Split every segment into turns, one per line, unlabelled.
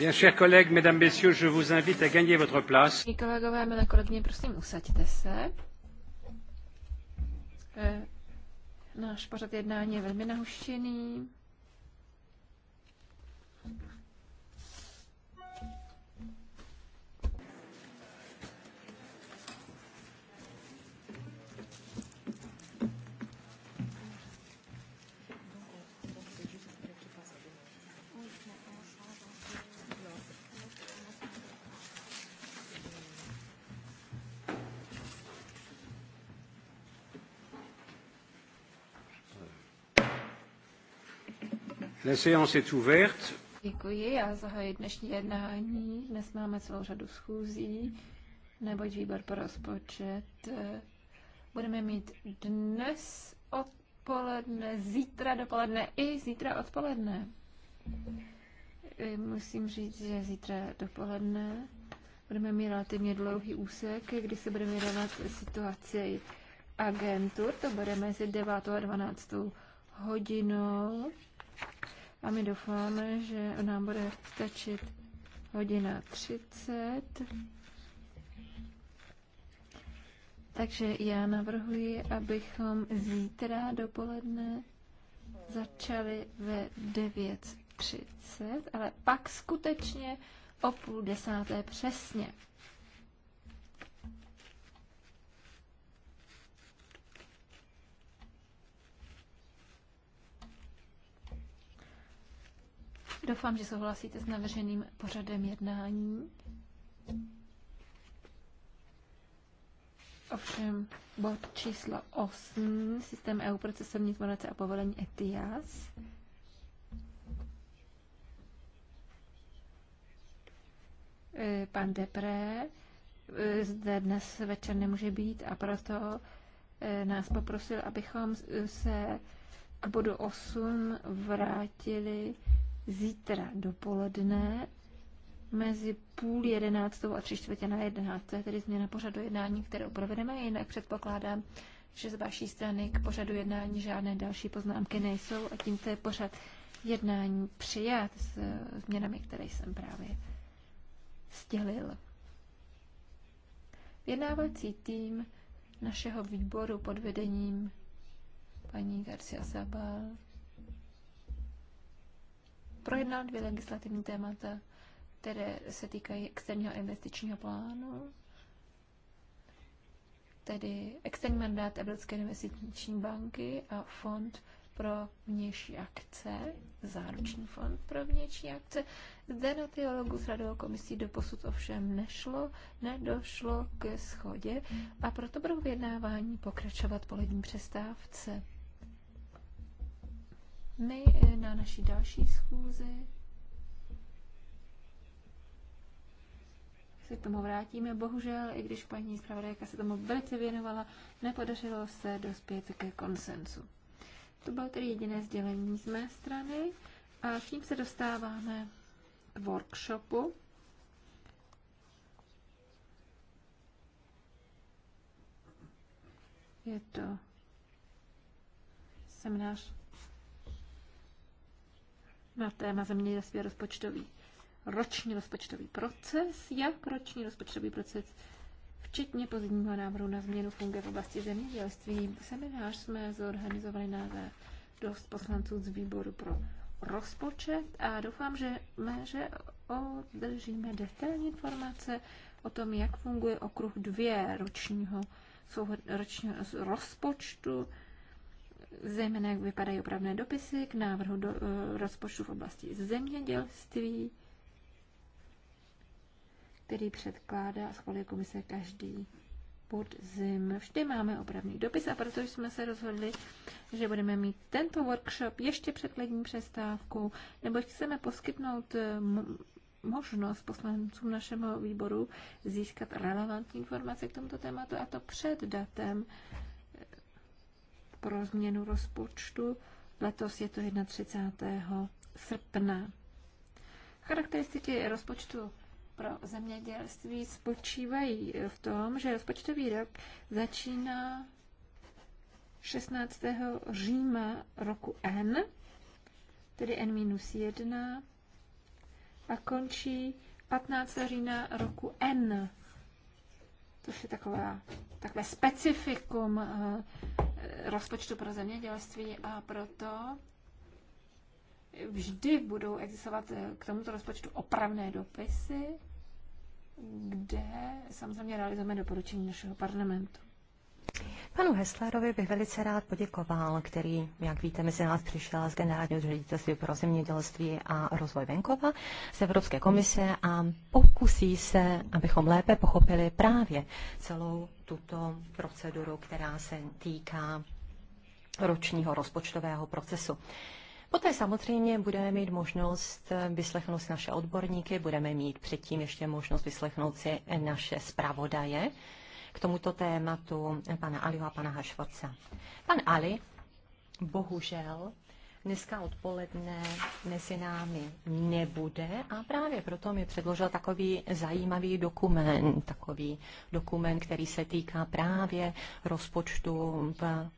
Bien, chers collègues, mesdames, messieurs, je vous invite à gagner votre place. kolegové, milé kolegyně, prosím, usaďte se. Eh, náš pořad jednání je velmi nahuštěný. séance est ouverte. Děkuji, a zahajuji dnešní jednání. Dnes máme celou řadu schůzí, neboť výbor pro rozpočet. Eh, budeme mít dnes odpoledne, zítra dopoledne i zítra odpoledne. Eh, musím říct, že zítra dopoledne budeme mít relativně dlouhý úsek, kdy se budeme věnovat situaci agentur. To bude mezi 9 a 12 hodinou a my doufáme, že nám bude stačit hodina 30. Takže já navrhuji, abychom zítra dopoledne začali ve 9.30, ale pak skutečně o půl desáté přesně. Doufám, že souhlasíte s navrženým pořadem jednání. Ovšem, bod číslo 8, systém EU pro cestovní a povolení ETIAS. E, pan Depré e, zde dnes večer nemůže být a proto e, nás poprosil, abychom se k bodu 8 vrátili zítra dopoledne mezi půl jedenáctou a tři čtvrtě na jedenáct. To je tedy změna pořadu jednání, kterou provedeme. Jinak předpokládám, že z vaší strany k pořadu jednání žádné další poznámky nejsou a tímto je pořad jednání přijat s změnami, které jsem právě stělil. Vědnávací tým našeho výboru pod vedením paní Garcia Sabal projednal dvě legislativní témata, které se týkají externího investičního plánu, tedy externí mandát Evropské investiční banky a fond pro vnější akce, záruční fond pro vnější akce. Zde na dialogu s radovou komisí posud ovšem nešlo, nedošlo k schodě a proto budou vyjednávání pokračovat po přestávce. My na naší další schůzi se k tomu vrátíme. Bohužel, i když paní zpravodajka se tomu velice věnovala, nepodařilo se dospět ke konsensu. To bylo tedy jediné sdělení z mé strany a tím se dostáváme k workshopu. Je to seminář na téma zemědělství a rozpočtový roční rozpočtový proces, jak roční rozpočtový proces, včetně pozdního návrhu na změnu funguje v oblasti zemědělství. Seminář jsme zorganizovali na dost poslanců z výboru pro rozpočet a doufám, že, mé, že održíme detailní informace o tom, jak funguje okruh dvě ročního, ročního rozpočtu, zejména jak vypadají opravné dopisy k návrhu do, eh, rozpočtu v oblasti zemědělství, který předkládá a schvaluje komise každý podzim. Vždy máme opravný dopis a proto jsme se rozhodli, že budeme mít tento workshop ještě před lední přestávkou, nebo chceme poskytnout eh, možnost poslancům našeho výboru získat relevantní informace k tomuto tématu a to před datem, pro změnu rozpočtu. Letos je to 31. srpna. Charakteristiky rozpočtu pro zemědělství spočívají v tom, že rozpočtový rok začíná 16. října roku N, tedy N-1, a končí 15. října roku N, To je taková, takové specifikum eh, rozpočtu pro zemědělství a proto vždy budou existovat eh, k tomuto rozpočtu opravné dopisy, kde samozřejmě realizujeme doporučení našeho
parlamentu. Panu Heslerovi bych velice rád poděkoval, který, jak víte, mezi nás přišel z Generálního ředitelství pro zemědělství a rozvoj venkova z Evropské komise a pokusí se, abychom lépe pochopili právě celou tuto proceduru, která se týká ročního rozpočtového procesu. Poté samozřejmě budeme mít možnost vyslechnout si naše odborníky, budeme mít předtím ještě možnost vyslechnout si naše zpravodaje, k tomuto tématu pana Aliho a pana Hašvoce. Pan Ali bohužel dneska odpoledne mezi námi nebude a právě proto mi předložil takový zajímavý dokument, takový dokument, který se týká právě rozpočtu v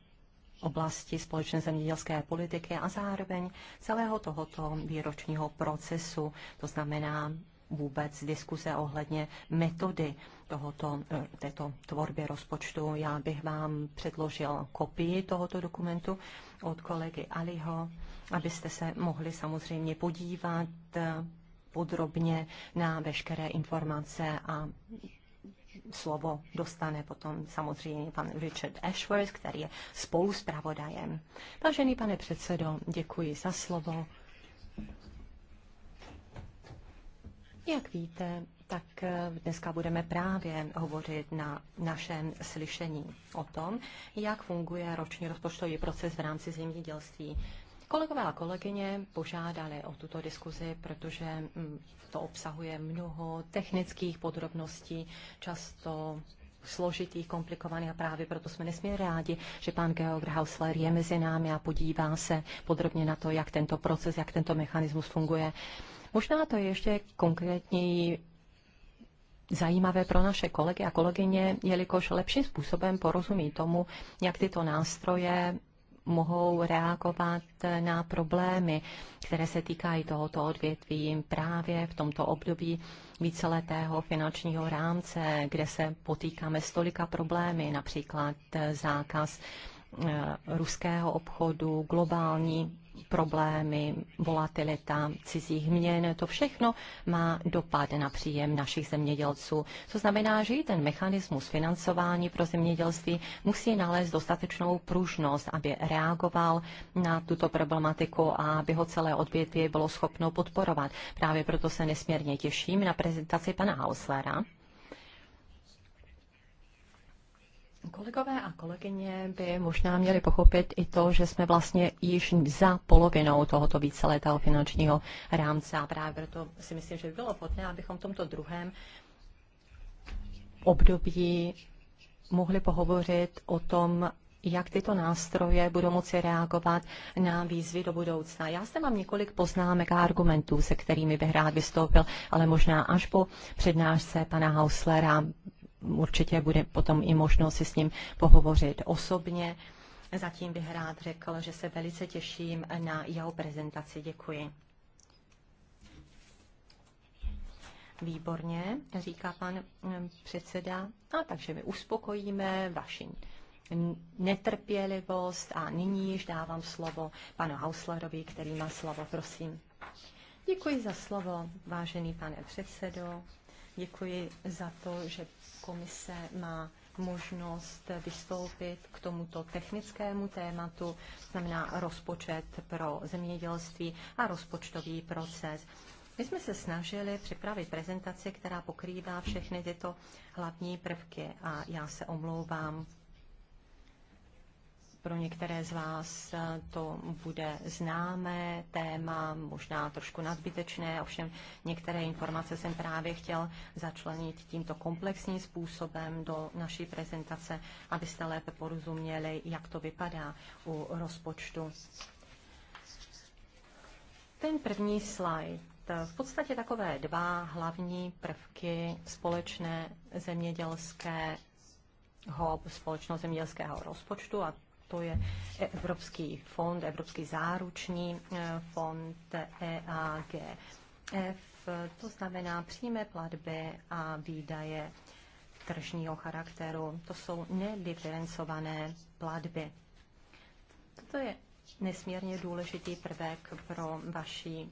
oblasti společné zemědělské politiky a zároveň celého tohoto výročního procesu, to znamená vůbec diskuze ohledně metody tohoto, eh, této tvorby rozpočtu. Já bych vám předložil kopii tohoto dokumentu od kolegy Aliho, abyste se mohli samozřejmě podívat eh, podrobně na veškeré informace a slovo dostane potom samozřejmě pan Richard Ashworth, který je spolu s pravodajem. Vážený pane předsedo, děkuji za slovo. Jak víte, tak eh, dneska budeme právě hovořit na našem slyšení o tom, jak funguje roční rozpočtový proces v rámci zemědělství. Kolegové a kolegyně požádali o tuto diskuzi, protože mm, to obsahuje mnoho technických podrobností, často složitých, komplikovaných a právě proto jsme nesmírně rádi, že pan Georg Hausler je mezi námi a podívá se podrobně na to, jak tento proces, jak tento mechanismus funguje Možná to je ještě konkrétněji zajímavé pro naše kolegy a kolegyně, jelikož lepším způsobem porozumí tomu, jak tyto nástroje mohou reagovat na problémy, které se týkají tohoto odvětví právě v tomto období víceletého finančního rámce, kde se potýkáme s tolika problémy, například zákaz eh, ruského obchodu, globální problémy, volatilita cizích měn, to všechno má dopad na příjem našich zemědělců. To znamená, že i ten mechanismus financování pro zemědělství musí nalézt dostatečnou pružnost, aby reagoval na tuto problematiku a aby ho celé odvětví bylo schopno podporovat. Právě proto se nesmírně těším na prezentaci pana Hauslera. Kolegové a kolegyně by možná měli pochopit i to, že jsme vlastně již za polovinou tohoto víceletého finančního rámce a právě proto si myslím, že by bylo vhodné, abychom v tomto druhém období mohli pohovořit o tom, jak tyto nástroje budou moci reagovat na výzvy do budoucna. Já zde mám několik poznámek a argumentů, se kterými bych rád vystoupil, ale možná až po přednášce pana Hauslera určitě bude potom i možnost si s ním pohovořit osobně. Zatím bych rád řekl, že se velice těším na jeho prezentaci. Děkuji. Výborně, říká pan mm, předseda. A takže my uspokojíme vaši netrpělivost a nyní již dávám slovo panu Hauslerovi, který má slovo, prosím. Děkuji za slovo, vážený pane předsedo, Děkuji za to, že komise má možnost vystoupit k tomuto technickému tématu, znamená rozpočet pro zemědělství a rozpočtový proces. My jsme se snažili připravit prezentaci, která pokrývá všechny tyto hlavní prvky a já se omlouvám pro některé z vás eh, to bude známé téma, možná trošku nadbytečné, ovšem některé informace jsem právě chtěl začlenit tímto komplexním způsobem do naší prezentace, abyste lépe porozuměli, jak to vypadá u rozpočtu. Ten první slide v podstatě takové dva hlavní prvky společné zemědělské společného zemědělského rozpočtu a to je Evropský fond, Evropský záruční eh, fond EAGF, to znamená přímé platby a výdaje tržního charakteru. To jsou nediferencované platby. Toto je nesmírně důležitý prvek pro vaši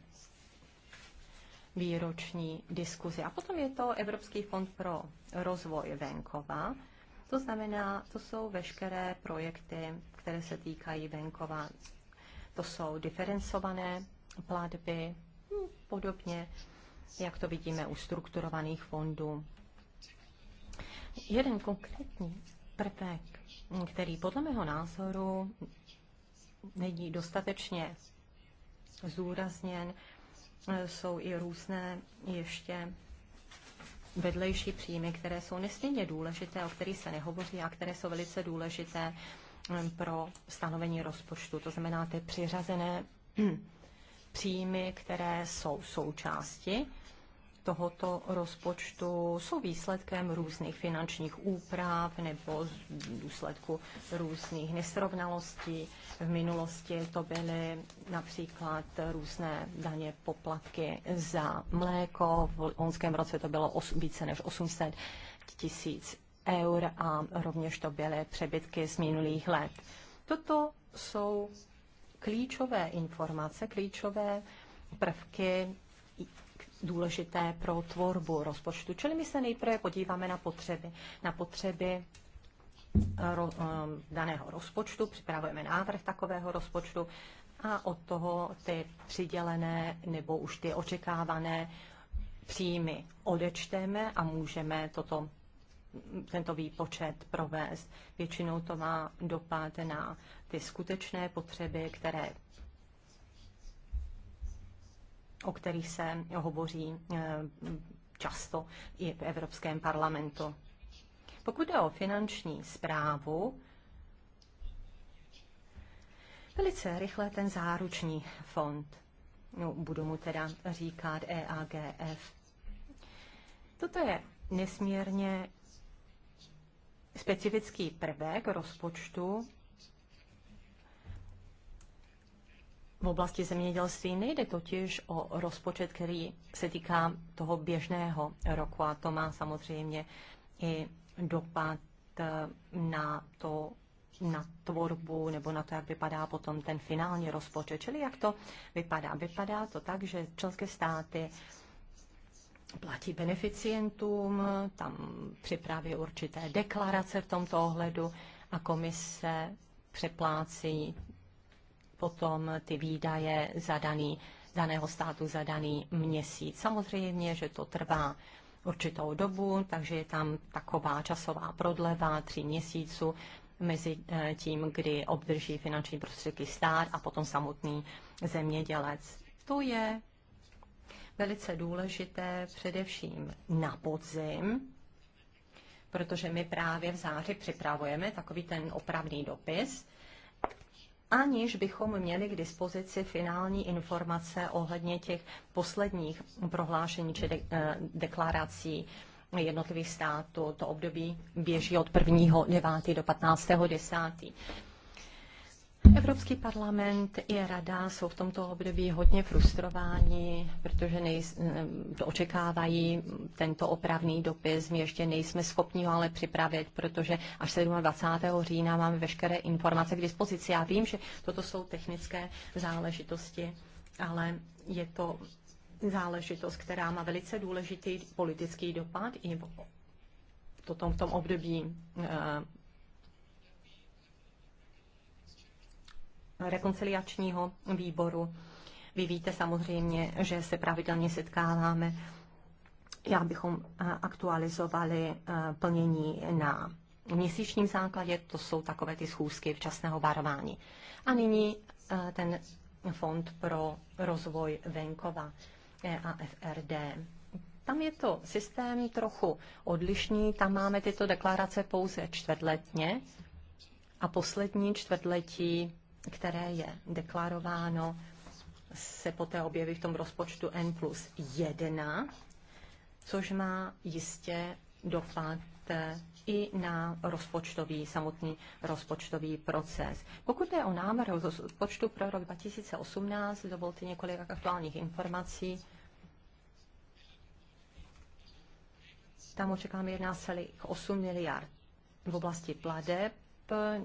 výroční diskuzi. A potom je to Evropský fond pro rozvoj venkova, to znamená, to jsou veškeré projekty, které se týkají venkova. To jsou diferencované platby, hm, podobně, jak to vidíme u strukturovaných fondů. Jeden konkrétní prvek, který podle mého názoru není dostatečně zúrazněn, jsou i různé ještě vedlejší příjmy, které jsou nesmírně důležité, o kterých se nehovoří a které jsou velice důležité mm, pro stanovení rozpočtu. To znamená ty přiřazené příjmy, které jsou součásti tohoto rozpočtu jsou výsledkem různých finančních úprav nebo z důsledku různých nesrovnalostí. V minulosti to byly například různé daně poplatky za mléko. V loňském roce to bylo os, více než 800 tisíc eur a rovněž to byly přebytky z minulých let. Toto jsou klíčové informace, klíčové prvky důležité pro tvorbu rozpočtu. Čili my se nejprve podíváme na potřeby. Na potřeby eh, ro, eh, daného rozpočtu, připravujeme návrh takového rozpočtu a od toho ty přidělené nebo už ty očekávané příjmy odečteme a můžeme toto, tento výpočet provést. Většinou to má dopad na ty skutečné potřeby, které o kterých se hovoří eh, často i v Evropském parlamentu. Pokud jde o finanční zprávu, velice rychle ten záruční fond, no, budu mu teda říkat EAGF. Toto je nesmírně specifický prvek rozpočtu v oblasti zemědělství nejde totiž o rozpočet, který se týká toho běžného roku a to má samozřejmě i dopad eh, na to, na tvorbu nebo na to, jak vypadá potom ten finální rozpočet. Čili jak to vypadá? Vypadá to tak, že členské státy platí beneficientům, tam připraví určité deklarace v tomto ohledu a komise přeplácí potom ty výdaje za daný, daného státu za daný měsíc. Samozřejmě, že to trvá určitou dobu, takže je tam taková časová prodleva tři měsíců mezi eh, tím, kdy obdrží finanční prostředky stát a potom samotný zemědělec. To je velice důležité především na podzim, protože my právě v září připravujeme takový ten opravný dopis, aniž bychom měli k dispozici finální informace ohledně těch posledních prohlášení či de- eh, deklarací jednotlivých států. To období běží od 1.9. do 15.10. Evropský parlament i rada jsou v tomto období hodně frustrováni, protože nej, to očekávají tento opravný dopis. My ještě nejsme schopni ho ale připravit, protože až 27. října máme veškeré informace k dispozici. Já vím, že toto jsou technické záležitosti, ale je to záležitost, která má velice důležitý politický dopad i v tom, v tom období rekonciliačního výboru. Vy víte samozřejmě, že se pravidelně setkáváme, já bychom eh, aktualizovali eh, plnění na měsíčním základě, to jsou takové ty schůzky včasného varování. A nyní eh, ten Fond pro rozvoj venkova EAFRD. Tam je to systém trochu odlišný, tam máme tyto deklarace pouze čtvrtletně a poslední čtvrtletí které je deklarováno, se poté objeví v tom rozpočtu N plus 1, což má jistě dopad e, i na rozpočtový, samotný rozpočtový proces. Pokud je o návrh rozpočtu pro rok 2018, dovolte několik aktuálních informací. Tam očekáme 1,8 miliard v oblasti pladeb E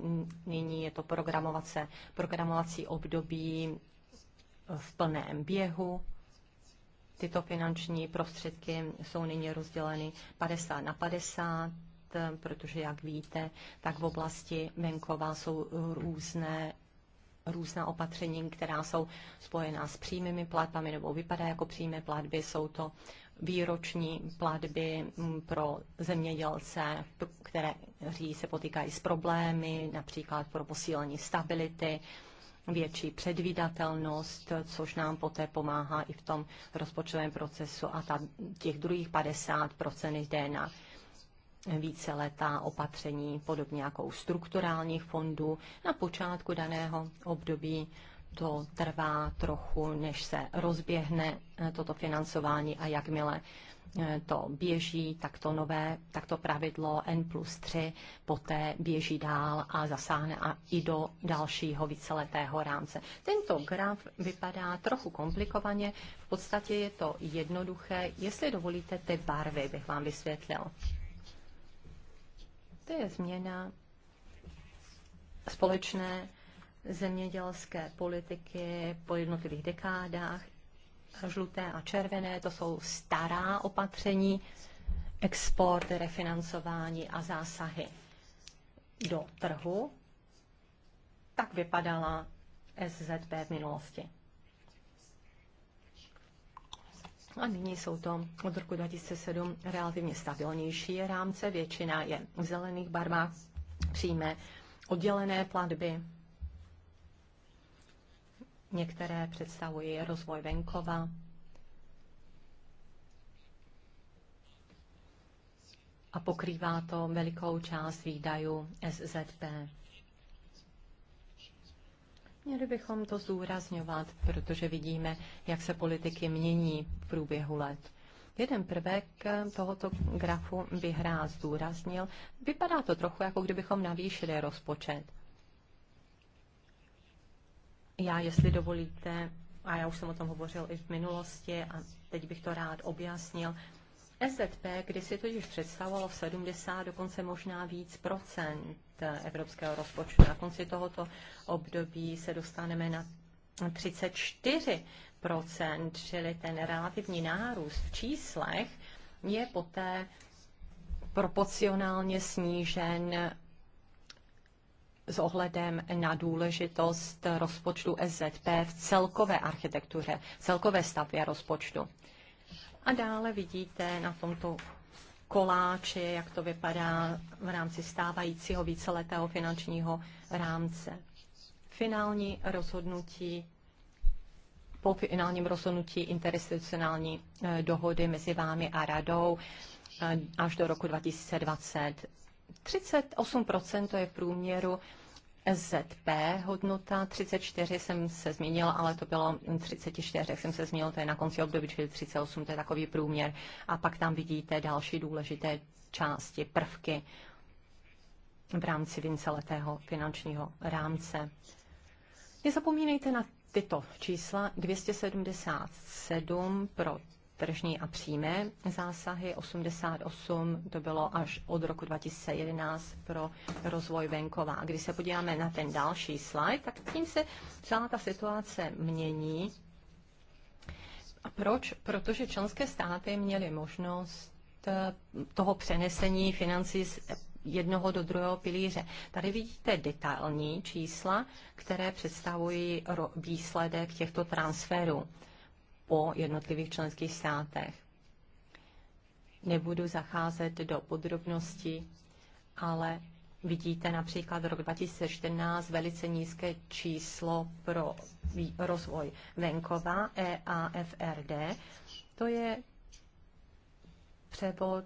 nyní je to programovací období e, v plném běhu. Tyto finanční prostředky jsou nyní rozděleny 50 na 50 e, protože, jak víte, tak v oblasti venkova jsou různé různá opatření, která jsou spojená s přímými platbami nebo vypadá jako přímé platby, jsou to výroční platby mm, pro zemědělce, které se potýkají s problémy, například pro posílení stability, větší předvídatelnost, což nám poté pomáhá i v tom rozpočtovém procesu a ta, těch druhých 50% jde na letá opatření, podobně jako u strukturálních fondů. Na počátku daného období to trvá trochu, než se rozběhne eh, toto financování a jakmile eh, to běží, tak to nové, tak to pravidlo N plus 3 poté běží dál a zasáhne a i do dalšího víceletého rámce. Tento graf vypadá trochu komplikovaně, v podstatě je to jednoduché. Jestli dovolíte, ty barvy bych vám vysvětlil. To je změna společné zemědělské politiky po jednotlivých dekádách. Žluté a červené, to jsou stará opatření, export, refinancování a zásahy do trhu. Tak vypadala SZP v minulosti. A nyní jsou to od roku 2007 relativně stabilnější rámce. Většina je v zelených barvách, přijme oddělené platby, Některé představují rozvoj venkova. A pokrývá to velikou část výdajů SZP. Měli bychom to zúrazňovat, protože vidíme, jak se politiky mění v průběhu let. Jeden prvek tohoto grafu bych rád zdůraznil. Vypadá to trochu, jako kdybychom navýšili rozpočet. Já, jestli dovolíte, a já už jsem o tom hovořil i v minulosti a teď bych to rád objasnil, SZP kdysi totiž představovalo 70, dokonce možná víc procent evropského rozpočtu. Na konci tohoto období se dostaneme na 34 čili ten relativní nárůst v číslech je poté proporcionálně snížen s ohledem na důležitost rozpočtu SZP v celkové architektuře, v celkové stavbě rozpočtu. A dále vidíte na tomto koláči, jak to vypadá v rámci stávajícího víceletého finančního rámce. Finální rozhodnutí po finálním rozhodnutí interinstitucionální eh, dohody mezi vámi a radou eh, až do roku 2020 38% to je v průměru ZP hodnota, 34 jsem se zmínila, ale to bylo 34, jak jsem se zmínila, to je na konci období, čili 38, to je takový průměr. A pak tam vidíte další důležité části, prvky v rámci vinceletého finančního rámce. Nezapomínejte na tyto čísla 277 pro tržní a přímé zásahy. 88 to bylo až od roku 2011 pro rozvoj venkova. A když se podíváme na ten další slide, tak tím se celá ta situace mění. A proč? Protože členské státy měly možnost eh, toho přenesení financí z jednoho do druhého pilíře. Tady vidíte detailní čísla, které představují výsledek těchto transferů po jednotlivých členských státech. Nebudu zacházet do podrobností, ale vidíte například rok 2014 velice nízké číslo pro rozvoj venkova EAFRD. To je převod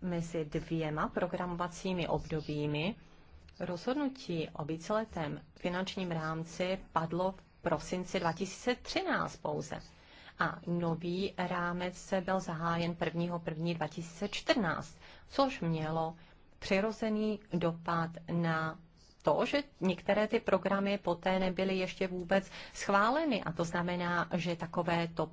mezi dvěma programovacími obdobími. Rozhodnutí o víceletém finančním rámci padlo v prosinci 2013 pouze a nový rámec se byl zahájen 1.1.2014, což mělo přirozený dopad na to, že některé ty programy poté nebyly ještě vůbec schváleny. A to znamená, že takové to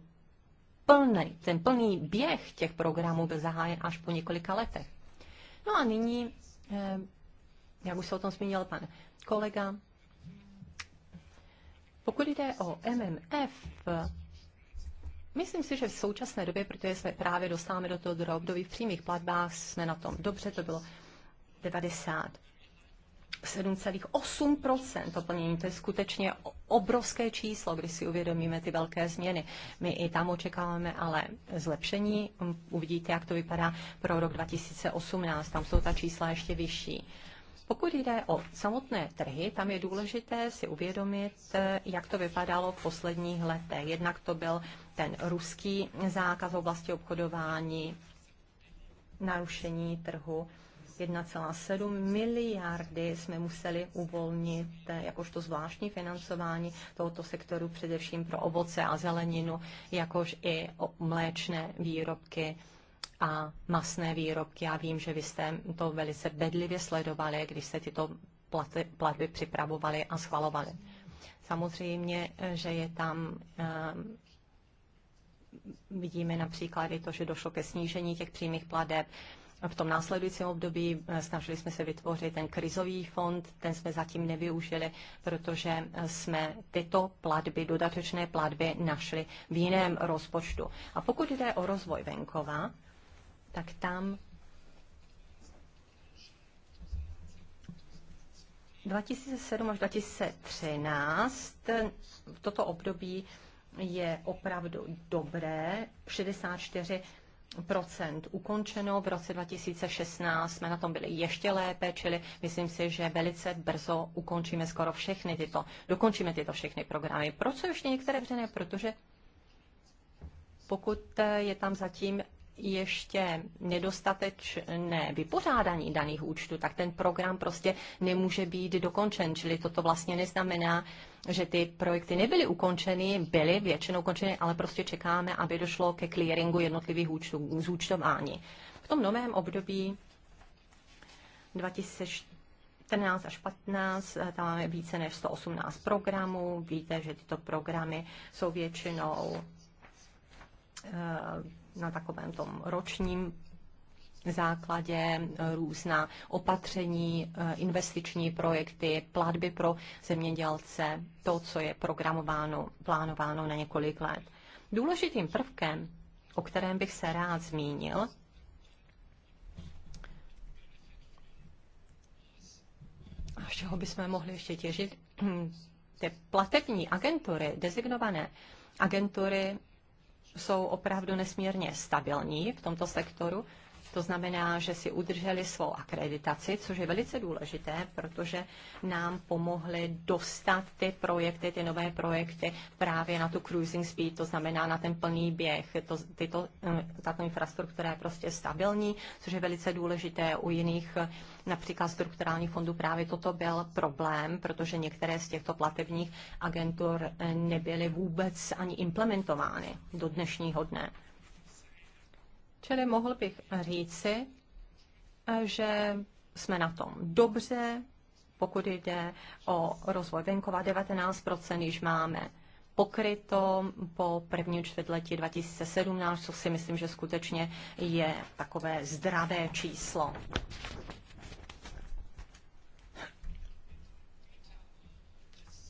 plný, ten plný běh těch programů byl zahájen až po několika letech. No a nyní, eh, jak už se o tom zmínil pan kolega, pokud jde o MMF, Myslím si, že v současné době, protože jsme právě dostáváme do toho období v přímých platbách, jsme na tom dobře, to bylo 90. 7,8 to plnění. To je skutečně obrovské číslo, když si uvědomíme ty velké změny. My i tam očekáváme ale zlepšení. Uvidíte, jak to vypadá pro rok 2018. Tam jsou ta čísla ještě vyšší. Pokud jde o samotné trhy, tam je důležité si uvědomit, eh, jak to vypadalo v posledních letech. Jednak to byl ten ruský zákaz v oblasti obchodování, narušení trhu. 1,7 miliardy jsme museli uvolnit eh, jakožto zvláštní financování tohoto sektoru, především pro ovoce a zeleninu, jakož i mléčné výrobky a masné výrobky. Já vím, že vy jste to velice bedlivě sledovali, když jste tyto platy, platby připravovali a schvalovali. Samozřejmě, že je tam eh, vidíme například i to, že došlo ke snížení těch přímých pladeb. V tom následujícím období eh, snažili jsme se vytvořit ten krizový fond, ten jsme zatím nevyužili, protože jsme tyto platby, dodatečné platby našli v jiném rozpočtu. A pokud jde o rozvoj venkova, tak tam 2007 až 2013 toto období je opravdu dobré. 64 ukončeno. V roce 2016 jsme na tom byli ještě lépe, čili myslím si, že velice brzo ukončíme skoro všechny tyto, dokončíme tyto všechny programy. Proč jsou ještě některé vřené? Protože pokud je tam zatím ještě nedostatečné vypořádání daných účtů, tak ten program prostě nemůže být dokončen. Čili toto vlastně neznamená, že ty projekty nebyly ukončeny, byly většinou ukončeny, ale prostě čekáme, aby došlo ke clearingu jednotlivých účtů, zúčtování. V tom novém období 2014 až 15, eh, tam máme více než 118 programů. Víte, že tyto programy jsou většinou eh, na takovém tom ročním základě e, různá opatření, e, investiční projekty, platby pro zemědělce, to, co je programováno, plánováno na několik let. Důležitým prvkem, o kterém bych se rád zmínil, a z čeho bychom mohli ještě těžit, ty platební agentury, designované agentury jsou opravdu nesmírně stabilní v tomto sektoru. To znamená, že si udrželi svou akreditaci, což je velice důležité, protože nám pomohly dostat ty projekty, ty nové projekty právě na tu cruising speed, to znamená na ten plný běh. To, tyto, eh, tato infrastruktura je prostě stabilní, což je velice důležité u jiných například strukturální fondu právě toto byl problém, protože některé z těchto platebních agentur eh, nebyly vůbec ani implementovány do dnešního dne. Čili mohl bych říci, eh, že jsme na tom dobře, pokud jde o rozvoj venkova, 19% již máme pokryto po prvním čtvrtletí 2017, co si myslím, že skutečně je takové zdravé číslo.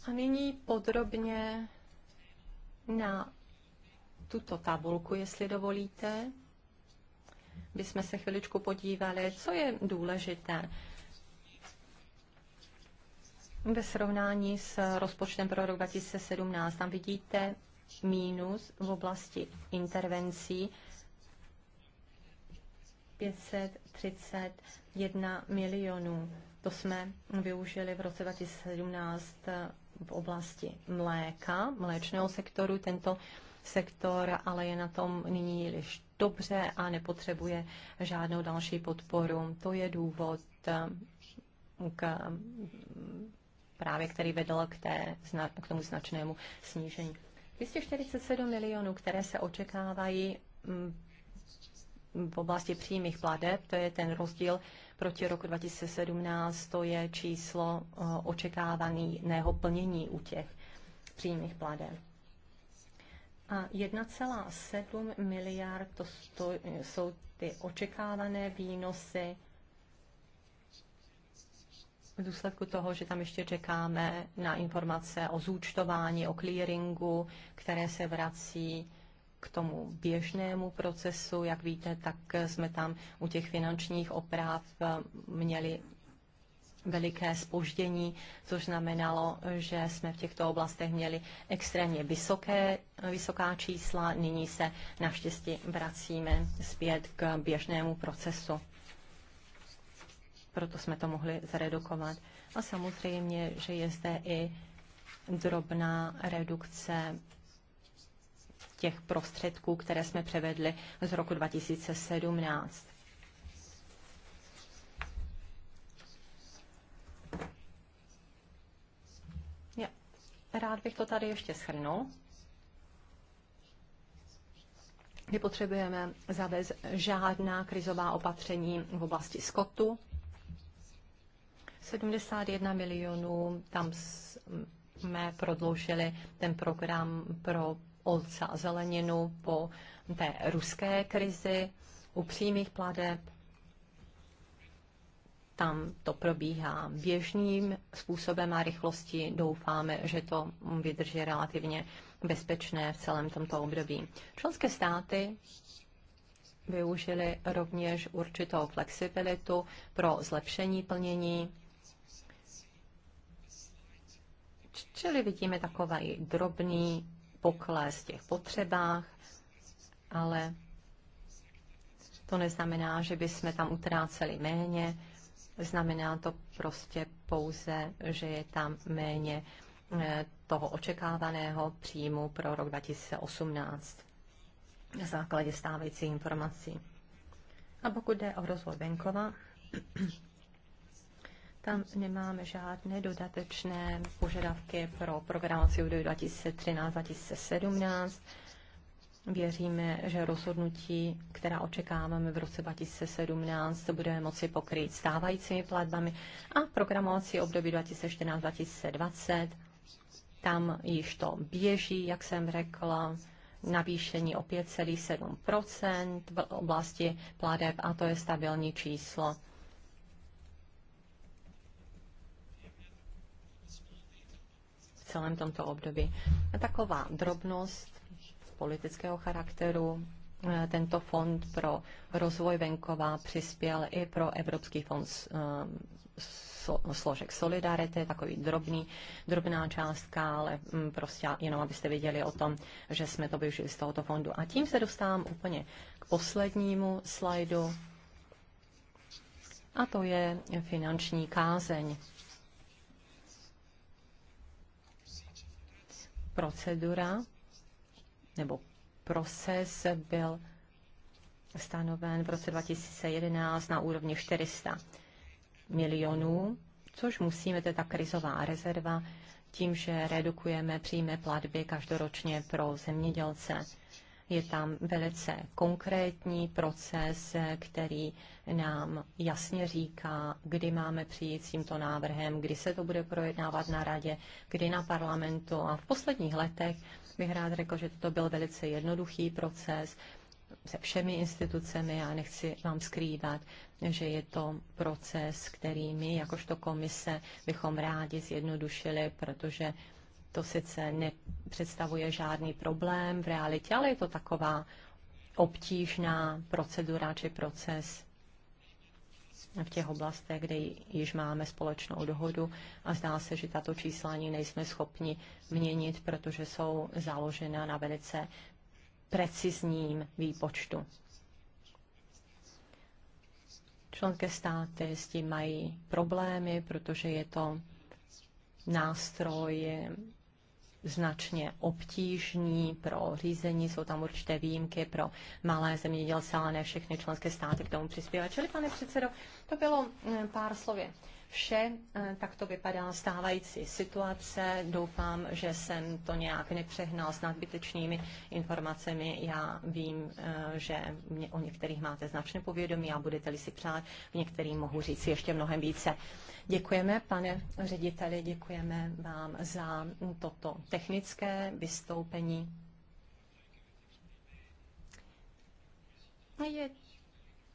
A nyní podrobně na tuto tabulku, jestli dovolíte, bychom se chviličku podívali, co je důležité ve srovnání s rozpočtem pro rok 2017. Tam vidíte mínus v oblasti intervencí 531 milionů. To jsme využili v roce 2017 v oblasti mléka, mléčného sektoru. Tento sektor ale je na tom nyní již dobře a nepotřebuje žádnou další podporu. To je důvod, um, k, um, právě který vedl k, té, k tomu značnému snížení. 247 milionů, které se očekávají um, v oblasti přímých pladeb, to je ten rozdíl proti roku 2017, to je číslo eh, očekávaného plnění u těch přímých pladeb. A 1,7 miliard to, jsou ty očekávané výnosy v důsledku toho, že tam ještě čekáme na informace o zúčtování, o clearingu, které se vrací k tomu běžnému procesu. Jak víte, tak jsme tam u těch finančních oprav eh, měli veliké spoždění, což znamenalo, že jsme v těchto oblastech měli extrémně vysoké, vysoká čísla. Nyní se naštěstí vracíme zpět k běžnému procesu. Proto jsme to mohli zredukovat. A samozřejmě, že je zde i drobná redukce těch prostředků, které jsme převedli z roku 2017. Já rád bych to tady ještě shrnul. Nepotřebujeme zavést žádná krizová opatření v oblasti skotu. 71 milionů, tam jsme prodloužili ten program pro ovce a zeleninu po té ruské krizi, u přímých pladeb. Tam to probíhá běžným způsobem a rychlostí. Doufáme, že to vydrží relativně bezpečné v celém tomto období. Členské státy využili rovněž určitou flexibilitu pro zlepšení plnění. Čili vidíme takový drobný pokles v těch potřebách, ale to neznamená, že by jsme tam utráceli méně, znamená to prostě pouze, že je tam méně eh, toho očekávaného příjmu pro rok 2018 na základě stávající informací. A pokud jde o rozvoj venkova, tam nemáme žádné dodatečné požadavky pro programaci údajů 2013-2017. Věříme, že rozhodnutí, která očekáváme v roce 2017, se budeme moci pokryt stávajícími platbami a programovací období 2014-2020. Tam již to běží, jak jsem řekla, navýšení o 5,7 v oblasti pladeb a to je stabilní číslo. celém tomto období. A taková drobnost politického charakteru. Eh, tento fond pro rozvoj venkova přispěl i pro Evropský fond eh, složek Solidarity, takový drobný, drobná částka, ale hm, prostě jenom abyste věděli o tom, že jsme to využili z tohoto fondu. A tím se dostávám úplně k poslednímu slajdu, a to je finanční kázeň. procedura nebo proces byl stanoven v roce 2011 na úrovni 400 milionů, což musíme, to je ta krizová rezerva, tím, že redukujeme přímé platby každoročně pro zemědělce. Je tam velice konkrétní proces, který nám jasně říká, kdy máme přijít s tímto návrhem, kdy se to bude projednávat na radě, kdy na parlamentu. A v posledních letech bych rád řekl, že to byl velice jednoduchý proces se všemi institucemi a nechci vám skrývat, že je to proces, který my jakožto komise bychom rádi zjednodušili, protože to sice nepředstavuje žádný problém v realitě, ale je to taková obtížná procedura či proces v těch oblastech, kde již máme společnou dohodu a zdá se, že tato čísla ani nejsme schopni měnit, protože jsou založena na velice precizním výpočtu. Členské státy s tím mají problémy, protože je to nástroj značně obtížní pro řízení, jsou tam určité výjimky pro malé zemědělce, ale ne všechny členské státy k tomu přispívají. Čili, pane předsedo, to bylo eh, pár slově vše. Eh, tak to vypadá stávající situace. Doufám, že jsem to nějak nepřehnal s nadbytečnými informacemi. Já vím, eh, že mě, o některých máte značné povědomí a budete-li si přát, v některým mohu říct ještě mnohem více. Děkujeme, pane řediteli, děkujeme vám za toto technické vystoupení. A je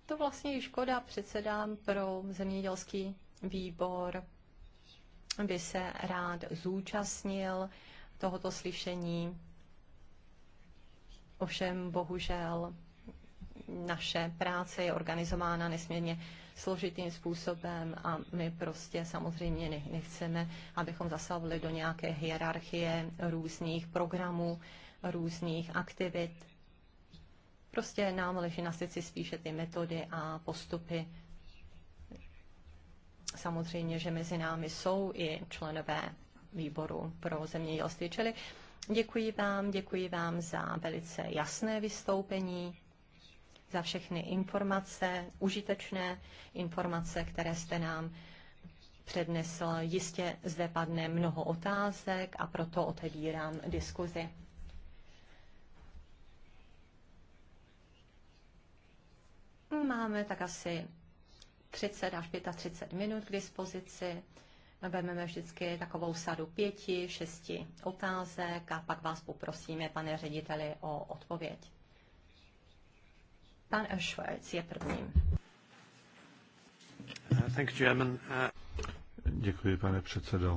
to vlastně i škoda předsedám pro zemědělský výbor by se rád zúčastnil tohoto slyšení. Ovšem, bohužel, naše práce je organizována nesmírně složitým způsobem a my prostě samozřejmě nechceme, abychom zasahovali do nějaké hierarchie různých programů, různých aktivit. Prostě nám leží na srdci spíše ty metody a postupy, Samozřejmě, že mezi námi jsou i členové výboru pro zemědělství. Čili děkuji vám, děkuji vám za velice jasné vystoupení, za všechny informace, užitečné informace, které jste nám přednesl. Jistě zde padne mnoho otázek a proto otevírám diskuzi. Máme tak asi 30 až 35 minut k dispozici. Vezmeme vždycky takovou sadu pěti, šesti otázek a pak vás poprosíme, pane řediteli, o odpověď. Pan Schwartz je
prvním. Uh, thank you, uh, Děkuji, pane předsedo.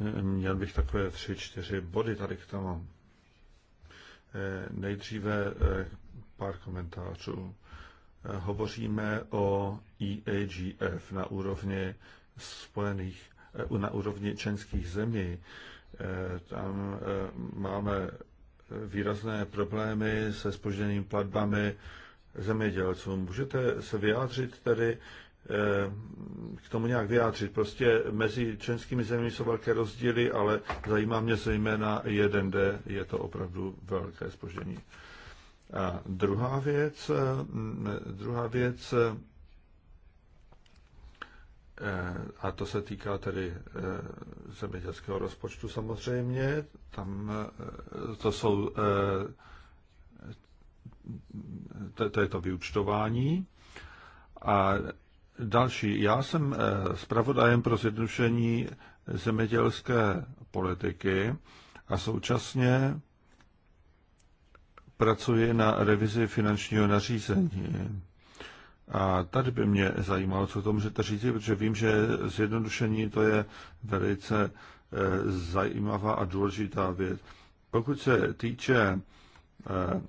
Uh, měl bych takové tři, čtyři body tady k tomu. Nejdříve pár komentářů hovoříme o EAGF na úrovni spojených, eh, na úrovni členských zemí. Eh, tam eh, máme výrazné problémy se spožděným platbami zemědělců. Můžete se vyjádřit tedy k tomu nějak vyjádřit. Prostě mezi členskými zeměmi jsou velké rozdíly, ale zajímá mě zejména jeden, kde je to opravdu velké spoždění. A druhá věc, druhá věc, eh, a to se týká tedy eh, zemědělského rozpočtu samozřejmě, tam eh, to jsou, to, to je to vyučtování. A další, já jsem zpravodajem pro zjednodušení zemědělské politiky a současně pracuje na revizi finančního nařízení. A tady by mě zajímalo, co to můžete říct, protože vím, že zjednodušení to je velice eh, zajímavá a důležitá věc. Pokud se týče eh,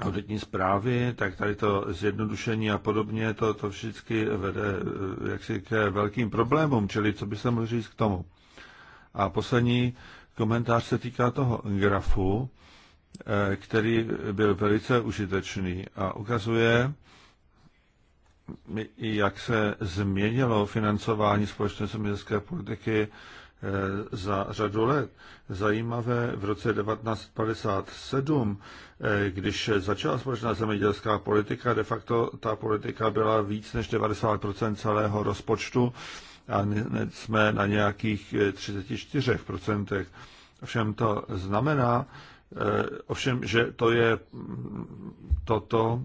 auditní zprávy, tak tady to zjednodušení a podobně, to, to vždycky vede eh, jaksi k velkým problémům, čili co byste mohli říct k tomu. A poslední komentář se týká toho grafu, Eh, který byl velice užitečný a ukazuje, mm, jak se změnilo financování společné zemědělské politiky eh, za řadu let. Zajímavé, v roce 1957, eh, když začala společná zemědělská politika, de facto ta politika byla víc než 90% celého rozpočtu a jsme na nějakých 34%. Všem to znamená, Eh, ovšem, že to je mm, toto,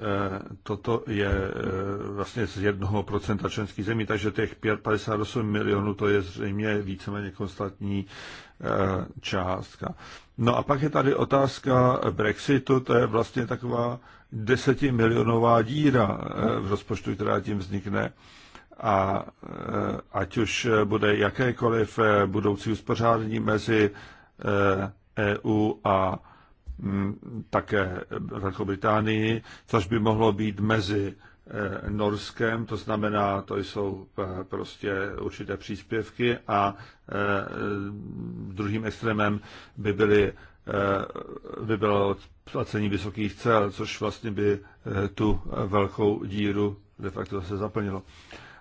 eh, toto je eh, vlastně z jednoho procenta členských zemí, takže těch 58 milionů to je zřejmě víceméně konstantní částka. No a pak je tady otázka Brexitu, to je vlastně taková desetimilionová díra v rozpočtu, která tím vznikne a e, ať už bude jakékoliv e, budoucí uspořádání mezi EU e a mm, také Velkou Británii, což by mohlo být mezi Norskem, to znamená, to jsou prostě určité příspěvky a druhým extrémem by byly by bylo placení vysokých cel, což vlastně by tu velkou díru de facto zase zaplnilo.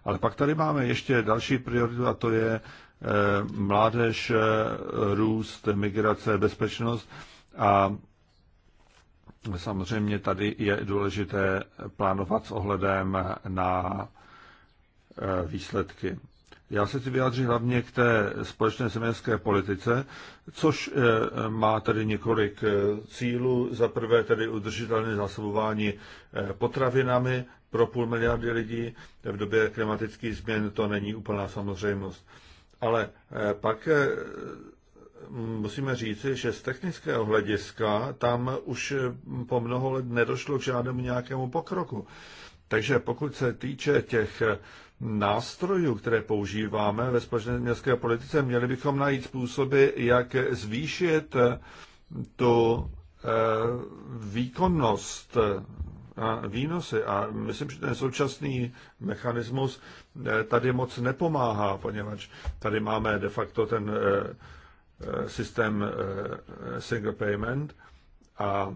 Ale pak tady máme ještě další prioritu a to je eh, mládež, eh, růst, migrace, bezpečnost a samozřejmě tady je důležité plánovat s ohledem na eh, výsledky. Já se chci vyjádřit hlavně k té společné zemědělské politice, což eh, má tedy několik eh, cílů. Za prvé tedy udržitelné zásobování eh, potravinami pro půl miliardy lidí. V době klimatických změn to není úplná samozřejmost. Ale pak musíme říci, že z technického hlediska tam už po mnoho let nedošlo k žádnému nějakému pokroku. Takže pokud se týče těch nástrojů, které používáme ve společné městské politice, měli bychom najít způsoby, jak zvýšit tu eh, výkonnost eh, a výnosy. A myslím, že ten současný mechanismus eh, tady moc nepomáhá, poněvadž tady máme de facto ten systém single payment a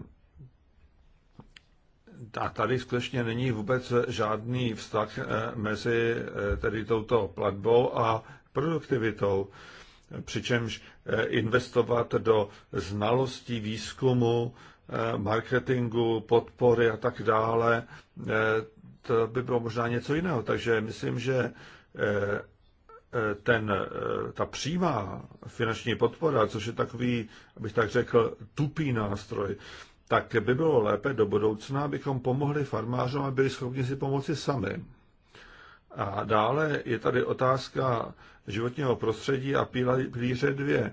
a tady skutečně není vůbec žádný vztah eh, mezi eh, tedy touto platbou a produktivitou. Přičemž eh, investovat do znalostí, výzkumu, marketingu, podpory a tak dále, to by bylo možná něco jiného. Takže myslím, že ten, ta přímá finanční podpora, což je takový, abych tak řekl, tupý nástroj, tak by bylo lépe do budoucna, abychom pomohli farmářům, aby byli schopni si pomoci sami. A dále je tady otázka životního prostředí a pilíře dvě.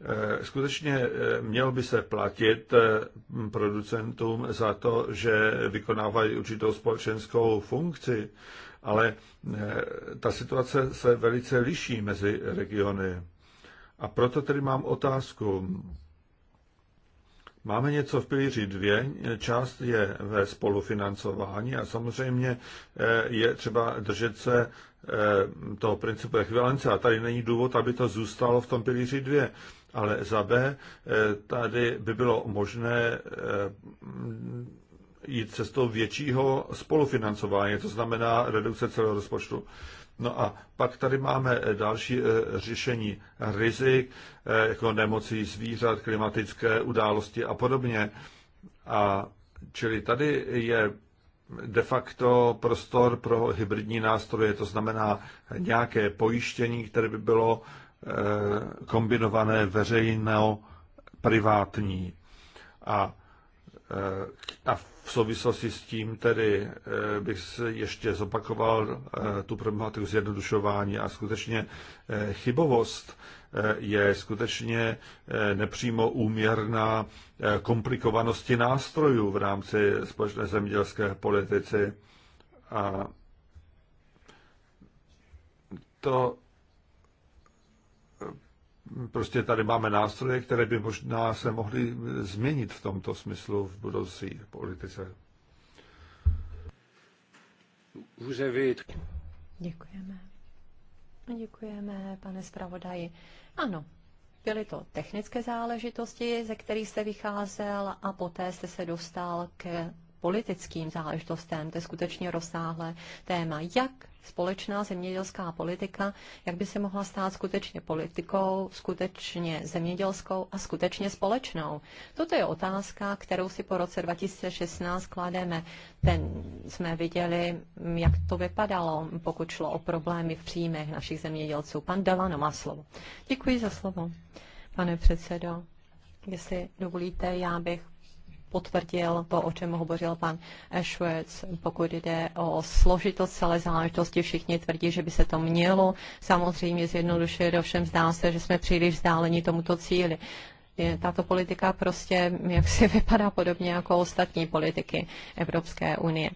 Eh, skutečně eh, měl by se platit eh, producentům za to, že vykonávají určitou společenskou funkci, ale ta situace se velice liší mezi regiony. A proto tedy mám otázku. Máme něco v pilíři dvě, část je ve spolufinancování a samozřejmě eh, je třeba držet se eh, toho principu ekvivalence a tady není důvod, aby to zůstalo v tom pilíři dvě. Ale za B eh, tady by bylo možné jít cestou většího spolufinancování, to znamená redukce celého rozpočtu. No a pak tady máme eh, další eh, řešení rizik, eh, jako nemocí zvířat, klimatické události a podobně. A čili tady je de facto prostor pro hybridní nástroje, to znamená nějaké pojištění, které by bylo kombinované veřejno-privátní. A, a v souvislosti s tím tedy eh, bych ještě zopakoval eh, tu problematiku zjednodušování a skutečně eh, chybovost je skutečně nepřímo úměrná komplikovanosti nástrojů v rámci společné zemědělské politici. A to prostě tady máme nástroje, které by možná se mohly změnit v tomto smyslu v budoucí politice.
Děkujeme. Děkujeme, pane zpravodaji. Ano, byly to technické záležitosti, ze kterých jste vycházel a poté jste se dostal k politickým záležitostem, to je skutečně rozsáhlé téma. Jak společná zemědělská politika, jak by se mohla stát skutečně politikou, skutečně zemědělskou a skutečně společnou? Toto je otázka, kterou si po roce 2016 klademe. Ten jsme viděli, jak to vypadalo, pokud šlo o problémy v příjmech našich zemědělců. Pan Delano má slovo. Děkuji za slovo, pane předsedo. Jestli dovolíte, já bych potvrdil to, o čem hovořil pan Ashworth, pokud jde o složitost celé záležitosti. Všichni tvrdí, že by se to mělo samozřejmě do ovšem zdá se, že jsme příliš vzdáleni tomuto cíli. Je, tato politika prostě jak si vypadá podobně jako ostatní politiky Evropské unie.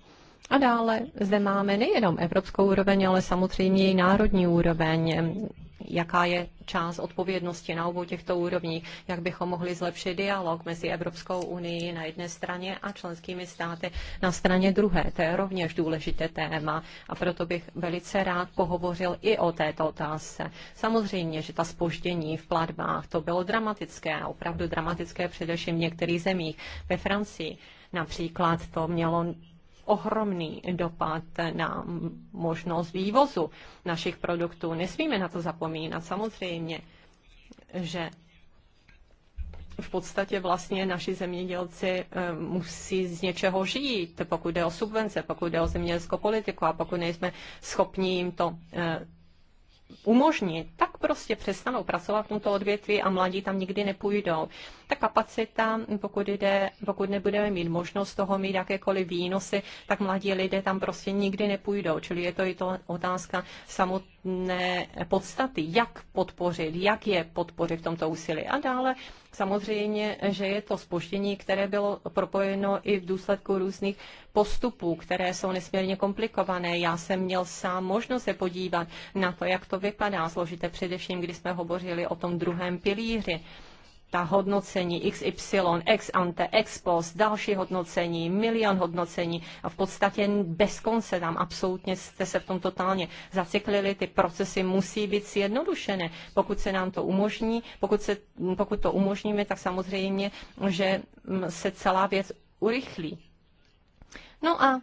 A dále zde máme nejenom evropskou úroveň, ale samozřejmě i národní úroveň jaká je část odpovědnosti na obou těchto úrovních, jak bychom mohli zlepšit dialog mezi Evropskou unii na jedné straně a členskými státy na straně druhé. To je rovněž důležité téma a proto bych velice rád pohovořil i o této otázce. Samozřejmě, že ta spoždění v platbách, to bylo dramatické, opravdu dramatické především v některých zemích. Ve Francii například to mělo ohromný dopad na možnost vývozu našich produktů. Nesmíme na to zapomínat samozřejmě, že v podstatě vlastně naši zemědělci eh, musí z něčeho žít, pokud jde o subvence, pokud jde o zemědělskou politiku a pokud nejsme schopni jim to eh, umožnit, tak prostě přestanou pracovat v tomto odvětví a mladí tam nikdy nepůjdou. Ta kapacita, pokud, jde, pokud nebudeme mít možnost toho mít jakékoliv výnosy, tak mladí lidé tam prostě nikdy nepůjdou. Čili je to i to otázka samotné podstaty, jak podpořit, jak je podpořit v tomto úsilí. A dále samozřejmě, že je to spoždění, které bylo propojeno i v důsledku různých postupů, které jsou nesmírně komplikované. Já jsem měl sám možnost se podívat na to, jak to vypadá složité, především když jsme hovořili o tom druhém pilíři. Ta hodnocení XY, ex ante, ex post, další hodnocení, milion hodnocení a v podstatě bez konce tam absolutně jste se v tom totálně zaciklili, ty procesy musí být zjednodušené. Pokud se nám to umožní, pokud, se, pokud to umožníme, tak samozřejmě, že mm, se celá věc urychlí. No a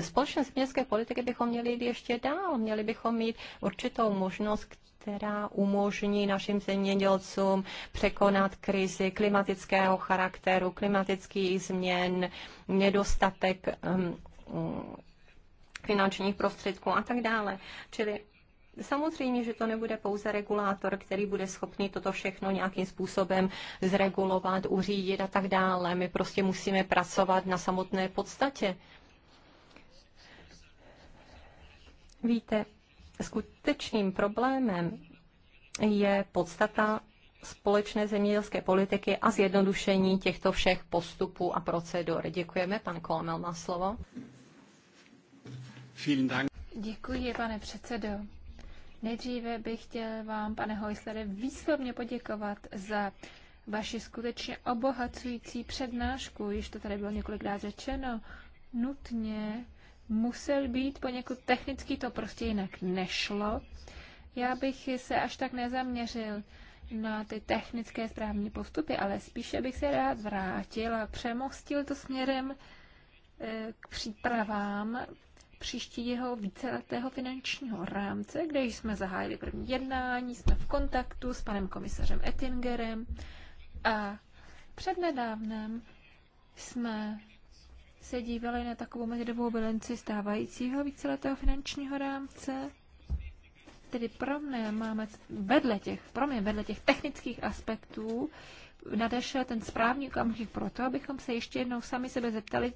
společnost městské politiky bychom měli jít ještě dál. Měli bychom mít určitou možnost, která umožní našim zemědělcům překonat krizi klimatického charakteru, klimatických změn, nedostatek finančních prostředků a tak dále. Čili Samozřejmě, že to nebude pouze regulátor, který bude schopný toto všechno nějakým způsobem zregulovat, uřídit a tak dále. My prostě musíme pracovat na samotné podstatě Víte, skutečným problémem je podstata společné zemědělské politiky a zjednodušení těchto všech postupů a procedur. Děkujeme. Pan Kolmel má slovo.
Děkuji, pane předsedo. Nejdříve bych chtěl vám, pane Hojslere, výslovně poděkovat za vaši skutečně obohacující přednášku, již to tady bylo několikrát řečeno, nutně musel být poněkud technický, to prostě jinak nešlo. Já bych se až tak nezaměřil na ty technické správní postupy, ale spíše bych se rád vrátil a přemostil to směrem eh, k přípravám příštího víceletého finančního rámce, kde jsme zahájili první jednání, jsme v kontaktu s panem komisařem Ettingerem a přednedávnem jsme se dívali na takovou medvědovou bilanci stávajícího víceletého finančního rámce. Tedy pro mě máme vedle těch, pro mě vedle těch technických aspektů nadešel ten správný okamžik to, abychom se ještě jednou sami sebe zeptali,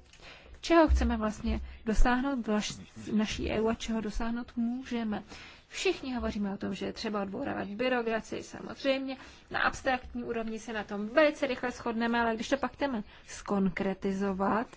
čeho chceme vlastně dosáhnout v naší EU a čeho dosáhnout můžeme. Všichni hovoříme o tom, že je třeba odbourávat byrokracii, samozřejmě. Na abstraktní úrovni se na tom velice rychle shodneme, ale když to pak chceme skonkretizovat,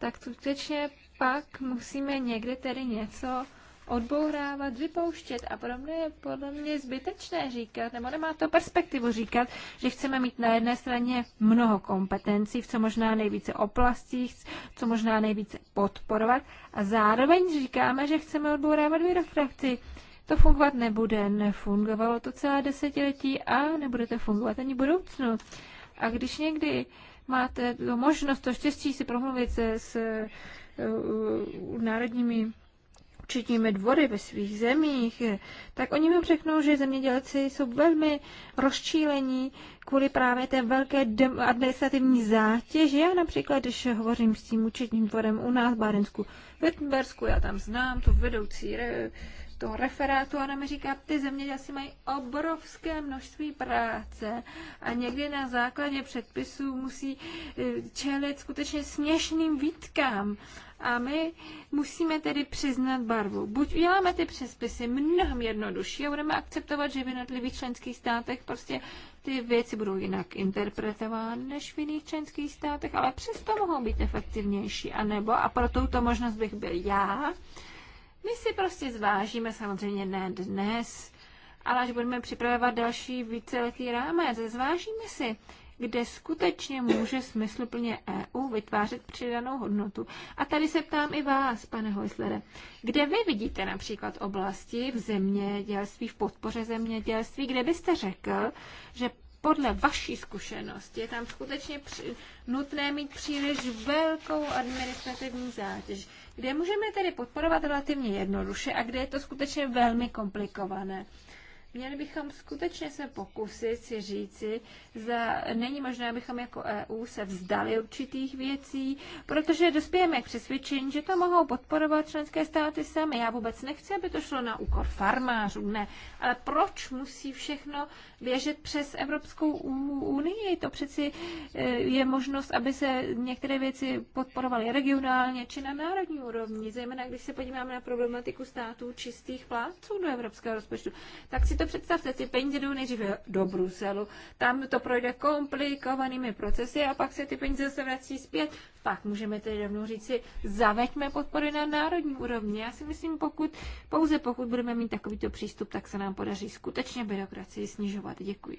tak skutečně pak musíme někde tedy něco odbourávat, vypouštět a podobně je podle mě zbytečné říkat, nebo nemá to perspektivu říkat, že chceme mít na jedné straně mnoho kompetencí, v co možná nejvíce oblastích, co možná nejvíce podporovat a zároveň říkáme, že chceme odbourávat byrokracii. To fungovat nebude, nefungovalo to celá desetiletí a nebude to fungovat ani v budoucnu. A když někdy máte tu možnost, to štěstí si promluvit se, s uh, národními určitými dvory ve svých zemích, tak oni mi řeknou, že zemědělci jsou velmi rozčílení kvůli právě té velké administrativní zátěži. Já například, když hovořím s tím účetním dvorem u nás v Bárensku, v já tam znám tu vedoucí toho referátu a ona mi říká, ty zemědělci mají obrovské množství práce a někdy na základě předpisů musí eh, čelit skutečně směšným výtkám. A my musíme tedy přiznat barvu. Buď uděláme ty přespisy mnohem jednodušší a budeme akceptovat, že v jednotlivých členských státech prostě ty věci budou jinak interpretovány než v jiných členských státech, ale přesto mohou být efektivnější. A nebo, a pro touto možnost bych byl já, my si prostě zvážíme samozřejmě ne dnes, ale až budeme připravovat další víceletý rámec, zvážíme si, kde skutečně může smysluplně EU vytvářet přidanou hodnotu. A tady se ptám i vás, pane Hojslere, kde vy vidíte například oblasti v zemědělství, v podpoře zemědělství, kde byste řekl, že podle vaší zkušenosti je tam skutečně při, nutné mít příliš velkou administrativní zátěž kde můžeme tedy podporovat relativně jednoduše a kde je to skutečně velmi komplikované. Měli bychom skutečně se pokusit si říci, že není možné, abychom jako EU se vzdali určitých věcí, protože dospějeme k přesvědčení, že to mohou podporovat členské státy sami. Já vůbec nechci, aby to šlo na úkor farmářů, ne. Ale proč musí všechno běžet přes Evropskou unii? To přeci e, je možnost, aby se některé věci podporovaly regionálně či na národní úrovni, zejména když se podíváme na problematiku států čistých plátců do evropského rozpočtu, tak si to představte si, peníze jdou nejdříve do Bruselu, tam to projde komplikovanými procesy a pak se ty peníze se vrací zpět. Pak můžeme tedy rovnou říci, zaveďme podpory na národní úrovni. Já si myslím, pokud, pouze pokud budeme mít takovýto přístup, tak se nám podaří skutečně byrokracii snižovat. Děkuji.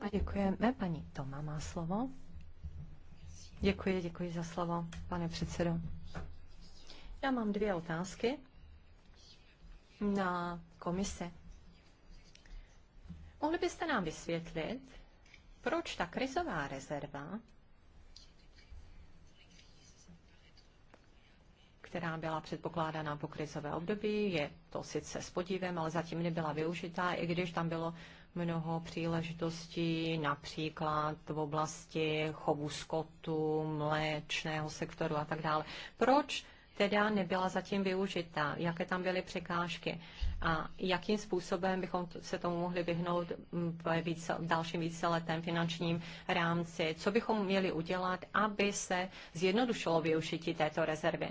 A děkujeme. Paní Toma má slovo. Děkuji, děkuji za slovo, pane předsedo. Já mám dvě otázky na komise. Mohli byste nám vysvětlit, proč ta krizová rezerva, která byla předpokládaná po krizové období, je to sice s podívem, ale zatím nebyla využitá, i když tam bylo mnoho příležitostí, například v oblasti chovu skotu, mléčného sektoru a tak dále. Proč teda nebyla zatím využita, jaké tam byly překážky a jakým způsobem bychom se tomu mohli vyhnout mm, v více, dalším víceletém finančním rámci, co bychom měli udělat, aby se zjednodušilo využití této rezervy.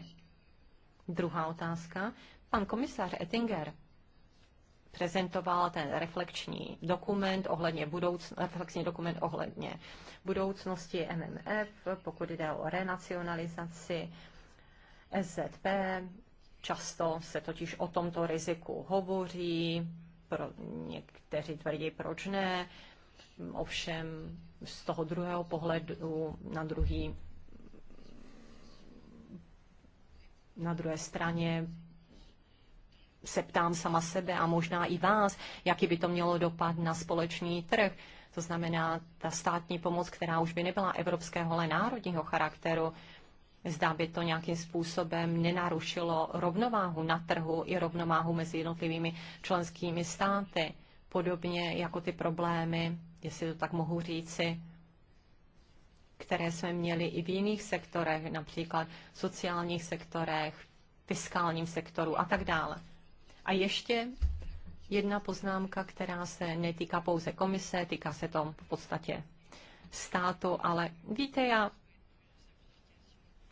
Druhá otázka. Pan komisař Ettinger prezentoval ten reflekční dokument ohledně budouc, dokument ohledně budoucnosti MMF, pokud jde o renacionalizaci SZP, často se totiž o tomto riziku hovoří, pro, někteří tvrdí, proč ne, ovšem z toho druhého pohledu na druhý na druhé straně se ptám sama sebe a možná i vás, jaký by to mělo dopad na společný trh. To znamená, ta státní pomoc, která už by nebyla evropského, ale národního charakteru, Zda by to nějakým způsobem nenarušilo rovnováhu na trhu i rovnováhu mezi jednotlivými členskými státy, podobně jako ty problémy, jestli to tak mohu říci, které jsme měli i v jiných sektorech, například sociálních sektorech, fiskálním sektoru a tak dále. A ještě jedna poznámka, která se netýká pouze komise, týká se to v podstatě státu, ale víte, já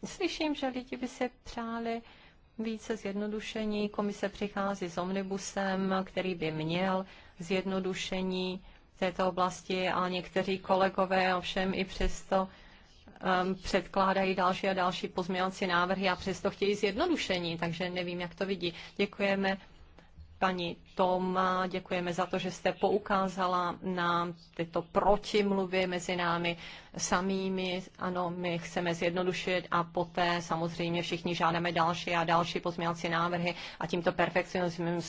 Slyším, že lidi by se přáli více zjednodušení. Komise přichází s omnibusem, který by měl zjednodušení této oblasti a někteří kolegové ovšem i přesto um, předkládají další a další pozměňovací návrhy a přesto chtějí zjednodušení, takže nevím, jak to vidí. Děkujeme paní Toma, děkujeme za to, že jste poukázala na tyto protimluvy mezi námi samými. Ano, my chceme zjednodušit a poté samozřejmě všichni žádáme další a další pozměňovací návrhy a tímto perfekcionismem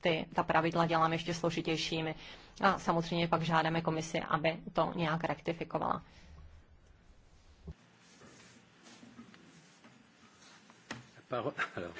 ty, ta pravidla děláme ještě složitějšími. A samozřejmě pak žádáme komisi, aby to nějak rektifikovala.
alors.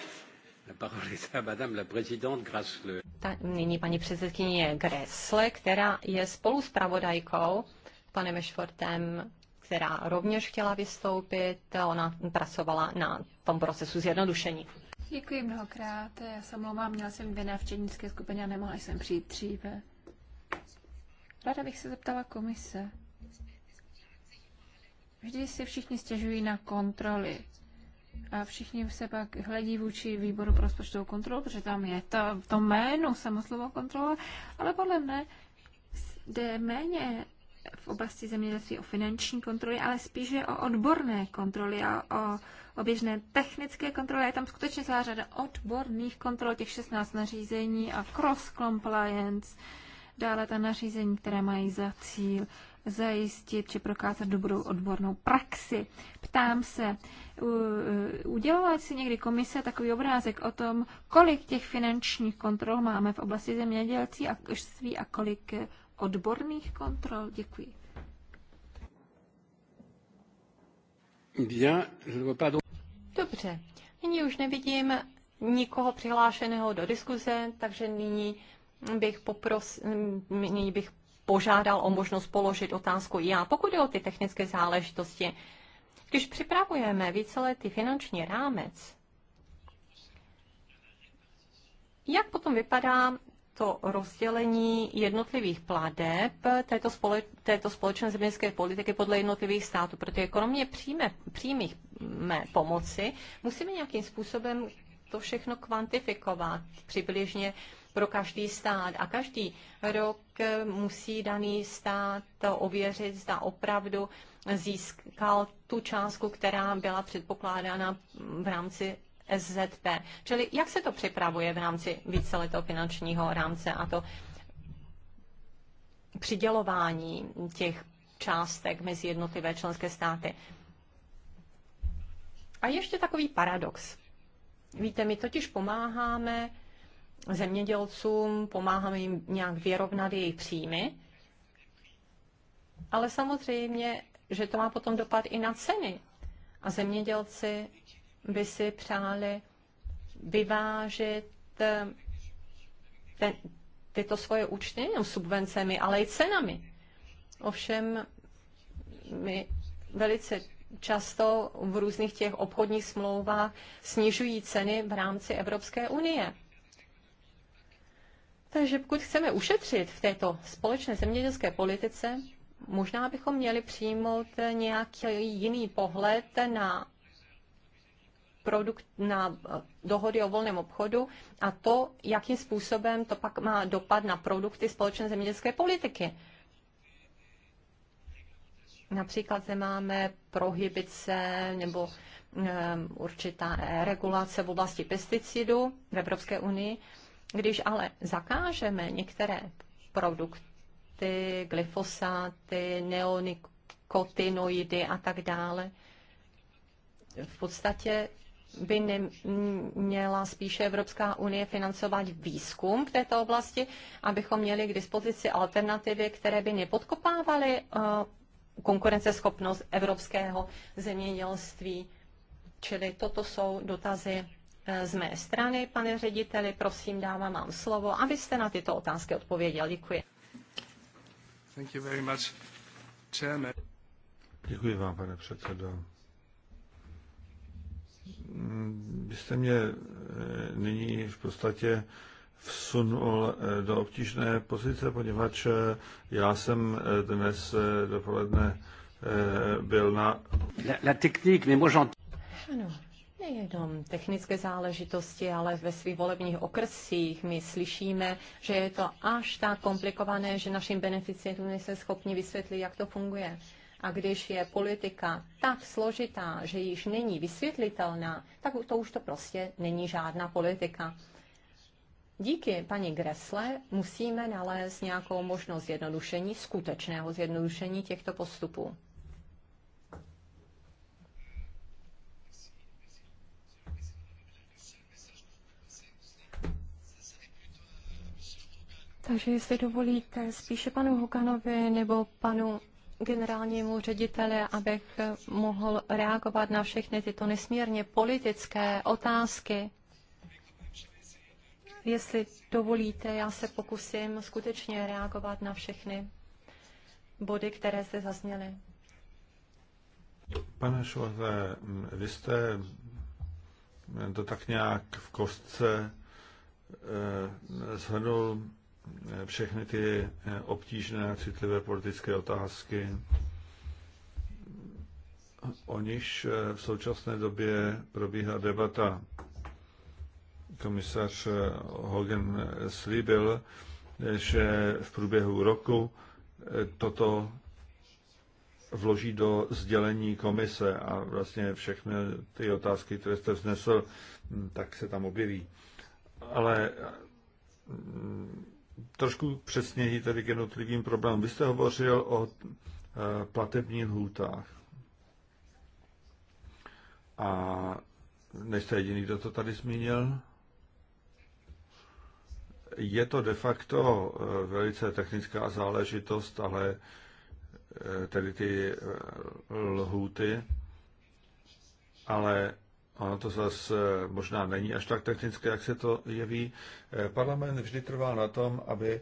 Ta, nyní paní předsedkyně Gressle, která je spolu s pravodajkou, panem Ešfortem, která rovněž chtěla vystoupit. Ona pracovala na tom procesu zjednodušení.
Děkuji mnohokrát. Já se omlouvám, měla jsem dvě návštěvnické skupiny a nemohla jsem přijít dříve. Ráda bych se zeptala komise. Vždy si všichni stěžují na kontroly a všichni se pak hledí vůči výboru pro rozpočtovou kontrolu, protože tam je ta, to jméno, samoslovo kontrola, ale podle mne jde méně v oblasti zemědělství o finanční kontroly, ale spíše o odborné kontroly a o, o běžné technické kontroly. Je tam skutečně celá řada odborných kontrol, těch 16 nařízení a cross-compliance, dále ta nařízení, které mají za cíl zajistit či prokázat dobrou odbornou praxi. Ptám se, udělala si někdy komise takový obrázek o tom, kolik těch finančních kontrol máme v oblasti zemědělcí a, a kolik eh, odborných kontrol? Děkuji.
Dobře, nyní už nevidím nikoho přihlášeného do diskuze, takže nyní bych, popros, nyní bych požádal o možnost položit otázku já. Pokud je o ty technické záležitosti, když připravujeme víceletý finanční rámec, jak potom vypadá to rozdělení jednotlivých pladeb této, spole, této společné zemědělské politiky podle jednotlivých států, protože kromě příjme, přímých pomoci musíme nějakým způsobem to všechno kvantifikovat přibližně pro každý stát a každý rok eh, musí daný stát ověřit, zda opravdu získal tu částku, která byla předpokládána v rámci SZP. Čili jak se to připravuje v rámci víceletého finančního rámce a to přidělování těch částek mezi jednotlivé členské státy. A ještě takový paradox. Víte, my totiž pomáháme zemědělcům, pomáháme jim nějak vyrovnat jejich příjmy, ale samozřejmě, že to má potom dopad i na ceny. A zemědělci by si přáli vyvážit eh, ten, tyto svoje účty nejenom subvencemi, ale i cenami. Ovšem my velice často v různých těch obchodních smlouvách snižují ceny v rámci Evropské unie. Takže pokud chceme ušetřit v této společné zemědělské politice, možná bychom měli přijmout nějaký jiný pohled na produkt, na eh, dohody o volném obchodu a to, jakým způsobem to pak má dopad na produkty společné zemědělské politiky. Například zde máme prohybice nebo um, určitá regulace v oblasti pesticidů v Evropské unii když ale zakážeme některé produkty, glyfosáty, neonikotinoidy a tak dále, v podstatě by neměla spíše Evropská unie financovat výzkum v této oblasti, abychom měli k dispozici alternativy, které by nepodkopávaly eh, konkurenceschopnost evropského zemědělství. Čili toto jsou dotazy z mé strany, pane řediteli. Prosím, dávám vám slovo, abyste na tyto otázky odpověděl. Děkuji.
Thank you very much, chairman. Děkuji vám, pane předsedo. Byste mě eh, nyní v podstatě vsunul eh, do obtížné pozice, poněvadž eh, já jsem dnes dopoledne byl na... La, la technique, mais moi j'entends...
Ano, nejenom technické záležitosti, ale ve svých volebních okrsích my slyšíme, že je to až tak komplikované, že našim beneficientům nejsme schopni vysvětlit, jak to funguje. A když je politika tak složitá, že již není vysvětlitelná, tak to už to prostě není žádná politika. Díky paní Gresle musíme nalézt nějakou možnost zjednodušení, skutečného zjednodušení těchto postupů. Takže jestli dovolíte spíše panu Hukanovi nebo panu generálnímu řediteli, abych mohl reagovat na všechny tyto nesmírně politické otázky. Jestli dovolíte, já se pokusím skutečně reagovat na všechny body, které se zazněly.
Pane Šoze, vy jste to tak nějak v kostce eh, všechny ty eh, obtížné a citlivé politické otázky, o niž eh, v současné době probíhá debata. Komisař eh, Hogan slíbil, že v průběhu roku toto vloží do sdělení komise a vlastně všechny ty otázky, které jste vznesl, mm, tak se tam objeví. Ale mm, trošku přesněji tady k jednotlivým problémům. Vy jste hovořil o eh, platebních lhůtách. A nejste jediný, kdo to tady zmínil. Je to de facto eh, velice technická záležitost, ale eh, tedy ty lhůty, ale ono to zase možná není až tak technické, jak se to jeví. Parlament vždy trvá na tom, aby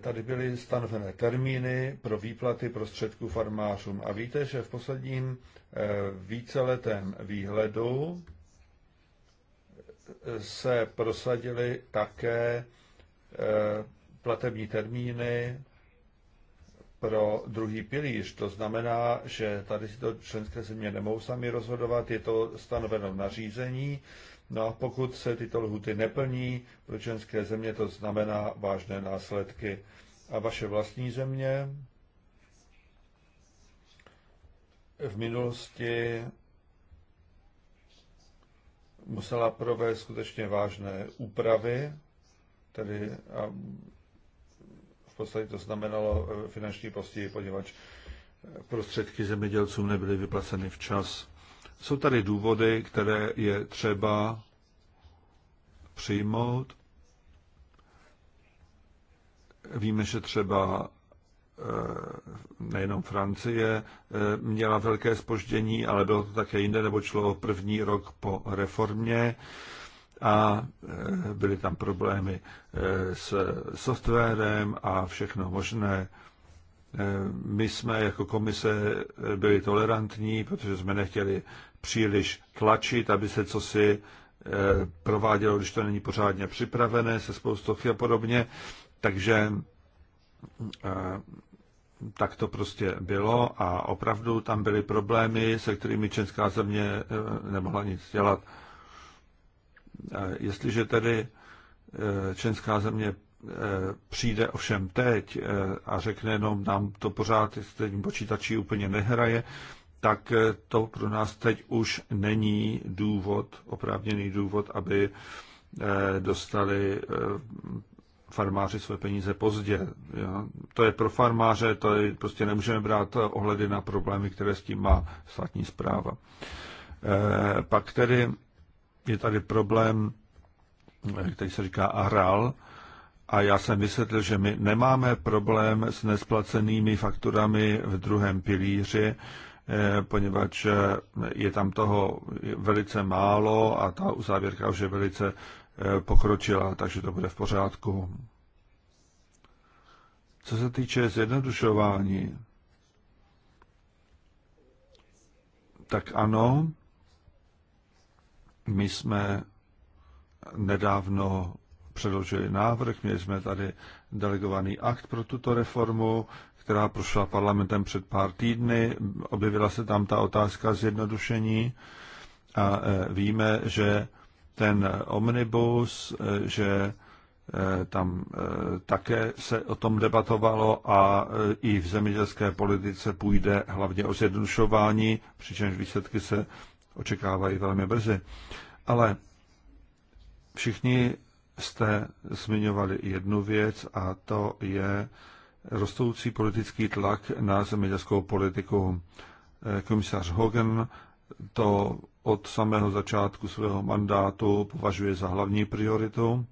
tady byly stanovené termíny pro výplaty prostředků farmářům. A víte, že v posledním eh, víceletém výhledu eh, se prosadily také eh, platební termíny pro druhý pilíř. To znamená, že tady si to členské země nemohou sami rozhodovat, je to stanoveno v nařízení. No a pokud se tyto lhuty neplní pro členské země, to znamená vážné následky. A vaše vlastní země v minulosti musela provést skutečně vážné úpravy, tedy a podstatě to znamenalo eh, finanční postihy, poněvadž eh, prostředky zemědělcům nebyly vyplaceny včas. Jsou tady důvody, které je třeba přijmout. Víme, že třeba eh, nejenom Francie měla velké spoždění, ale bylo to také jinde, nebo šlo první rok po reformě a eh, byly tam problémy eh, s softwarem a všechno možné. Eh, my jsme jako komise byli tolerantní, protože jsme nechtěli příliš tlačit, aby se si provádělo, když to není pořádně připravené, se spoustou a podobně. Takže tak to prostě bylo a opravdu tam byly problémy, se kterými česká země nemohla nic dělat. Jestliže tedy e, členská země e, přijde ovšem teď e, a řekne, no nám to pořád s tím počítačí úplně nehraje, tak to pro nás teď už není důvod, oprávněný důvod, aby dostali farmáři své peníze pozdě. Jo? To je pro farmáře, to je, prostě nemůžeme brát ohledy na problémy, které s tím má státní zpráva. E, pak tedy je tady problém, eh, který se říká ahral, a já jsem vysvětlil, že my nemáme problém s nesplacenými fakturami v druhém pilíři, eh, poněvadž eh, je tam toho velice málo a ta uzávěrka už je velice pokročila, takže to bude v pořádku. Co se týče zjednodušování, tak ano, my jsme nedávno předložili návrh, měli jsme tady delegovaný akt pro tuto reformu, která prošla parlamentem před pár týdny. Objevila se tam ta otázka zjednodušení a e, víme, že ten omnibus, e, že e, tam také se o tom debatovalo a i v zemědělské politice půjde hlavně o zjednodušování, přičemž výsledky se očekávají velmi brzy. Ale všichni jste zmiňovali jednu věc a to je rostoucí politický tlak na zemědělskou politiku. Komisař Hogan to od samého začátku svého mandátu považuje za hlavní prioritu.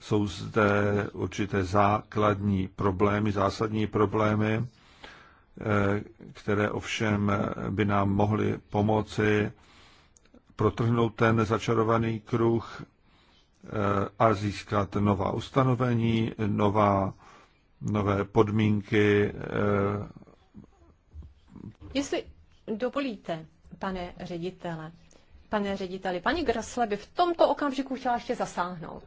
Jsou zde určité základní problémy, zásadní problémy Eh, které ovšem by nám mohly pomoci protrhnout ten začarovaný kruh eh, a získat nová ustanovení, nová, nové podmínky. Eh.
Jestli dovolíte, pane ředitele, pane řediteli, paní Grasle by v tomto okamžiku chtěla ještě zasáhnout.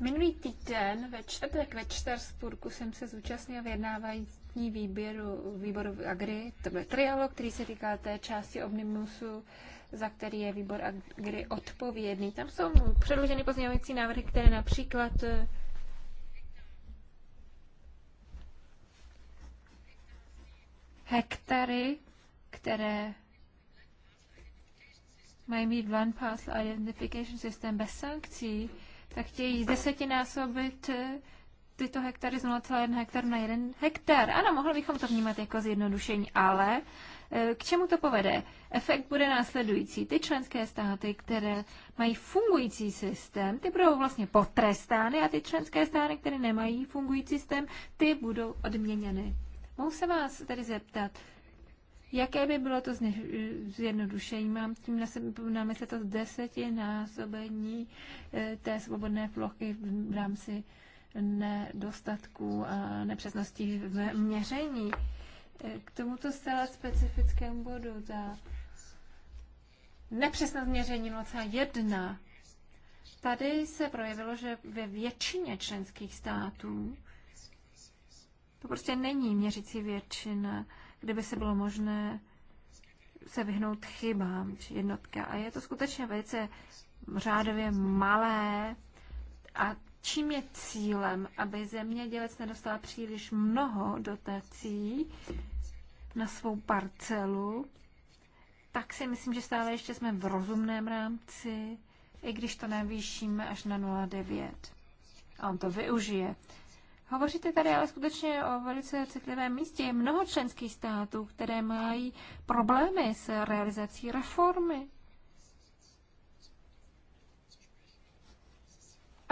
Minulý týden ve čtvrtek ve Čtyrsburku jsem se zúčastnil vyjednávající parlamentní výběru, výboru Agri, to byl trialog, který se týká té části Omnimusu, za který je výbor Agri odpovědný. Tam jsou předloženy pozměňovací návrhy, které například eh, hektary, které mají mít One Pass Identification System bez sankcí, tak chtějí zdesetinásobit eh, tyto hektary z 0,1 hektar na 1 hektar. Ano, mohli bychom to vnímat jako zjednodušení, ale e, k čemu to povede? Efekt bude následující. Ty členské státy, které mají fungující systém, ty budou vlastně potrestány a ty členské státy, které nemají fungující systém, ty budou odměněny. Mohu se vás tedy zeptat, jaké by bylo to zjednodušení? Mám tím na, na mysli to z desetinásobení e, té svobodné plochy v rámci nedostatků a nepřesností v měření. K tomuto zcela specifickému bodu, ta nepřesnost měření 0,1, tady se projevilo, že ve většině členských států to prostě není měřící většina, kde by se bylo možné se vyhnout chybám či jednotka. A je to skutečně velice řádově malé a čím je cílem, aby zemědělec nedostal příliš mnoho dotací na svou parcelu, tak si myslím, že stále ještě jsme v rozumném rámci, i když to navýšíme až na 0,9. A on to využije. Hovoříte tady ale skutečně o velice citlivém místě. Je mnoho členských států, které mají problémy s realizací reformy.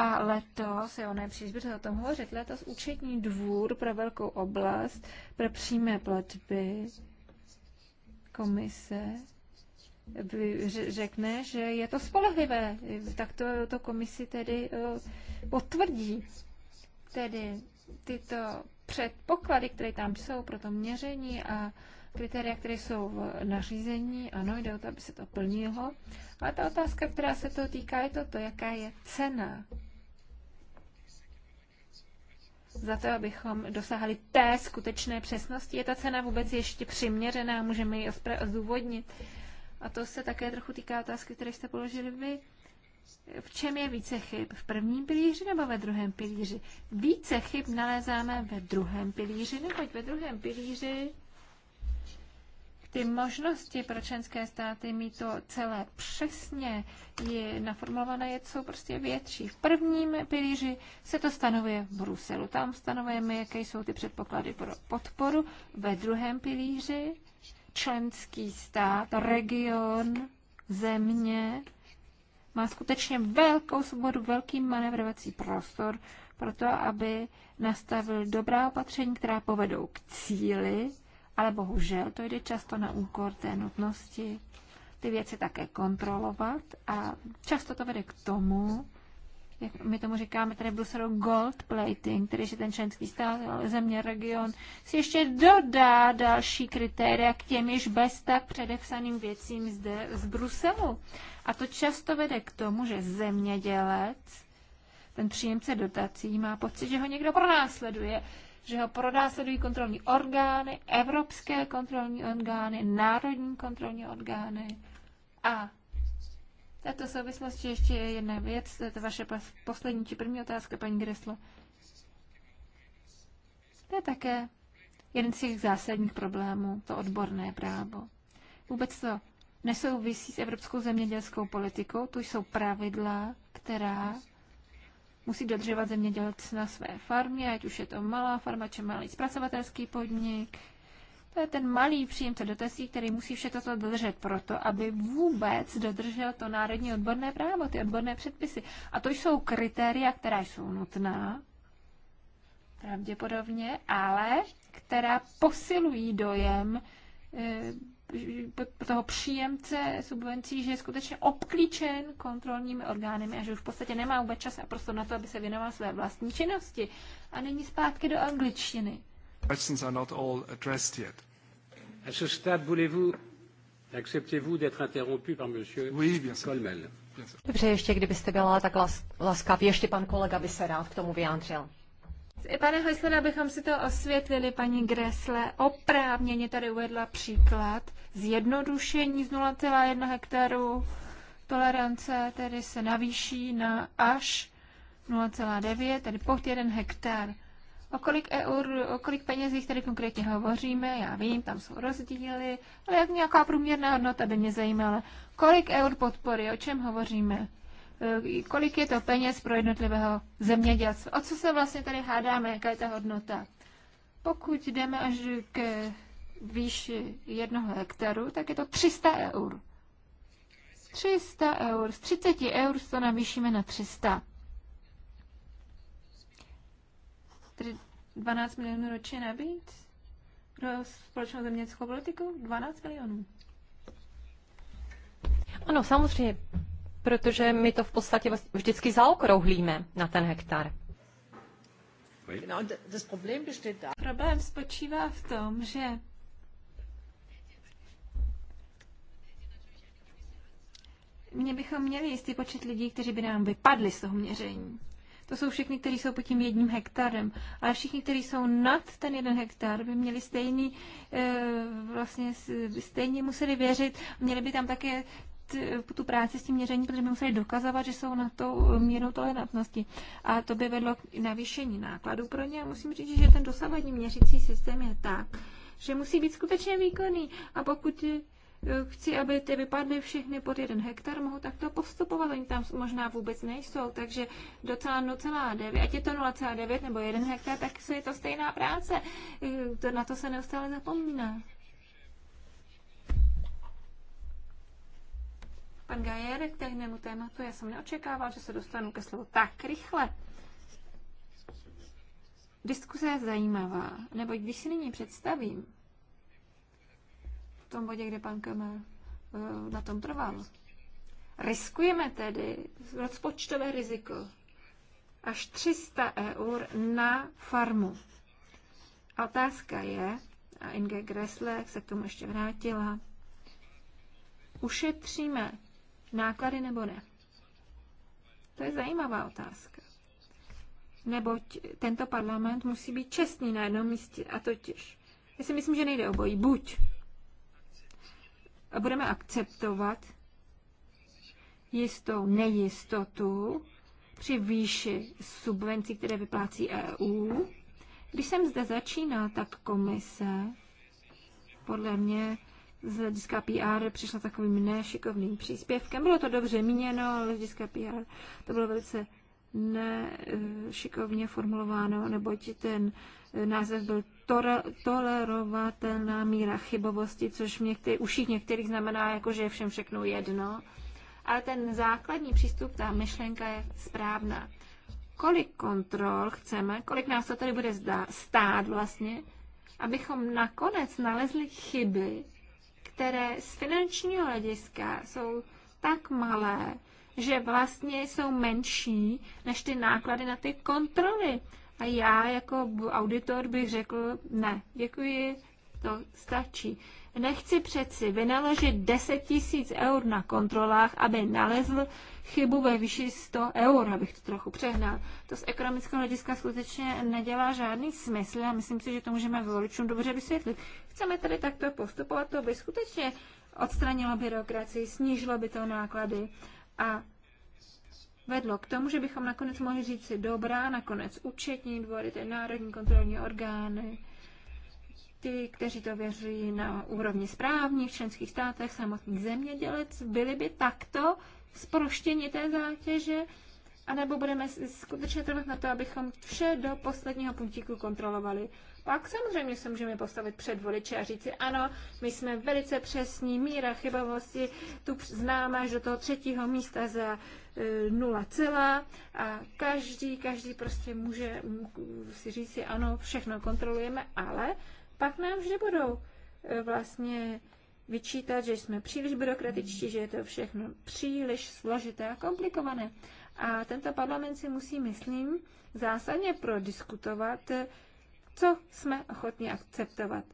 A letos, jo, ne příliš bych o tom hovořit, letos účetní dvůr pro velkou oblast, pro přímé platby komise řekne, že je to spolehlivé. Tak to, to komisi tedy eh, potvrdí. Tedy tyto předpoklady, které tam jsou pro to měření a kritéria, které jsou v nařízení, ano, jde o to, aby se to plnilo. Ale ta otázka, která se to týká, je to, to jaká je cena za to, abychom dosáhli té skutečné přesnosti. Je ta cena vůbec ještě přiměřená, můžeme ji zdůvodnit. A to se také trochu týká otázky, které jste položili vy. V čem je více chyb? V prvním pilíři nebo ve druhém pilíři? Více chyb nalézáme ve druhém pilíři, neboť ve druhém pilíři ty možnosti pro členské státy mít to celé přesně je naformulované jsou prostě větší. V prvním pilíři se to stanovuje v Bruselu. Tam stanovujeme, jaké jsou ty předpoklady pro podporu. Ve druhém pilíři členský stát, region, země má skutečně velkou svobodu, velký manevrovací prostor pro to, aby nastavil dobrá opatření, která povedou k cíli ale bohužel to jde často na úkor té nutnosti ty věci také kontrolovat a často to vede k tomu, jak my tomu říkáme tady se do gold plating, tedy že ten členský stát, země, region si ještě dodá další kritéria k těm již bez tak předepsaným věcím zde z Bruselu. A to často vede k tomu, že zemědělec, ten příjemce dotací, má pocit, že ho někdo pronásleduje, že ho pronásledují kontrolní orgány, evropské kontrolní orgány, národní kontrolní orgány a v této souvislosti ještě je jedna věc, to je to vaše poslední či první otázka, paní Greslo. To je také jeden z těch zásadních problémů, to odborné právo. Vůbec to nesouvisí s evropskou zemědělskou politikou, To jsou pravidla, která musí dodržovat zemědělec na své farmě, ať už je to malá farma či malý zpracovatelský podnik. To je ten malý příjemce dotací, který musí vše toto dodržet proto, aby vůbec dodržel to národní odborné právo, ty odborné předpisy. A to jsou kritéria, která jsou nutná, pravděpodobně, ale která posilují dojem eh, toho příjemce subvencí, že je skutečně obklíčen kontrolními orgány a že už v podstatě nemá vůbec čas a prostor na to, aby se věnoval své vlastní činnosti. A není zpátky do angličtiny. Questions are not all addressed yet. À ce stade, voulez-vous, acceptez-vous d'être interrompu par monsieur oui, bien Colmel?
Dobře, ještě kdybyste byla tak laskavý, ještě pan kolega by se rád k tomu vyjádřil. Pane Hojsler, abychom si to osvětlili, paní
Gresle oprávněně tady uvedla příklad zjednodušení z 0,1 hektaru tolerance, tedy se navýší na až 0,9, tedy pod 1 hektar. O kolik eur, o kolik penězích tady konkrétně hovoříme, já vím, tam jsou rozdíly, ale jak nějaká průměrná hodnota by mě zajímala. Kolik eur podpory, o čem hovoříme? Eh, kolik je to peněz pro jednotlivého zemědělce. O co se vlastně tady hádáme, jaká je ta hodnota. Pokud jdeme až k výši jednoho hektaru, tak je to 300 eur. 300 eur. Z 30 eur to navýšíme na 300. 12 milionů ročně nabít? Pro společnou zemědělskou politiku? 12 milionů.
Ano, samozřejmě protože my to v podstatě vždycky zaokrouhlíme na ten hektar.
Problém spočívá v tom, že mě bychom měli jistý počet lidí, kteří by nám vypadli z toho měření. To jsou všichni, kteří jsou pod tím jedním hektarem. Ale všichni, kteří jsou nad ten jeden hektar, by měli stejný, eh, vlastně stejně museli věřit. Měli by tam také Eh, tu práci s tím měřením, protože by museli dokazovat, že jsou na tou eh, mírou tolerantnosti. A to by vedlo k navýšení nákladů pro ně. A musím říct, že ten dosavadní měřící systém je tak, že musí být skutečně výkonný. A pokud eh, chci, aby ty vypadly všechny pod jeden hektar, mohu takto postupovat. Oni tam možná vůbec nejsou, takže docela 0,9, ať je to 0,9 nebo 1 hektar, tak je to stejná práce. To, na to se neustále zapomíná. Pan Gajer k tému tématu, já jsem neočekával, že se dostanu ke slovu tak rychle. Diskuse je zajímavá, nebo když si nyní představím, v tom bodě, kde pan Kemel eh, na tom trval, riskujeme tedy rozpočtové riziko až 300 eur na farmu. A otázka je, a Inge Gressler se k tomu ještě vrátila, ušetříme náklady nebo ne? To je zajímavá otázka. Neboť tento parlament musí být čestný na jednom místě, a totiž. Já si myslím, že nejde obojí. Buď a budeme akceptovat jistou nejistotu při výši subvencí, které vyplácí EU. Když jsem zde začínal, tak komise podle mě z hlediska PR přišla takovým nešikovným příspěvkem. Bylo to dobře míněno, ale z hlediska PR to bylo velice nešikovně formulováno, neboť ten eh, název byl tolerovatelná míra chybovosti, což v některých, uších některých znamená, jako, že je všem všechno jedno. Ale ten základní přístup, ta myšlenka je správná. Kolik kontrol chceme, kolik nás to tady bude zdá, stát vlastně, abychom nakonec nalezli chyby, které z finančního hlediska jsou tak malé, že vlastně jsou menší než ty náklady na ty kontroly. A já jako auditor bych řekl, ne, děkuji, to stačí. Nechci přeci vynaložit 10 tisíc eur na kontrolách, aby nalezl chybu ve výši 100 eur, abych to trochu přehnal. To z ekonomického hlediska skutečně nedělá žádný smysl a myslím si, že to můžeme voličům dobře vysvětlit. Chceme tady takto postupovat, to by skutečně odstranilo byrokracii, snížilo by to náklady a vedlo k tomu, že bychom nakonec mohli říct si dobrá, nakonec účetní dvory, ty národní kontrolní orgány, ty, kteří to věří na úrovni správních v členských státech, samotných zemědělec, byli by takto zproštěni té zátěže, anebo budeme skutečně trvat na to, abychom vše do posledního puntíku kontrolovali. Pak samozřejmě se můžeme postavit před voliče a říci, ano, my jsme velice přesní, míra chybovosti tu známe až do toho třetího místa za e, nula celá a každý, každý prostě může si říci, ano, všechno kontrolujeme, ale pak nám vždy budou eh, vlastně vyčítat, že jsme příliš byrokratičtí, že je to všechno příliš složité a komplikované. A tento parlament si musí, myslím, zásadně prodiskutovat, eh, co jsme ochotni akceptovat,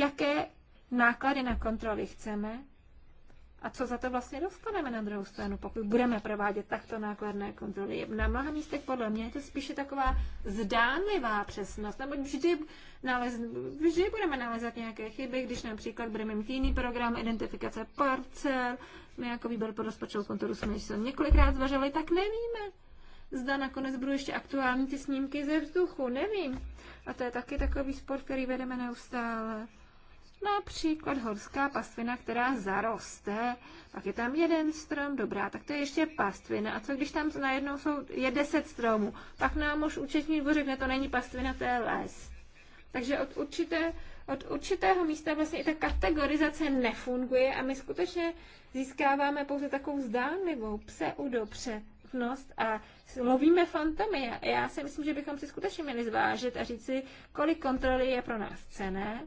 jaké náklady na kontroly chceme a co za to vlastně dostaneme na druhou stranu, pokud budeme provádět takto nákladné kontroly? Na mnoha místech podle mě je to spíše taková zdánlivá přesnost, nebo vždy, nalez, vždy budeme nalezat nějaké chyby, když například budeme mít jiný program identifikace parcel, my jako výbor pro rozpočtovou kontrolu jsme se několikrát zvažovali, tak nevíme. Zda nakonec budou ještě aktuální ty snímky ze vzduchu, nevím. A to je taky takový sport, který vedeme neustále. Například horská pastvina, která zaroste, pak je tam jeden strom, dobrá, tak to je ještě pastvina. A co když tam najednou jsou, je deset stromů? Pak nám už účetní dvůr řekne, to není pastvina, to je les. Takže od, určité, od určitého místa vlastně i ta kategorizace nefunguje a my skutečně získáváme pouze takovou zdánlivou pseudopřesnost a lovíme fantomy. Já si myslím, že bychom si skutečně měli zvážit a říci, kolik kontroly je pro nás cené,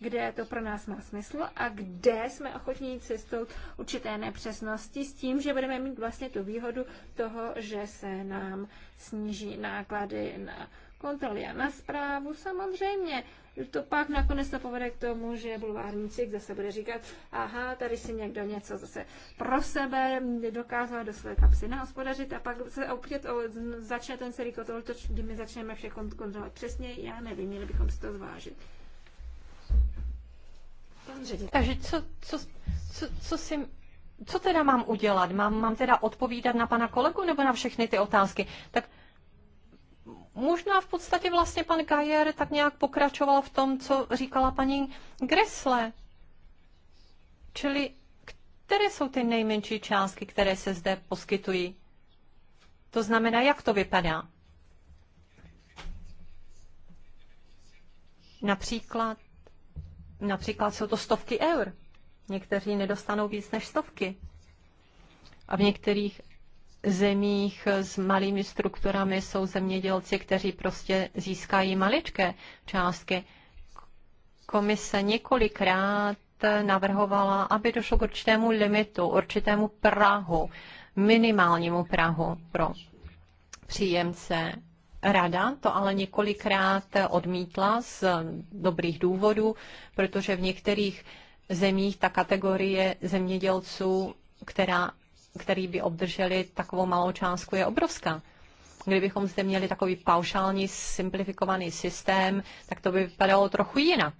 kde to pro nás má smysl a kde jsme ochotní cestou určité nepřesnosti s tím, že budeme mít vlastně tu výhodu toho, že se nám sníží náklady na kontroly a na zprávu. Samozřejmě, to pak nakonec to povede k tomu, že bulvárníček zase bude říkat, aha, tady si někdo něco zase pro sebe dokázal do své kapsy nahospodařit a pak se opět o, začne ten celý kotol, to, kdy my začneme vše kontrolovat přesně, já nevím, měli bychom si to zvážit.
Takže co, co, co, co si co teda mám udělat? Mám, mám teda odpovídat na pana kolegu nebo na všechny ty otázky? Tak možná v podstatě vlastně pan Gajer tak nějak pokračoval v tom, co říkala paní Gresle. Čili které jsou ty nejmenší částky, které se zde poskytují? To znamená, jak to vypadá? Například například jsou to stovky eur. Někteří nedostanou víc než stovky. A v některých zemích s malými strukturami jsou zemědělci, kteří prostě získají maličké částky. Komise několikrát navrhovala, aby došlo k určitému limitu, určitému prahu, minimálnímu prahu pro příjemce Rada to ale několikrát odmítla z dobrých důvodů, protože v některých zemích ta kategorie zemědělců, která, který by obdrželi takovou malou částku, je obrovská. Kdybychom zde měli takový paušální, simplifikovaný systém, tak to by vypadalo trochu jinak.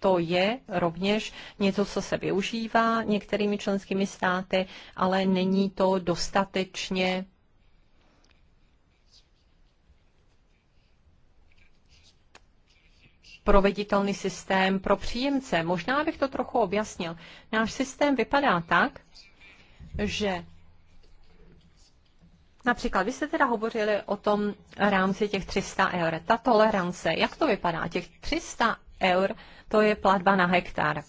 To je rovněž něco, co se využívá některými členskými státy, ale není to dostatečně proveditelný systém pro příjemce. Možná bych to trochu objasnil. Náš systém vypadá tak, že Například, vy jste teda hovořili o tom rámci těch 300 eur. Ta tolerance, jak to vypadá? Těch 300 eur, to je platba na hektar.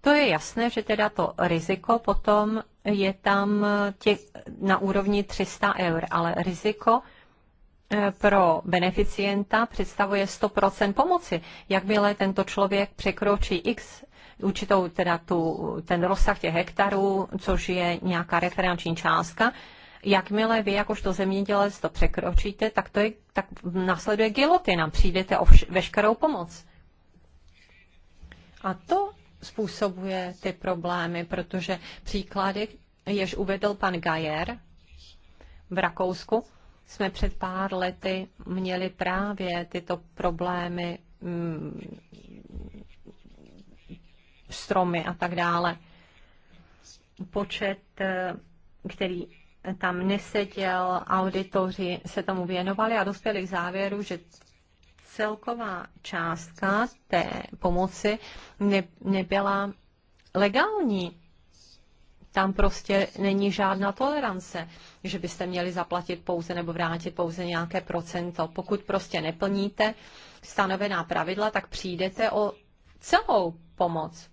To je jasné, že teda to riziko potom je tam na úrovni 300 eur, ale riziko E, pro beneficienta představuje 100% pomoci. Jakmile tento člověk překročí x určitou teda tu, ten rozsah těch hektarů, což je nějaká referenční částka, jakmile vy jakožto zemědělec to překročíte, tak, to je, tak následuje gilotina, přijdete o vš- veškerou pomoc. A to způsobuje ty problémy, protože příklady, jež uvedl pan Gajer v Rakousku, jsme před pár lety měli právě tyto problémy mm, stromy a tak dále. Počet, eh, který tam neseděl, auditoři se tomu věnovali a dospěli k závěru, že celková částka té pomoci nebyla legální tam prostě není žádná tolerance, že byste měli zaplatit pouze nebo vrátit pouze nějaké procento. Pokud prostě neplníte stanovená pravidla, tak přijdete o celou pomoc.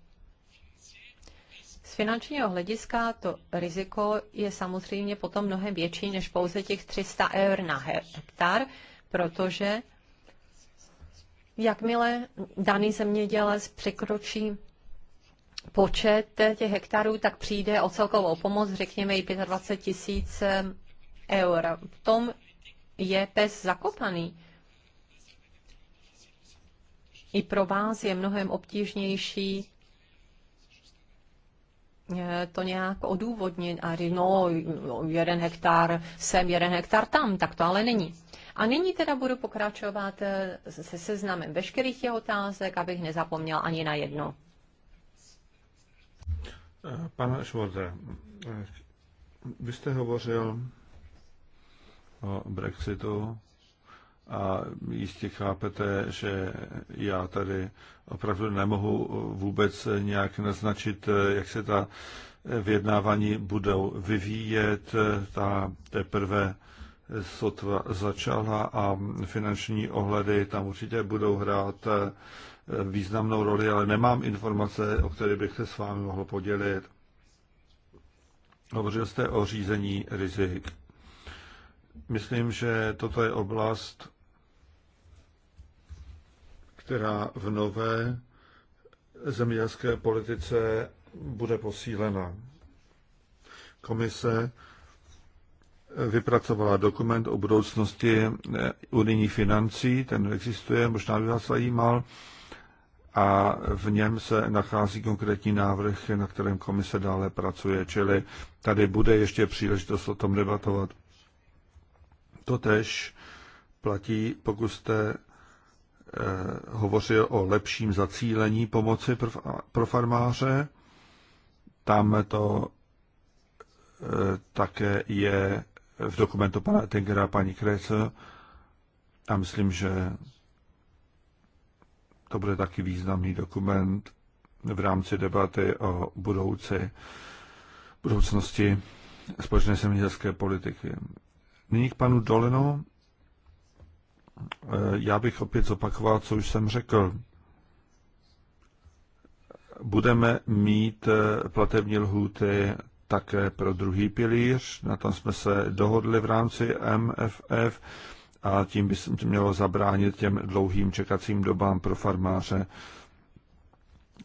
Z finančního hlediska to riziko je samozřejmě potom mnohem větší než pouze těch 300 eur na hektar, protože jakmile daný zemědělec překročí počet těch hektarů, tak přijde o celkovou pomoc, řekněme i 25 tisíc eh, eur. V tom je pes zakopaný. I pro vás je mnohem obtížnější eh, to nějak odůvodnit a říct, no, no, jeden hektar sem, jeden hektar tam, tak to ale není. A nyní teda budu pokračovat eh, se seznamem veškerých těch otázek, abych nezapomněl ani na jedno.
Pane Švorde, vy jste hovořil o Brexitu a jistě chápete, že já tady opravdu nemohu vůbec nějak naznačit, jak se ta vyjednávání budou vyvíjet. Ta teprve sotva začala a finanční ohledy tam určitě budou hrát významnou roli, ale nemám informace, o které bych se s vámi mohl podělit. Hovořil jste o řízení rizik. Myslím, že toto je oblast, která v nové zemědělské politice bude posílena. Komise vypracovala dokument o budoucnosti unijní financí, ten existuje, možná by vás zajímal a v něm se nachází konkrétní návrh, na kterém komise dále pracuje, čili tady bude ještě příležitost o tom debatovat. Totež platí, pokud jste eh, hovořil o lepším zacílení pomoci pro farmáře. Tam to eh, také je v dokumentu pana Tengera a paní Krece a myslím, že to bude taky významný dokument v rámci debaty o budoucí, budoucnosti společné zemědělské politiky. Nyní k panu Doleno. Eh, já bych opět zopakoval, co už jsem řekl. Budeme mít eh, platební lhůty také pro druhý pilíř, na tom jsme se dohodli v rámci MFF a tím by se mělo zabránit těm dlouhým čekacím dobám pro farmáře,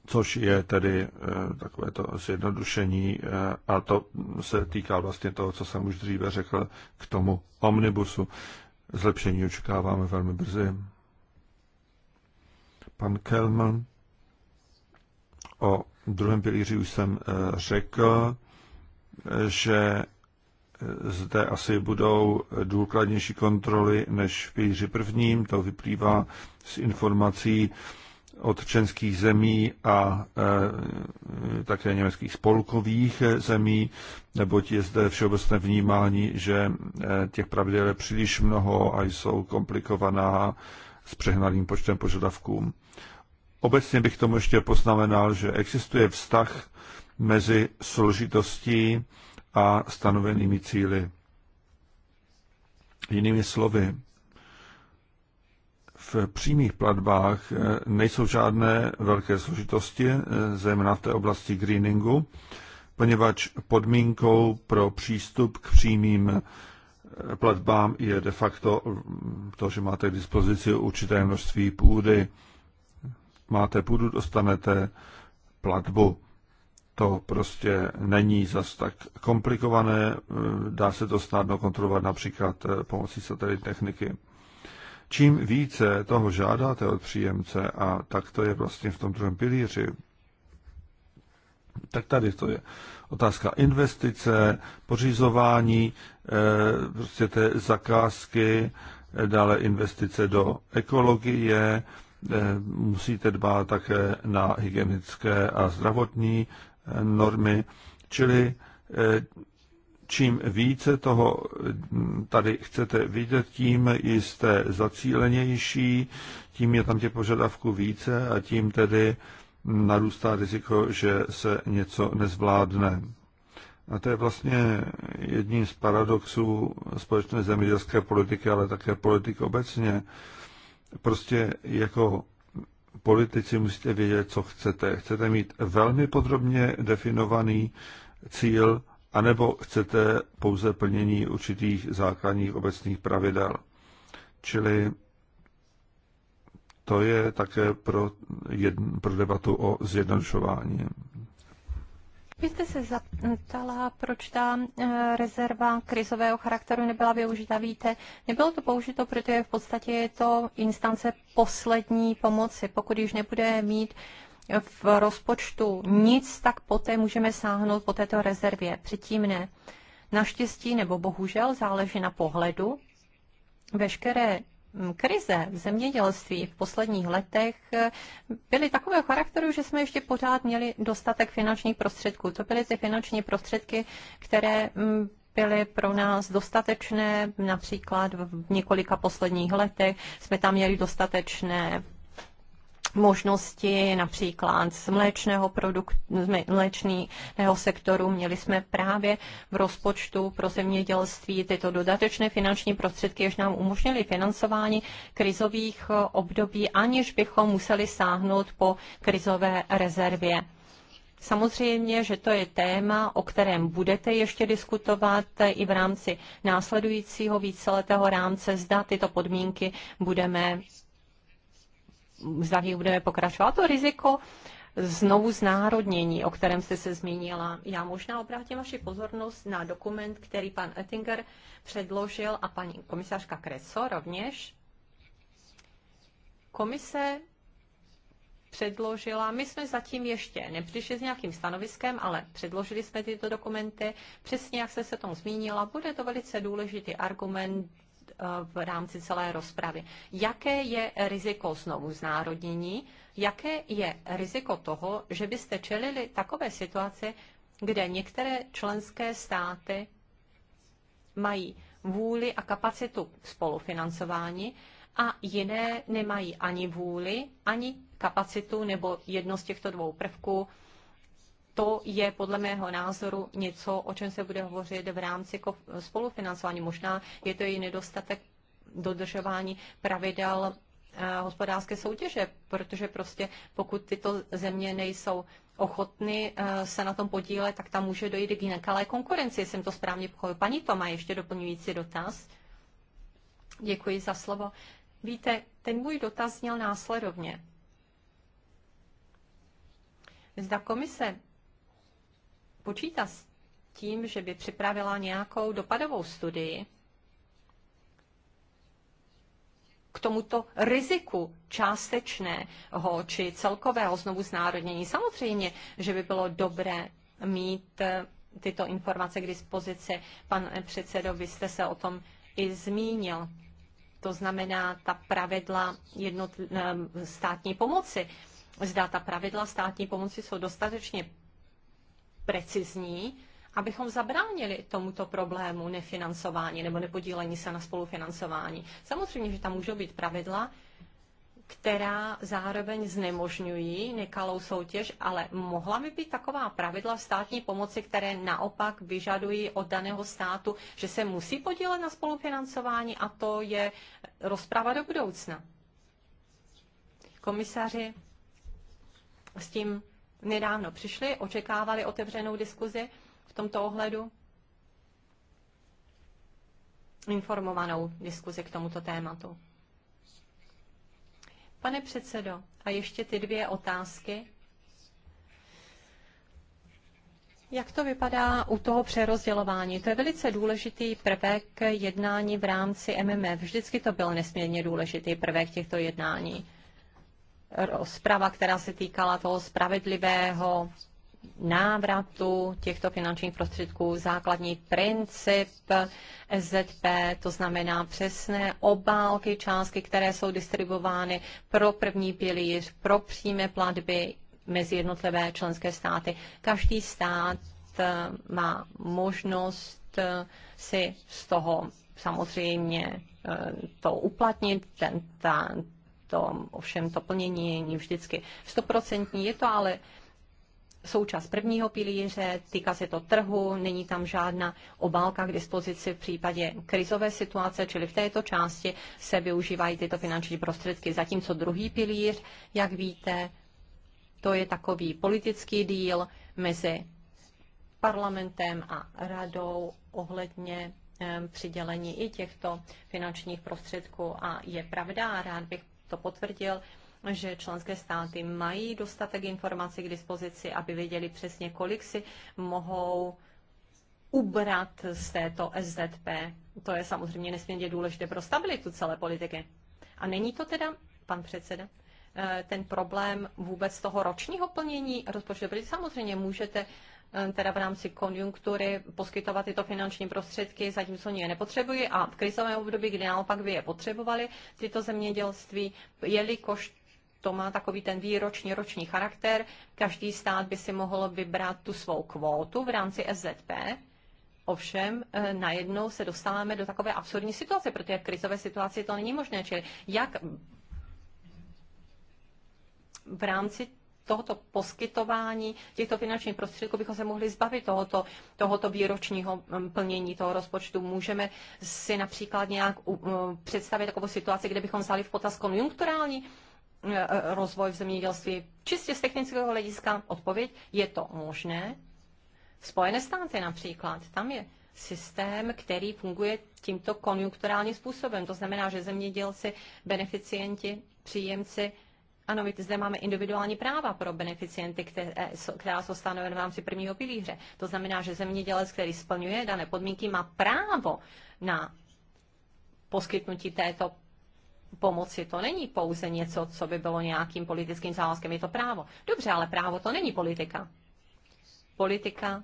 což je tedy eh, takové to zjednodušení eh, a to se týká vlastně toho, co jsem už dříve řekl k tomu omnibusu. Zlepšení očekáváme velmi brzy. Pan Kelman o druhém pilíři už jsem eh, řekl, že zde asi budou důkladnější kontroly než v pilíři prvním. To vyplývá z informací od členských zemí a e, také německých spolkových e, zemí, neboť je zde všeobecné vnímání, že e, těch pravidel je příliš mnoho a jsou komplikovaná s přehnaným počtem požadavků. Obecně bych tomu ještě poznamenal, že existuje vztah mezi složitostí a stanovenými cíly. Jinými slovy, v přímých platbách eh, nejsou žádné velké složitosti, eh, zejména v té oblasti greeningu, poněvadž podmínkou pro přístup k přímým eh, platbám je de facto mm, to, že máte k dispozici určité množství půdy. Máte půdu, dostanete platbu to prostě není zas tak komplikované, dá se to snadno kontrolovat například eh, pomocí satelitní techniky. Čím více toho žádáte od příjemce, a tak to je vlastně v tom druhém pilíři, tak tady to je otázka investice, pořizování eh, prostě té zakázky, eh, dále investice do ekologie, musíte dbát také na hygienické a zdravotní normy, čili eh, čím více toho hm, tady chcete vidět, tím jste zacílenější, tím je tam těch požadavků více a tím tedy narůstá riziko, že se něco nezvládne. A to je vlastně jedním z paradoxů společné zemědělské politiky, ale také politik obecně. Prostě jako politici musíte vědět, co chcete. Chcete mít velmi podrobně definovaný cíl, anebo chcete pouze plnění určitých základních obecných pravidel. Čili to je také pro, jedn, pro debatu o zjednodušování.
Vy jste se zeptala, proč ta eh, rezerva krizového charakteru nebyla využita. Víte, nebylo to použito, protože v podstatě je to instance poslední pomoci. Pokud již nebude mít v rozpočtu nic, tak poté můžeme sáhnout po této rezervě. Předtím ne. Naštěstí nebo bohužel záleží na pohledu. Veškeré Mm, krize v zemědělství v posledních letech eh, byly takového charakteru, že jsme ještě pořád měli dostatek finančních prostředků. To byly ty finanční prostředky, které mm, byly pro nás dostatečné, například v několika posledních letech jsme tam měli dostatečné možnosti například z mléčného, produktu, z mléčného sektoru. Měli jsme právě v rozpočtu pro zemědělství tyto dodatečné finanční prostředky, jež nám umožnily financování krizových období, aniž bychom museli sáhnout po krizové rezervě. Samozřejmě, že to je téma, o kterém budete ještě diskutovat i v rámci následujícího víceletého rámce, zda tyto podmínky budeme zda v nich budeme pokračovat. To riziko znovu znárodnění, o kterém jste se zmínila. Já možná obrátím vaši pozornost na dokument, který pan Ettinger předložil a paní komisařka Kreso rovněž. Komise předložila, my jsme zatím ještě nepřišli s nějakým stanoviskem, ale předložili jsme tyto dokumenty. Přesně jak jste se tomu zmínila, bude to velice důležitý argument v rámci celé rozpravy. Jaké je riziko znovu znárodnění? Jaké je riziko toho, že byste čelili takové situaci, kde některé členské státy mají vůli a kapacitu spolufinancování a jiné nemají ani vůli, ani kapacitu nebo jedno z těchto dvou prvků to je podle mého názoru něco, o čem se bude hovořit v rámci spolufinancování. Možná je to i nedostatek dodržování pravidel eh, hospodářské soutěže, protože prostě pokud tyto země nejsou ochotny eh, se na tom podílet, tak tam může dojít k nekalé konkurenci, jsem to správně pochopil. Paní to má ještě doplňující dotaz. Děkuji za slovo. Víte, ten můj dotaz měl následovně. Zda komise počítá s tím, že by připravila nějakou dopadovou studii k tomuto riziku částečného či celkového znovu znárodnění. Samozřejmě, že by bylo dobré mít eh, tyto informace k dispozici. Pan předsedo, vy jste se o tom i zmínil. To znamená ta pravidla jednot, eh, státní pomoci. Zda ta pravidla státní pomoci jsou dostatečně precizní, abychom zabránili tomuto problému nefinancování nebo nepodílení se na spolufinancování. Samozřejmě, že tam můžou být pravidla, která zároveň znemožňují nekalou soutěž, ale mohla by být taková pravidla státní pomoci, které naopak vyžadují od daného státu, že se musí podílet na spolufinancování a to je rozprava do budoucna. Komisaři s tím nedávno přišli, očekávali otevřenou diskuzi v tomto ohledu, informovanou diskuzi k tomuto tématu. Pane předsedo, a ještě ty dvě otázky. Jak to vypadá u toho přerozdělování? To je velice důležitý prvek jednání v rámci MMF. Vždycky to byl nesmírně důležitý prvek těchto jednání rozprava, která se týkala toho spravedlivého návratu těchto finančních prostředků základní princip SZP, to znamená přesné obálky, částky, které jsou distribuovány pro první pilíř, pro přímé platby mezi jednotlivé členské státy. Každý stát eh, má možnost eh, si z toho samozřejmě eh, to uplatnit, ten, ta, to, ovšem to plnění není vždycky stoprocentní, je to ale součást prvního pilíře, týká se to trhu, není tam žádná obálka k dispozici v případě krizové situace, čili v této části se využívají tyto finanční prostředky. Zatímco druhý pilíř, jak víte, to je takový politický díl mezi parlamentem a radou ohledně eh, přidělení i těchto finančních prostředků. A je pravda, rád bych to potvrdil, že členské státy mají dostatek informací k dispozici, aby věděli přesně, kolik si mohou ubrat z této SZP. To je samozřejmě nesmírně důležité pro stabilitu celé politiky. A není to teda, pan předseda, eh, ten problém vůbec toho ročního plnění rozpočtu, protože samozřejmě můžete Eh, teda v rámci konjunktury poskytovat tyto finanční prostředky, zatímco oni je nepotřebují a v krizovém období, kdy naopak by je potřebovali, tyto zemědělství, jelikož to má takový ten výroční, roční charakter, každý stát by si mohl vybrat tu svou kvótu v rámci SZP, Ovšem, eh, najednou se dostáváme do takové absurdní situace, protože v krizové situaci to není možné. Čili jak v rámci tohoto poskytování těchto finančních prostředků bychom se mohli zbavit tohoto, tohoto výročního mm, plnění toho rozpočtu. Můžeme si například nějak představit takovou situaci, kde bychom vzali v potaz konjunkturální e, e, rozvoj v zemědělství. Čistě z technického hlediska odpověď je to možné. Spojené státy například, tam je systém, který funguje tímto konjunkturálním způsobem. To znamená, že zemědělci, beneficienti, příjemci ano, my zde máme individuální práva pro beneficienty, které, eh, která jsou stanovena v rámci prvního pilíře. To znamená, že zemědělec, který splňuje dané podmínky, má právo na poskytnutí této pomoci. To není pouze něco, co by bylo nějakým politickým závazkem, je to právo. Dobře, ale právo to není politika. Politika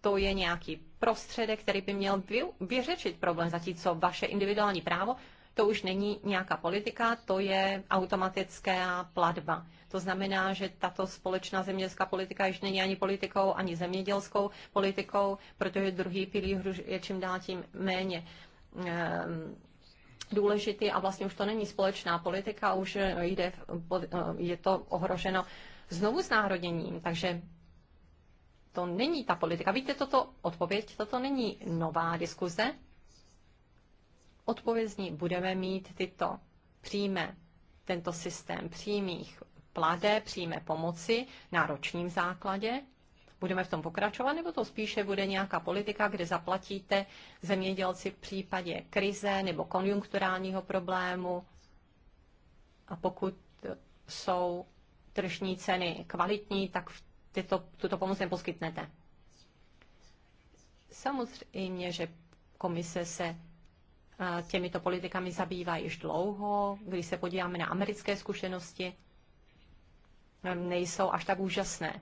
to je nějaký prostředek, který by měl vyřešit problém, zatímco vaše individuální právo to už není nějaká politika, to je automatická platba. To znamená, že tato společná zemědělská politika již není ani politikou, ani zemědělskou politikou, protože druhý pilíř je čím dál tím méně ehm, důležitý a vlastně už to není společná politika, už eh, jde, eh, je to ohroženo znovu s národěním, takže to není ta politika. Víte, toto odpověď, toto není nová diskuze, odpovězní budeme mít tyto příjme, tento systém přímých plade, přímé pomoci na ročním základě. Budeme v tom pokračovat, nebo to spíše bude nějaká politika, kde zaplatíte zemědělci v případě krize nebo konjunkturálního problému. A pokud jsou tržní ceny kvalitní, tak tyto, tuto pomoc neposkytnete. Samozřejmě, že komise se těmito politikami zabývá již dlouho. Když se podíváme na americké zkušenosti, nejsou až tak úžasné.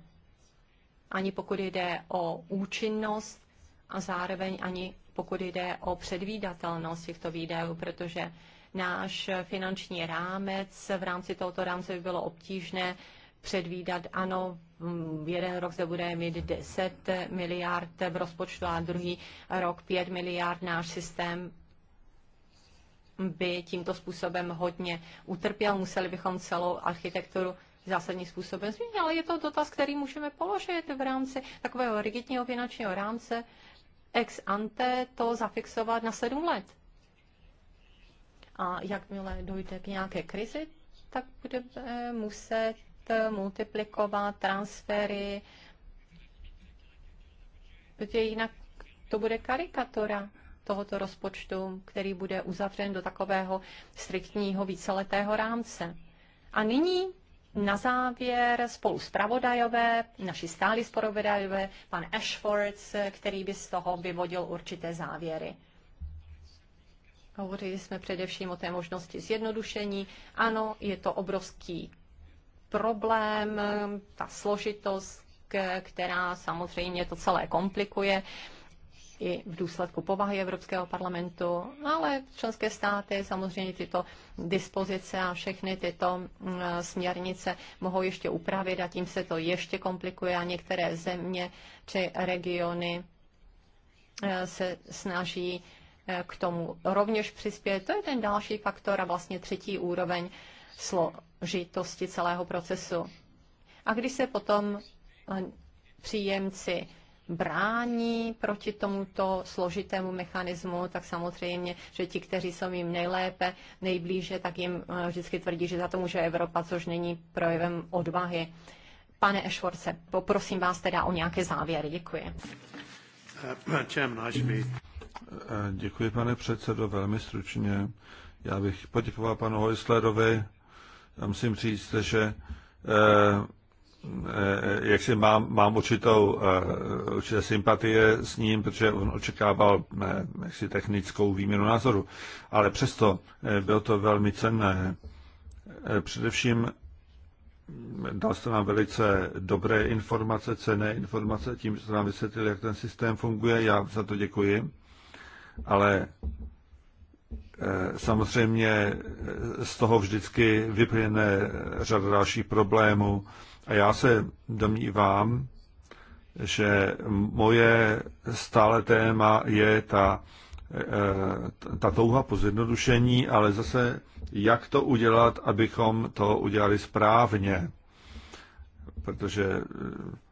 Ani pokud jde o účinnost a zároveň ani pokud jde o předvídatelnost těchto výdajů, protože náš finanční rámec, v rámci tohoto rámce by bylo obtížné předvídat, ano, mm, jeden rok se bude mít 10 miliard v rozpočtu a druhý rok 5 miliard náš systém by tímto způsobem hodně utrpěl, museli bychom celou architekturu zásadním způsobem změnit, ale je to dotaz, který můžeme položit v rámci takového rigidního finančního rámce ex ante to zafixovat na sedm let. A jakmile dojde k nějaké krizi, tak budeme muset multiplikovat transfery, protože jinak to bude karikatura tohoto rozpočtu, který bude uzavřen do takového striktního víceletého rámce. A nyní na závěr spolu zpravodajové, naši stáli zpravodajové, pan Ashford, který by z toho vyvodil určité závěry. Hovořili jsme především o té možnosti zjednodušení. Ano, je to obrovský problém, ta složitost, která samozřejmě to celé komplikuje i v důsledku povahy Evropského parlamentu, ale členské státy samozřejmě tyto dispozice a všechny tyto mm, směrnice mohou ještě upravit a tím se to ještě komplikuje a některé země či regiony eh, se snaží eh, k tomu rovněž přispět. To je ten další faktor a vlastně třetí úroveň složitosti celého procesu. A když se potom eh, příjemci brání proti tomuto složitému mechanismu, tak samozřejmě, že ti, kteří jsou jim nejlépe, nejblíže, tak jim eh, vždycky tvrdí, že za to může Evropa, což není projevem odvahy. Pane Ešvorce, poprosím vás teda o nějaké závěry. Děkuji.
Eh, eh, děkuji, pane předsedo, velmi stručně. Já bych poděkoval panu Hojslerovi. Já musím říct, že Eh, jak si mám, mám určitou, eh, určité sympatie s ním, protože on očekával eh, jaksi technickou výměnu názoru. Ale přesto bylo to velmi cenné. Především mm, dal jste nám velice dobré informace, cené informace, tím jste nám vysvětlil, jak ten systém funguje. Já za to děkuji. Ale Samozřejmě z toho vždycky vyplyne řada dalších problémů a já se domnívám, že moje stále téma je ta, eh, ta touha po zjednodušení, ale zase jak to udělat, abychom to udělali správně. Protože eh,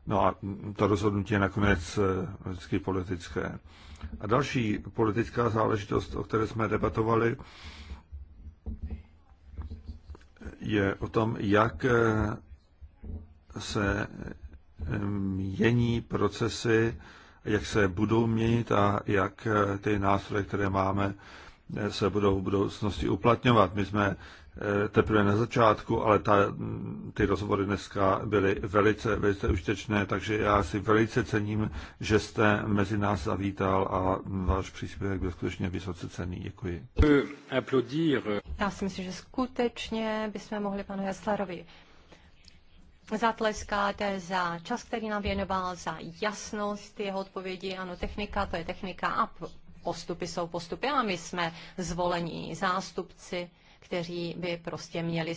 no a to rozhodnutí je nakonec eh, vždycky politické. A další politická záležitost, o které jsme debatovali, je o tom, jak se mění procesy, jak se budou měnit a jak eh, ty nástroje, které máme, eh, se budou v budoucnosti uplatňovat. My jsme eh, teprve na začátku, ale ta, mm, ty rozhovory dneska byly velice, velice užitečné, takže já si velice cením, že jste mezi nás zavítal a váš příspěvek byl skutečně vysoce cený. Děkuji.
Já si myslím, že skutečně bychom mohli panu Jaslarovi zatleskáte za čas, který nám věnoval, za jasnost jeho odpovědi. Ano, technika, to je technika a postupy jsou postupy. A my jsme zvolení zástupci, kteří by prostě měli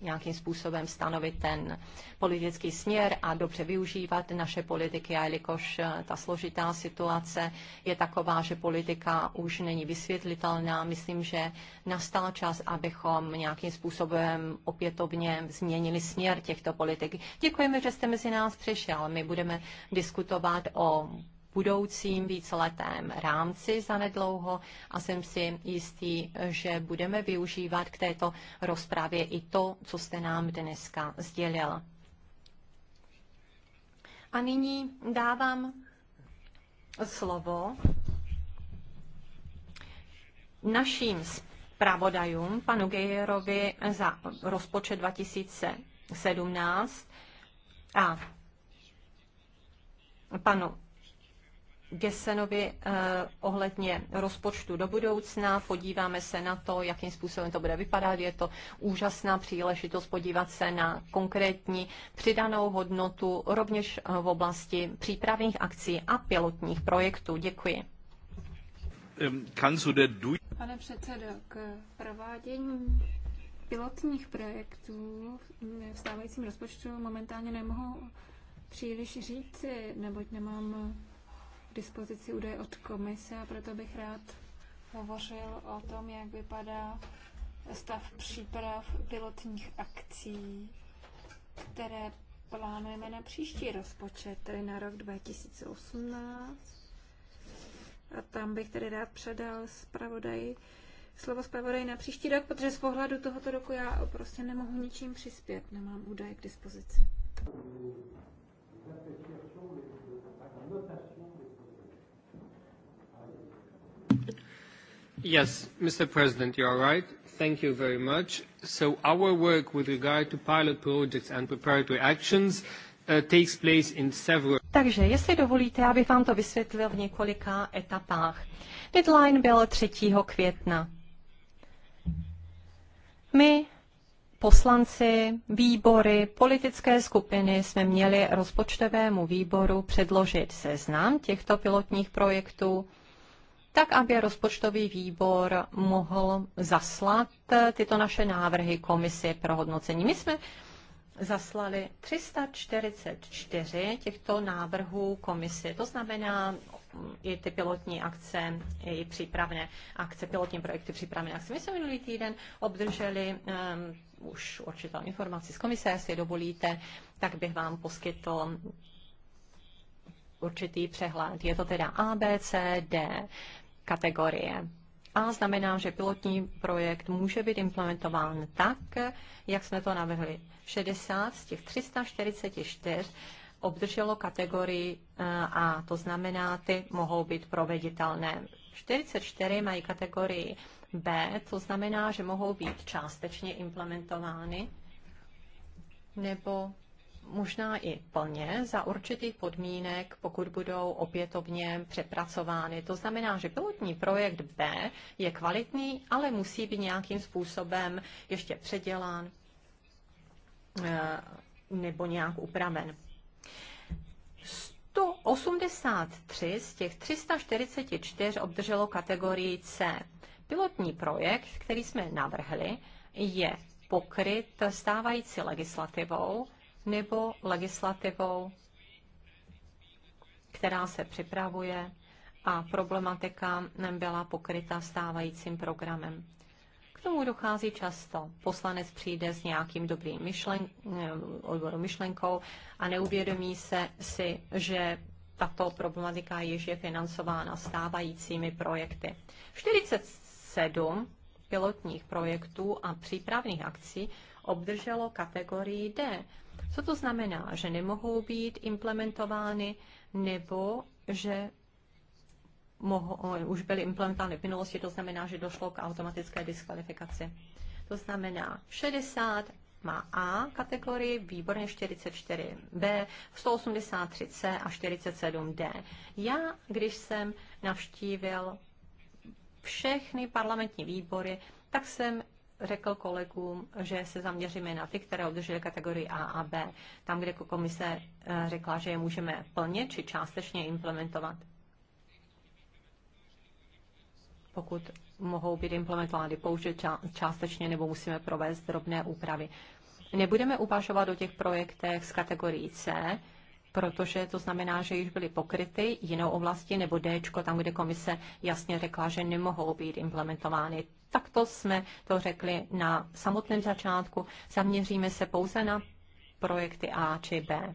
nějakým způsobem stanovit ten politický směr a dobře využívat naše politiky, a jelikož eh, ta složitá situace je taková, že politika už není vysvětlitelná, myslím, že nastal čas, abychom nějakým způsobem opětovně změnili směr těchto politik. Děkujeme, že jste mezi nás přišel. My budeme diskutovat o budoucím víceletém rámci zanedlouho a jsem si jistý, že budeme využívat k této rozpravě i to, co jste nám dneska sdělil. A nyní dávám slovo naším zpravodajům, panu Gejerovi za rozpočet 2017 a panu Gesenovi eh, ohledně rozpočtu do budoucna. Podíváme se na to, jakým způsobem to bude vypadat. Je to úžasná příležitost podívat se na konkrétní přidanou hodnotu rovněž eh, v oblasti přípravných akcí a pilotních projektů. Děkuji.
Pane předsedo, k provádění pilotních projektů v stávajícím rozpočtu momentálně nemohu příliš říci, neboť nemám dispozici údaje od komise a proto bych rád hovořil o tom, jak vypadá stav příprav pilotních akcí, které plánujeme na příští rozpočet, tedy na rok 2018. A tam bych tedy rád předal zpravodaji, slovo zpravodaj na příští rok, protože z pohledu tohoto roku já prostě nemohu ničím přispět, nemám údaje k dispozici.
Yes, Mr. President, you are right. Thank you very much. So our work with regard to pilot projects and preparatory actions uh, takes place in several...
Takže jestli dovolíte, abych vám to vysvětlil v několika etapách. Deadline byl 3. května. My poslanci, výbory, politické skupiny jsme měli rozpočtovému výboru předložit seznam těchto pilotních projektů tak aby rozpočtový výbor mohl zaslat tyto naše návrhy komisi pro hodnocení. My jsme zaslali 344 těchto návrhů komisi. To znamená i ty pilotní akce, i přípravné akce, pilotní projekty přípravné akce. My jsme minulý týden obdrželi um, už určitou informaci z komise, jestli dovolíte, tak bych vám poskytl určitý přehled. Je to teda A, B, C, D, kategorie. A znamená, že pilotní projekt může být implementován tak, jak jsme to navrhli. 60 z těch 344 obdrželo kategorii eh, A, to znamená, ty mohou být proveditelné. 44 mají kategorii B, to znamená, že mohou být částečně implementovány nebo možná i plně za určitých podmínek, pokud budou opětovně přepracovány. To znamená, že pilotní projekt B je kvalitní, ale musí být nějakým způsobem ještě předělán eh, nebo nějak upraven. 183 z těch 344 obdrželo kategorii C. Pilotní projekt, který jsme navrhli, je pokryt stávající legislativou nebo legislativou, která se připravuje a problematika byla pokryta stávajícím programem. K tomu dochází často. Poslanec přijde s nějakým dobrým myšlen, odboru myšlenkou a neuvědomí se si, že tato problematika již je financována stávajícími projekty. 47 pilotních projektů a přípravných akcí obdrželo kategorii D, co to znamená? Že nemohou být implementovány nebo že mohou, už byly implementovány v minulosti, to znamená, že došlo k automatické diskvalifikaci. To znamená 60 má A kategorii, výborně 44B, 183C a 47D. Já, když jsem navštívil všechny parlamentní výbory, tak jsem řekl kolegům, že se zaměříme na ty, které obdržely kategorii A a B, tam, kde komise eh, řekla, že je můžeme plně či částečně implementovat. Pokud mohou být implementovány pouze částečně nebo musíme provést drobné úpravy. Nebudeme uvažovat o těch projektech z kategorii C, protože to znamená, že již byly pokryty jinou oblasti nebo D, tam, kde komise jasně řekla, že nemohou být implementovány. Takto jsme to řekli na samotném začátku. Zaměříme se pouze na projekty A či B.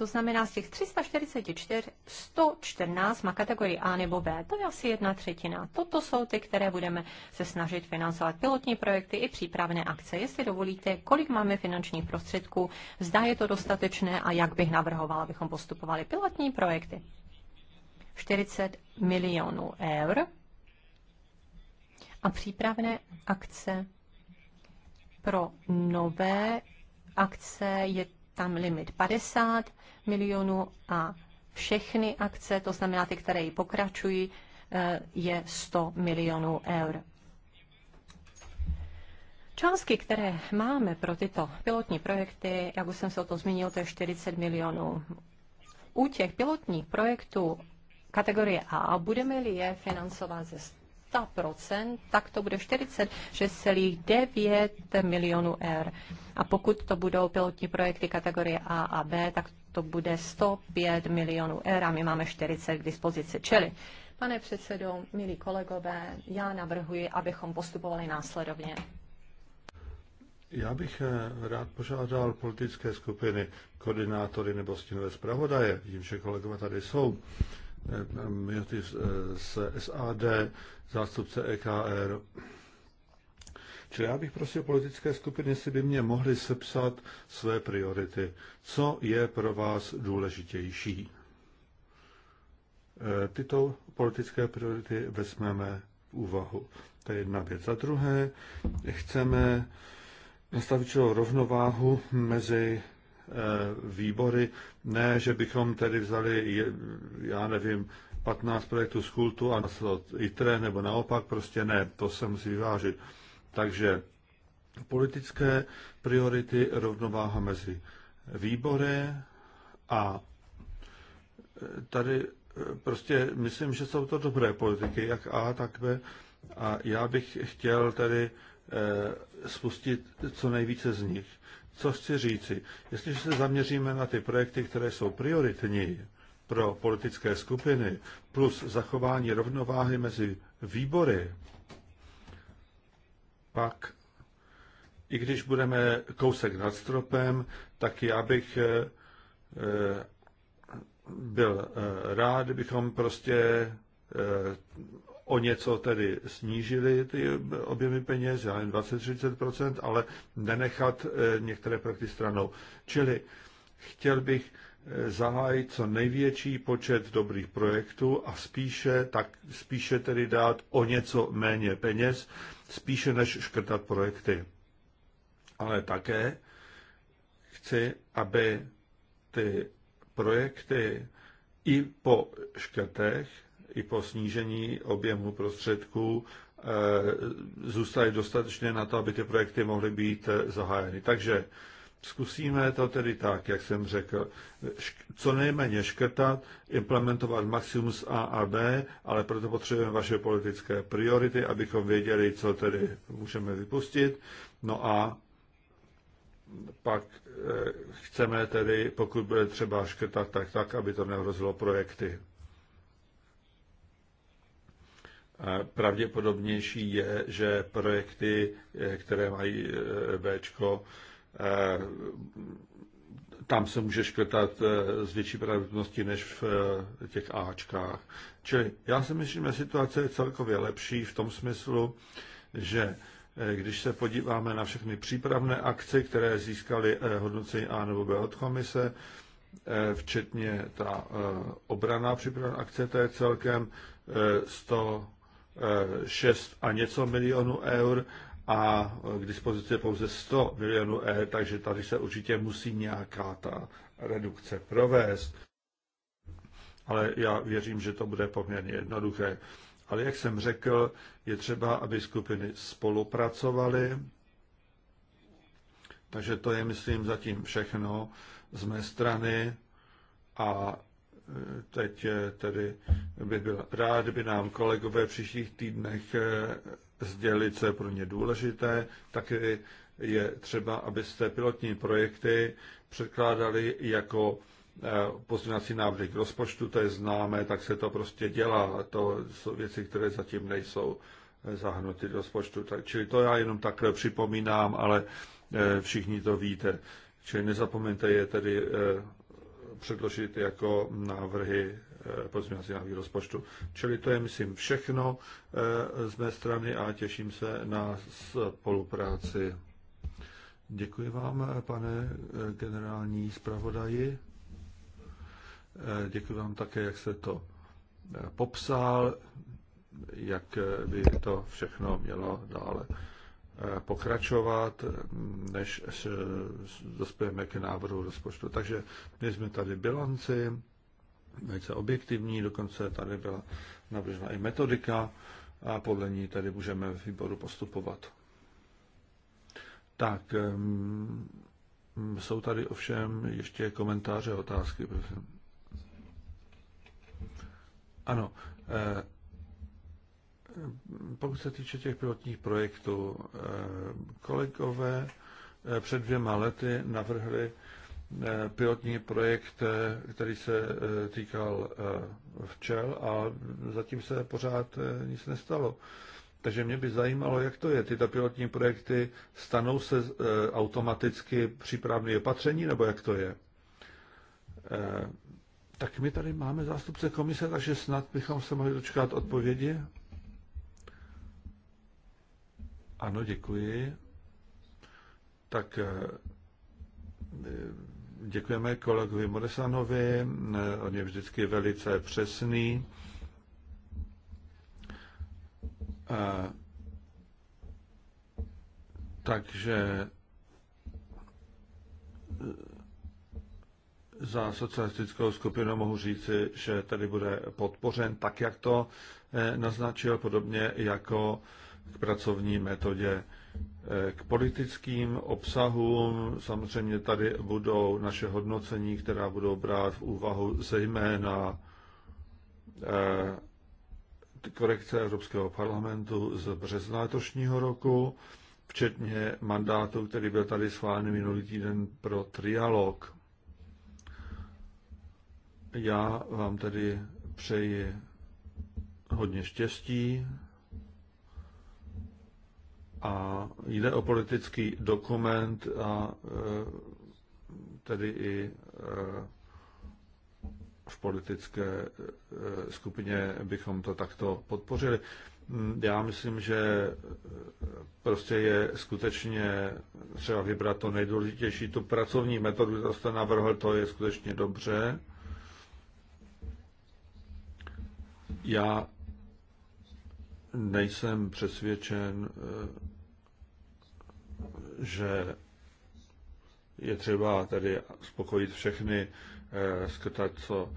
To znamená, z těch 344, 114 má kategorii A nebo B. To je asi jedna třetina. Toto jsou ty, které budeme se snažit financovat. Pilotní projekty i přípravné akce. Jestli dovolíte, kolik máme finančních prostředků, zda je to dostatečné a jak bych navrhovala, abychom postupovali. Pilotní projekty. 40 milionů eur a přípravné akce pro nové akce je tam limit 50 milionů a všechny akce, to znamená ty, které ji pokračují, eh, je 100 milionů eur. Částky, které máme pro tyto pilotní projekty, jak už jsem se o to zmínil, to je 40 milionů. U těch pilotních projektů kategorie A budeme-li je financovat ze tak to bude 46,9 milionů eur. A pokud to budou pilotní projekty kategorie A a B, tak to bude 105 milionů eur a my máme 40 k dispozici. Čili, pane předsedo, milí kolegové, já navrhuji, abychom postupovali následovně.
Já bych eh, rád požádal politické skupiny, koordinátory nebo stínové zpravodaje, vidím, že kolegové tady jsou, minuty z SAD, zástupce EKR. Čili já bych prosil politické skupiny, jestli by mě mohli sepsat své priority. Co je pro vás důležitější? Eh, tyto politické priority vezmeme v úvahu. To je jedna věc. Za druhé, chceme nastavit rovnováhu mezi Eh, výbory. Ne, že bychom tedy vzali, já nevím, 15 projektů z kultu a ITRE, nebo naopak, prostě ne, to se musí vyvážit. Takže politické priority, rovnováha mezi výbory a eh, tady eh, prostě myslím, že jsou to dobré politiky, jak A, tak B. A já bych chtěl tedy spustit co nejvíce z nich. Co chci říci? Jestliže se zaměříme na ty projekty, které jsou prioritní pro politické skupiny, plus zachování rovnováhy mezi výbory, pak i když budeme kousek nad stropem, tak já bych eh, eh, byl eh, rád, kdybychom prostě o něco tedy snížili ty objemy peněz, já jen 20-30%, ale nenechat eh, některé projekty stranou. Čili chtěl bych eh, zahájit co největší počet dobrých projektů a spíše, tak, spíše tedy dát o něco méně peněz, spíše než škrtat projekty. Ale také chci, aby ty projekty i po škrtech i po snížení objemu prostředků eh, zůstaly dostatečné na to, aby ty projekty mohly být eh, zahájeny. Takže zkusíme to tedy tak, jak jsem řekl, co nejméně škrtat, implementovat maximum z A a B, ale proto potřebujeme vaše politické priority, abychom věděli, co tedy můžeme vypustit. No a pak eh, chceme tedy, pokud bude třeba škrtat, tak tak, aby to nehrozilo projekty. Pravděpodobnější je, že projekty, eh, které mají eh, B, eh, tam se může škrtat s větší pravděpodobností než v těch Ačkách. Čili já si myslím, že situace je celkově lepší v tom smyslu, že když se podíváme na všechny přípravné akce, které získaly hodnocení A nebo B od komise, včetně ta obraná přípravná akce, to je celkem 100 6 a něco milionů eur a k dispozici pouze 100 milionů eur, takže tady se určitě musí nějaká ta redukce provést. Ale já věřím, že to bude poměrně jednoduché. Ale jak jsem řekl, je třeba, aby skupiny spolupracovaly. Takže to je, myslím, zatím všechno z mé strany a teď eh, tedy bych byl rád, by nám kolegové v příštích týdnech eh, sdělili, co je pro ně důležité. Taky je třeba, abyste pilotní projekty předkládali jako eh, pozměňovací návrhy k rozpočtu, to je známé, tak se to prostě dělá. To jsou věci, které zatím nejsou zahrnuty do rozpočtu. Tak, čili to já jenom takhle připomínám, ale všichni to víte. Čili nezapomeňte je tedy předložit jako návrhy eh, pozměňovací návrhy rozpočtu. Čili to je, myslím, všechno eh, z mé strany a těším se na spolupráci. Děkuji vám, pane eh, generální zpravodaji. Děkuji vám také, jak jste to popsal, jak by to všechno mělo dále pokračovat, než dospějeme k návrhu rozpočtu. Takže my jsme tady bilanci, velice objektivní, dokonce tady byla navržena i metodika a podle ní tady můžeme v výboru postupovat. Tak, mm, jsou tady ovšem ještě komentáře, otázky. Prosím. Ano, eh, pokud se týče těch pilotních projektů, eh, kolegové eh, před dvěma lety navrhli eh, pilotní projekt, který se týkal včel a zatím se pořád nic nestalo. Takže mě by zajímalo, jak to je. Tyto pilotní projekty stanou se automaticky přípravné opatření, nebo jak to je? Tak my tady máme zástupce komise, takže snad bychom se mohli dočkat odpovědi. Ano, děkuji. Tak eh, děkujeme kolegovi Moresanovi, on je vždycky velice přesný. A, takže eh, za socialistickou skupinu mohu říci, že tady bude podpořen tak, jak to eh, naznačil, podobně jako k pracovní metodě. Eh, k politickým obsahům samozřejmě tady budou naše hodnocení, která budou brát v úvahu zejména eh, korekce Evropského parlamentu z března letošního roku, včetně mandátu, který byl tady schválen minulý týden pro trialog. Já vám tedy přeji hodně štěstí a jde o politický dokument a e, tedy i e, v politické e, skupině bychom to takto podpořili. Mm, já myslím, že prostě je skutečně třeba vybrat to nejdůležitější, tu pracovní metodu, kterou jste navrhl, to je skutečně dobře. Já nejsem přesvědčen, eh, že je třeba tady spokojit všechny, eh, skrtat co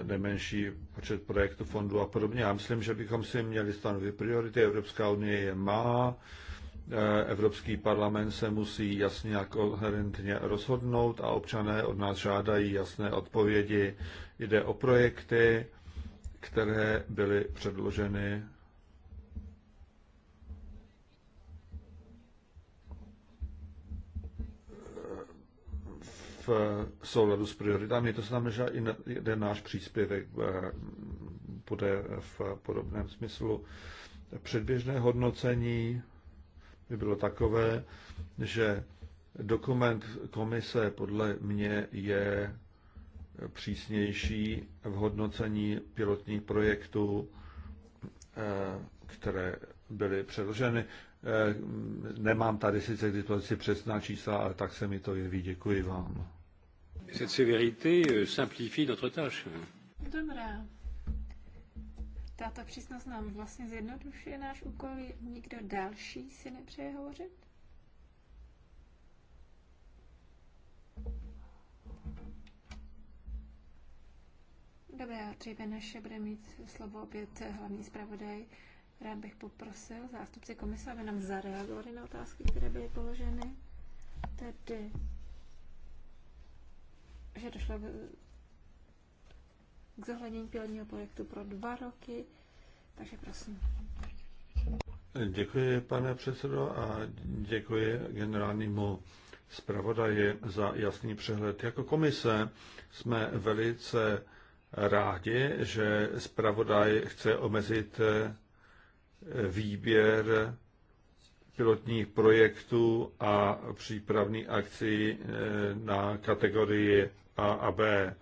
eh, nejmenší počet projektů, fondů a podobně. Já myslím, že bychom si měli stanovit priority. Evropská unie je má, Evropský parlament se musí jasně a koherentně rozhodnout a občané od nás žádají jasné odpovědi. Jde o projekty, které byly předloženy v eh, souladu s prioritami. To znamená, že i jeden náš příspěvek eh, bude v podobném smyslu. Předběžné hodnocení by bylo takové, že dokument komise podle mě je přísnější v hodnocení pilotních projektů, eh, které byly předloženy. Eh, nemám tady sice k dispozici přesná čísla, ale tak se mi to jeví. Děkuji vám. Cette sévérité eh, simplifie notre tâche.
Dobrá. Tato přísnost nám vlastně zjednodušuje náš úkol. Nikdo další si nepřeje hovořit? Dobrá, dříve naše bude mít slovo opět hlavní zpravodaj, Rád bych poprosil zástupce komise, aby nám zareagovali na otázky, které byly položeny. Tedy, že došlo k zohlednění pilotního projektu pro dva roky, takže
prosím.
Děkuji, pane předsedo, a děkuji generálnímu zpravodaji za jasný přehled. Jako komise jsme velice rádi, že zpravodaj chce omezit výběr pilotních projektů a přípravných akcí eh, na kategorii A a B.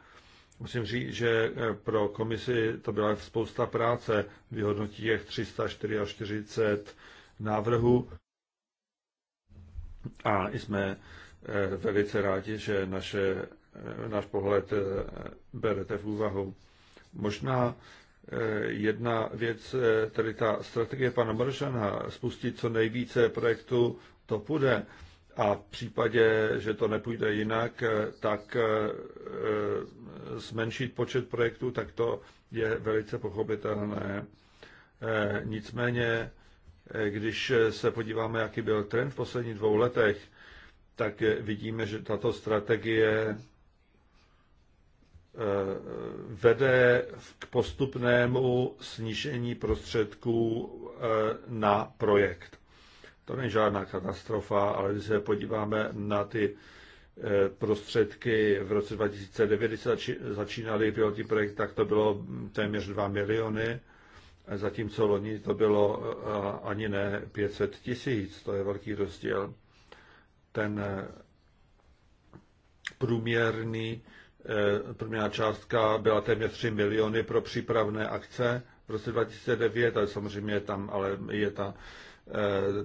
Musím říct, že eh, pro komisi to byla spousta práce vyhodnotí těch 344 návrhů a jsme eh, velice rádi, že naše, náš pohled berete v úvahu. Možná Eh, jedna věc, eh, tedy ta strategie pana Maršana, spustit co nejvíce projektů, to půjde. A v případě, že to nepůjde jinak, eh, tak zmenšit počet projektů, tak to je velice pochopitelné. Nicméně, když se podíváme, jaký byl trend v posledních dvou letech, tak vidíme, že tato strategie Eh, vede k postupnému snížení prostředků eh, na projekt. To není žádná katastrofa, ale když se podíváme na ty eh, prostředky v roce 2009, když začínali pilotní projekt, tak to bylo téměř 2 miliony, zatímco loni to bylo ani ne 500 tisíc, to je velký rozdíl. Ten průměrný Eh, průměrná částka byla téměř 3 miliony pro přípravné akce v roce 2009, ale samozřejmě tam ale je ta,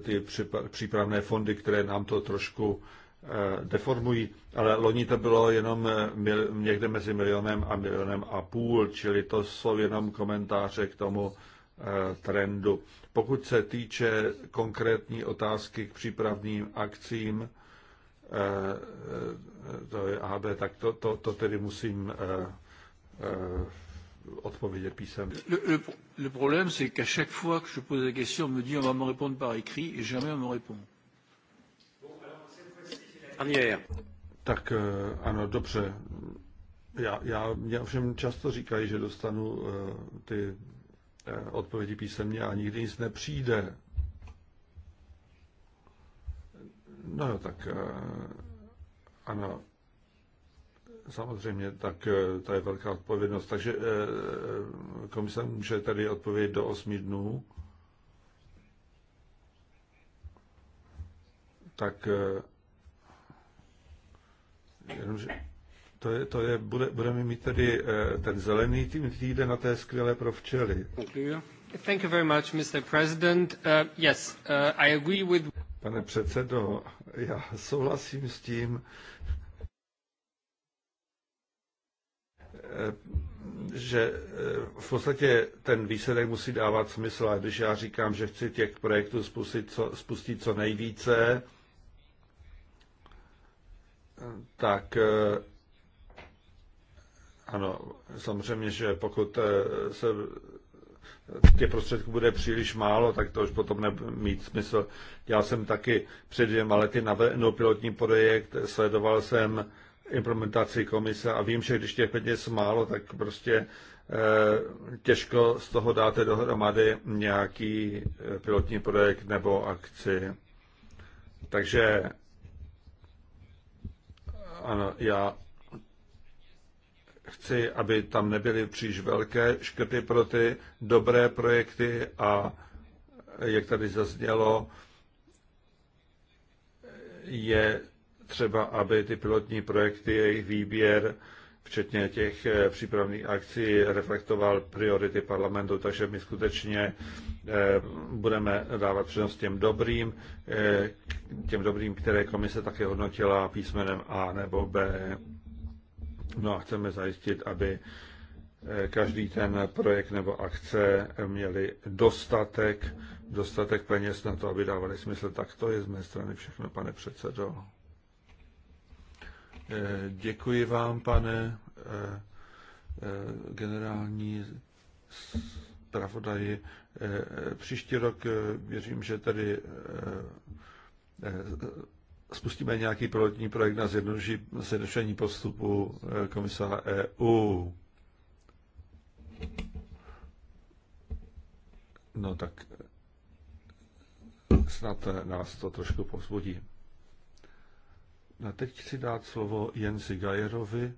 eh, ty přípravné fondy, které nám to trošku eh, deformují, ale loni to bylo jenom mil, někde mezi milionem a milionem a půl, čili to jsou jenom komentáře k tomu trendu. Pokud se týče konkrétní otázky k přípravným akcím, Eh, to je AB, tak to, to, to tedy musím eh, eh, odpovědět písemně. Le, le, le problème, c'est qu'à chaque fois que je pose la question, on me dit on va me répondre par écrit et jamais on me répond. Tak ano, dobře. Já, já, mě ovšem často říkají, že dostanu uh, ty uh, odpovědi písemně a nikdy nic nepřijde. No, tak eh, ano, samozřejmě, tak eh, to je velká odpovědnost. Takže eh, komise může tady odpovědět do 8 dnů. Tak jenomže to je, to je, bude, budeme mít tedy ten zelený tým týden na té skvělé pro včely. Thank you very much, Mr. President. Uh, yes, uh, I agree with... Pane předsedo, já souhlasím s tím, že eh, v podstatě ten výsledek musí dávat smysl. A když já říkám, že chci těch projektů spustit co, spustit co nejvíce, tak eh, ano, samozřejmě, že pokud eh, se těch prostředků bude příliš málo, tak to už potom nebude mít smysl. Já jsem taky před dvěma lety navrhnul pilotní projekt, sledoval jsem implementaci komise a vím, že když těch peněz málo, tak prostě eh, těžko z toho dáte dohromady nějaký eh, pilotní projekt nebo akci. Takže ano, já chci, aby tam nebyly příliš velké škrty pro ty dobré projekty a jak tady zaznělo, je třeba, aby ty pilotní projekty, jejich výběr, včetně těch eh, přípravných akcí, reflektoval priority parlamentu, takže my skutečně eh, budeme dávat přednost těm dobrým, eh, těm dobrým, které komise také hodnotila písmenem A nebo B. No a chceme zajistit, aby eh, každý ten projekt nebo akce měli dostatek, dostatek peněz na to, aby dávali smysl. Tak to je z mé strany všechno, pane předsedo. Eh, děkuji vám, pane eh, generální zpravodaji. Příští rok věřím, že tady spustíme nějaký pilotní projekt na zjednodušení postupu eh, komisára EU. No tak eh, snad eh, nás to trošku povzbudí. A teď chci dát slovo Jensi Gajerovi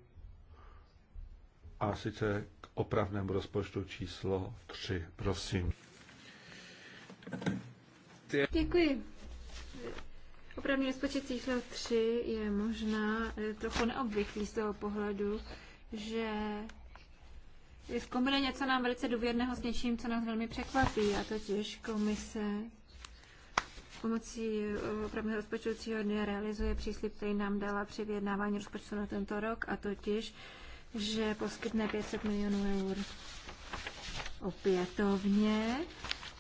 a sice k opravnému rozpočtu číslo 3. Prosím.
Děkuji. Opravdu rozpočet číslo 3 je možná eh, trochu neobvyklý z toho pohledu, že je zkombinuje něco nám velice důvěrného s něčím, co nás velmi překvapí, a totiž komise pomocí eh, opravdu rozpočtujícího dne realizuje příslip, který nám dala při vyjednávání rozpočtu na tento rok, a totiž, že poskytne 500 milionů eur opětovně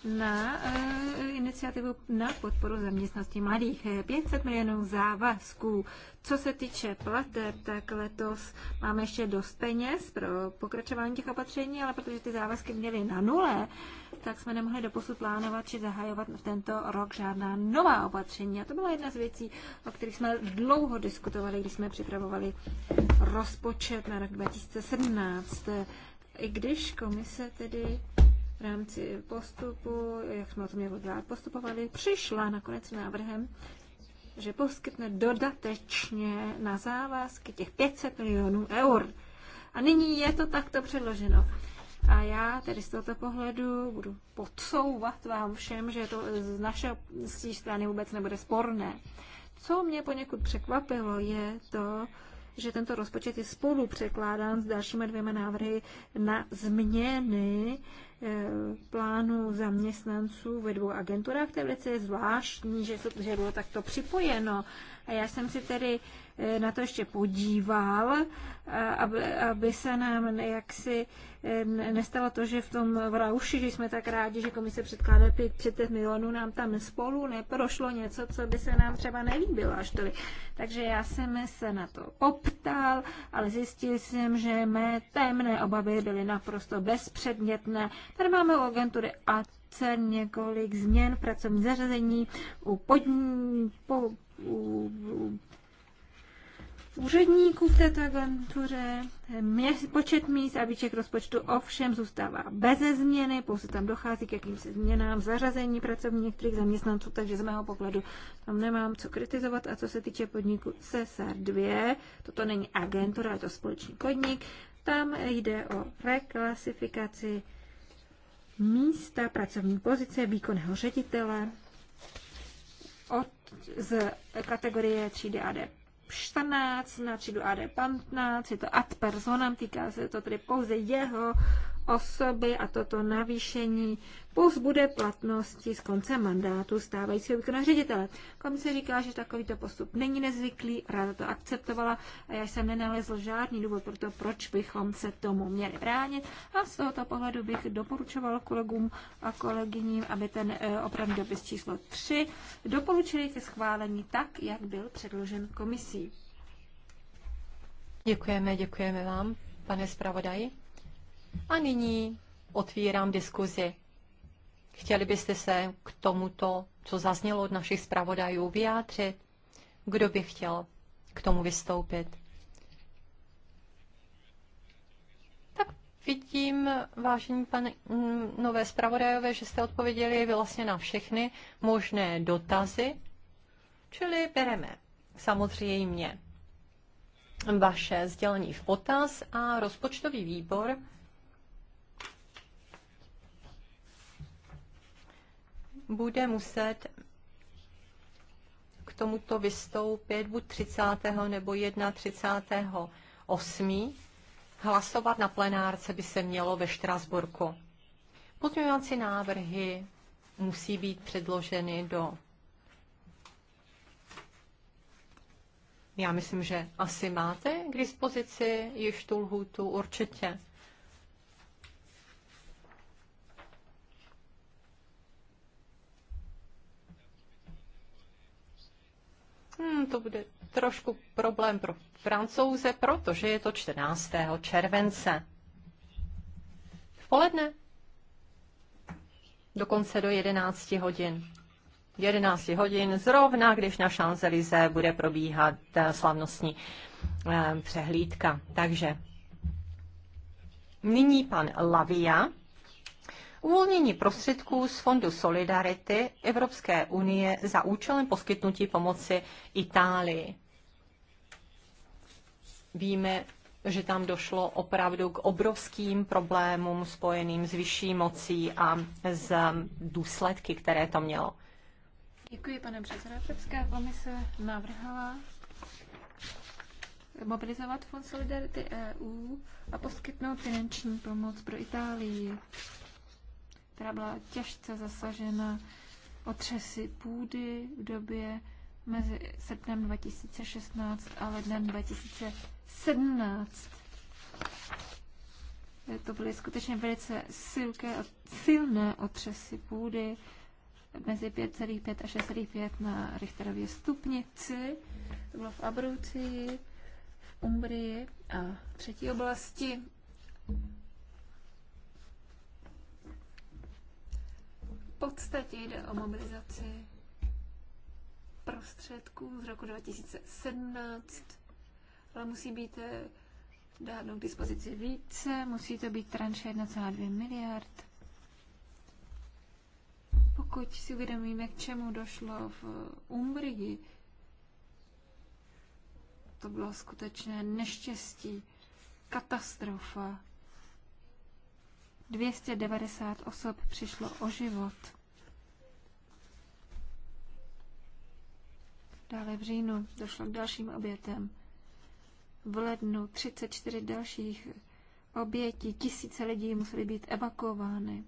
na eh, iniciativu na podporu zaměstnanosti mladých. 500 eh, milionů závazků. Co se týče plateb, tak letos máme ještě dost peněz pro pokračování těch opatření, ale protože ty závazky měly na nule, tak jsme nemohli doposud plánovat či zahajovat v tento rok žádná nová opatření. A to byla jedna z věcí, o kterých jsme dlouho diskutovali, když jsme připravovali rozpočet na rok 2017. I když komise tedy v rámci postupu, jak jsme o tom dál postupovali, přišla nakonec s návrhem, že poskytne dodatečně na závazky těch 500 milionů eur. A nyní je to takto předloženo. A já tedy z tohoto pohledu budu podsouvat vám všem, že to z našeho z strany vůbec nebude sporné. Co mě poněkud překvapilo, je to, že tento rozpočet je spolu překládán s dalšími dvěma návrhy na změny eh, plánu zaměstnanců ve dvou agenturách. To je velice zvláštní, že, to, že bylo takto připojeno. A já jsem si tedy Eh, na to ještě podíval, eh, aby, aby se nám jaksi eh, nestalo to, že v tom v rauši, že jsme tak rádi, že komise předkládá 5, 5 milionů, nám tam spolu neprošlo něco, co by se nám třeba nelíbilo až tolik. Takže já jsem se na to poptal, ale zjistil jsem, že mé temné obavy byly naprosto bezpředmětné. Tady máme u agentury a několik změn v pracovním zařazení u, podní, po, u, u úředníků v této agentuře, počet míst a výček rozpočtu ovšem zůstává bez změny, pouze tam dochází k jakýmsi změnám zařazení pracovních některých zaměstnanců, takže z mého pohledu tam nemám co kritizovat. A co se týče podniku CSR 2, toto není agentura, je to společný podnik, tam jde o reklasifikaci místa, pracovní pozice, výkonného ředitele od, z kategorie 3DAD 14 na třídu AD15, je to ad personam, týká se to tedy pouze jeho osoby a toto navýšení pozbude platnosti z konce mandátu stávajícího výkona ředitele. Komise říká, že takovýto postup není nezvyklý, ráda to akceptovala a já jsem nenalezl žádný důvod pro to, proč bychom se tomu měli bránit. A z tohoto pohledu bych doporučoval kolegům a kolegyním, aby ten eh, opravdu dopis číslo 3 doporučili ke schválení tak, jak byl
předložen komisí. Děkujeme, děkujeme vám, pane zpravodaji. A nyní otvírám diskuzi. Chtěli byste se k tomuto, co zaznělo od našich zpravodajů, vyjádřit? Kdo by chtěl k tomu vystoupit? Tak vidím, vážení pane mm, nové zpravodajové, že jste odpověděli vlastně na všechny možné dotazy, čili bereme samozřejmě vaše sdělení v potaz a rozpočtový výbor bude muset k tomuto vystoupit buď 30. nebo 31. 8. Hlasovat na plenárce by se mělo ve Štrasburku. Pozměňovací návrhy musí být předloženy do Já myslím, že asi máte k dispozici již tu lhůtu určitě. hmm, to bude trošku problém pro francouze, protože je to 14. července. V poledne. Dokonce do 11 hodin. 11 hodin zrovna, když na Champs-Élysées bude probíhat eh, slavnostní eh, přehlídka. Takže nyní pan Lavia Uvolnění prostředků z Fondu Solidarity Evropské unie za účelem poskytnutí pomoci Itálii. Víme, že tam došlo opravdu k obrovským problémům spojeným s vyšší mocí a z důsledky, které to mělo.
Děkuji, pane předsedo. Evropské komise navrhla mobilizovat Fond Solidarity EU a poskytnout finanční pomoc pro Itálii která byla těžce zasažena otřesy půdy v době mezi srpnem 2016 a lednem 2017. To byly skutečně velice silké, silné otřesy půdy mezi 5,5 a 6,5 na Richterově stupnici. To bylo v Abruci, v Umbrii a třetí oblasti. podstatě jde o mobilizaci prostředků z roku 2017, ale musí být eh, dáno k dispozici více, musí to být tranše 1,2 miliard. Pokud si uvědomíme, k čemu došlo v Umbrii, to bylo skutečné neštěstí, katastrofa. 290 osob přišlo o život. Dále v říjnu došlo k dalším obětem. V lednu 34 dalších obětí, tisíce lidí museli být evakuovány.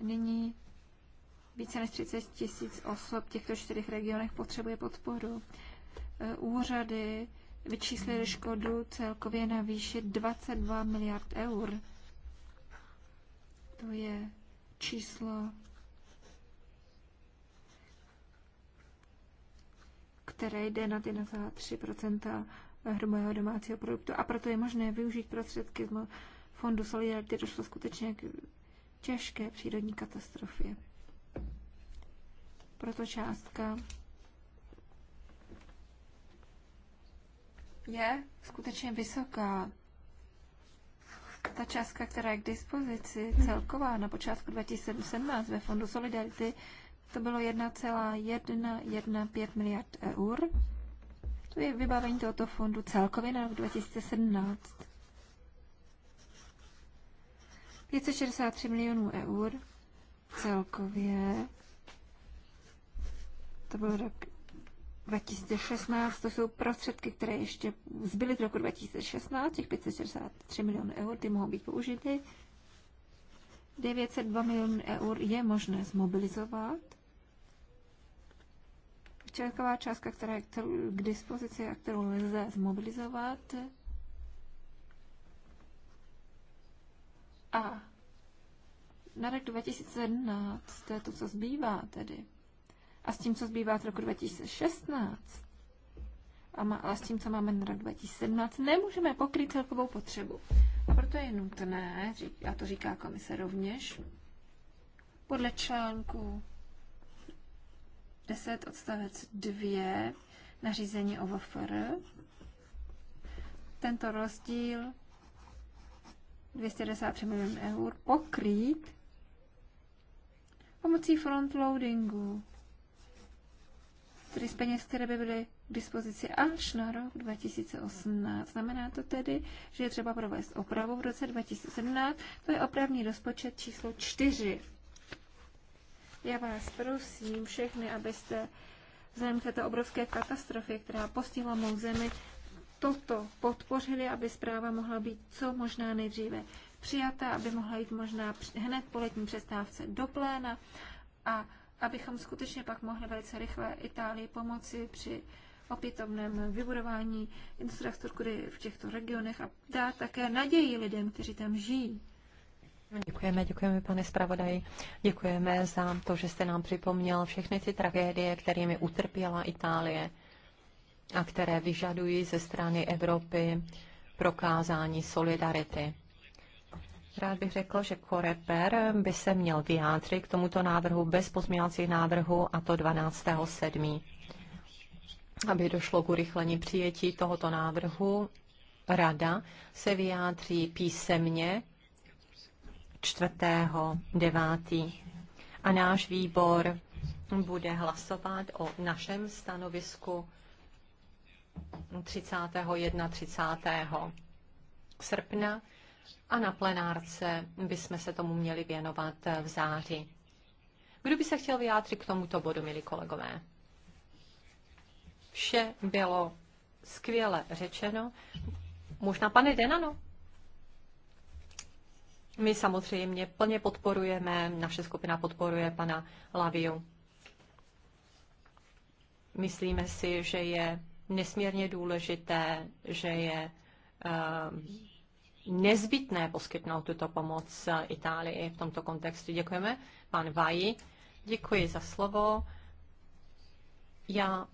Nyní více než 30 tisíc osob v těchto čtyřech regionech potřebuje podporu. E, úřady vyčíslili škodu celkově na výši 22 miliard eur. To je číslo, které jde na 3% hrubého domácího produktu. A proto je možné využít prostředky z Fondu Solidarity. Došlo skutečně k těžké přírodní katastrofě. Proto částka je skutečně vysoká. Ta částka, která je k dispozici celková na počátku 2017 ve Fondu Solidarity, to bylo 1,115 miliard eur. To je vybavení tohoto fondu celkově na rok 2017. 563 milionů eur celkově. To byl rok 2016, to jsou prostředky, které ještě zbyly z roku 2016, těch 563 milionů eur, ty mohou být použity. 902 milionů eur je možné zmobilizovat. Čelková částka, která je k dispozici a kterou lze zmobilizovat. A na rok 2017, to je to, co zbývá tedy, a s tím, co zbývá z roku 2016 a, má, a s tím, co máme na rok 2017, nemůžeme pokryt celkovou potřebu. A proto je nutné, a to říká komise rovněž, podle článku 10 odstavec 2 nařízení o VFR, tento rozdíl 293 milionů eur pokrýt pomocí frontloadingu tedy z peněz, které by byly k dispozici až na rok 2018. Znamená to tedy, že je třeba provést opravu v roce 2017. To je opravní rozpočet číslo 4. Já vás prosím všechny, abyste vzhledem k této obrovské katastrofě, která postihla mou zemi, toto podpořili, aby zpráva mohla být co možná nejdříve přijata, aby mohla jít možná hned po letní přestávce do pléna a abychom skutečně pak mohli velice rychle Itálii pomoci při opětovném vybudování infrastruktury v těchto regionech a dát také naději lidem, kteří tam žijí.
Děkujeme, děkujeme, pane zpravodaji. Děkujeme za to, že jste nám připomněl všechny ty tragédie, kterými utrpěla Itálie a které vyžadují ze strany Evropy prokázání solidarity. Rád bych řekl, že Koreper by se měl vyjádřit k tomuto návrhu bez pozměňovacích návrhů a to 12.7. Aby došlo k urychlení přijetí tohoto návrhu, Rada se vyjádří písemně 4.9. A náš výbor bude hlasovat o našem stanovisku 31. 30. srpna a na plenárce bychom se tomu měli věnovat v září. Kdo by se chtěl vyjádřit k tomuto bodu, milí kolegové? Vše bylo skvěle řečeno. Možná pane Denano? My samozřejmě plně podporujeme, naše skupina podporuje pana Laviu. Myslíme si, že je nesmírně důležité, že je uh, nezbytné poskytnout tuto pomoc Itálii v tomto kontextu. Děkujeme. Pan Vaji, děkuji za slovo. Já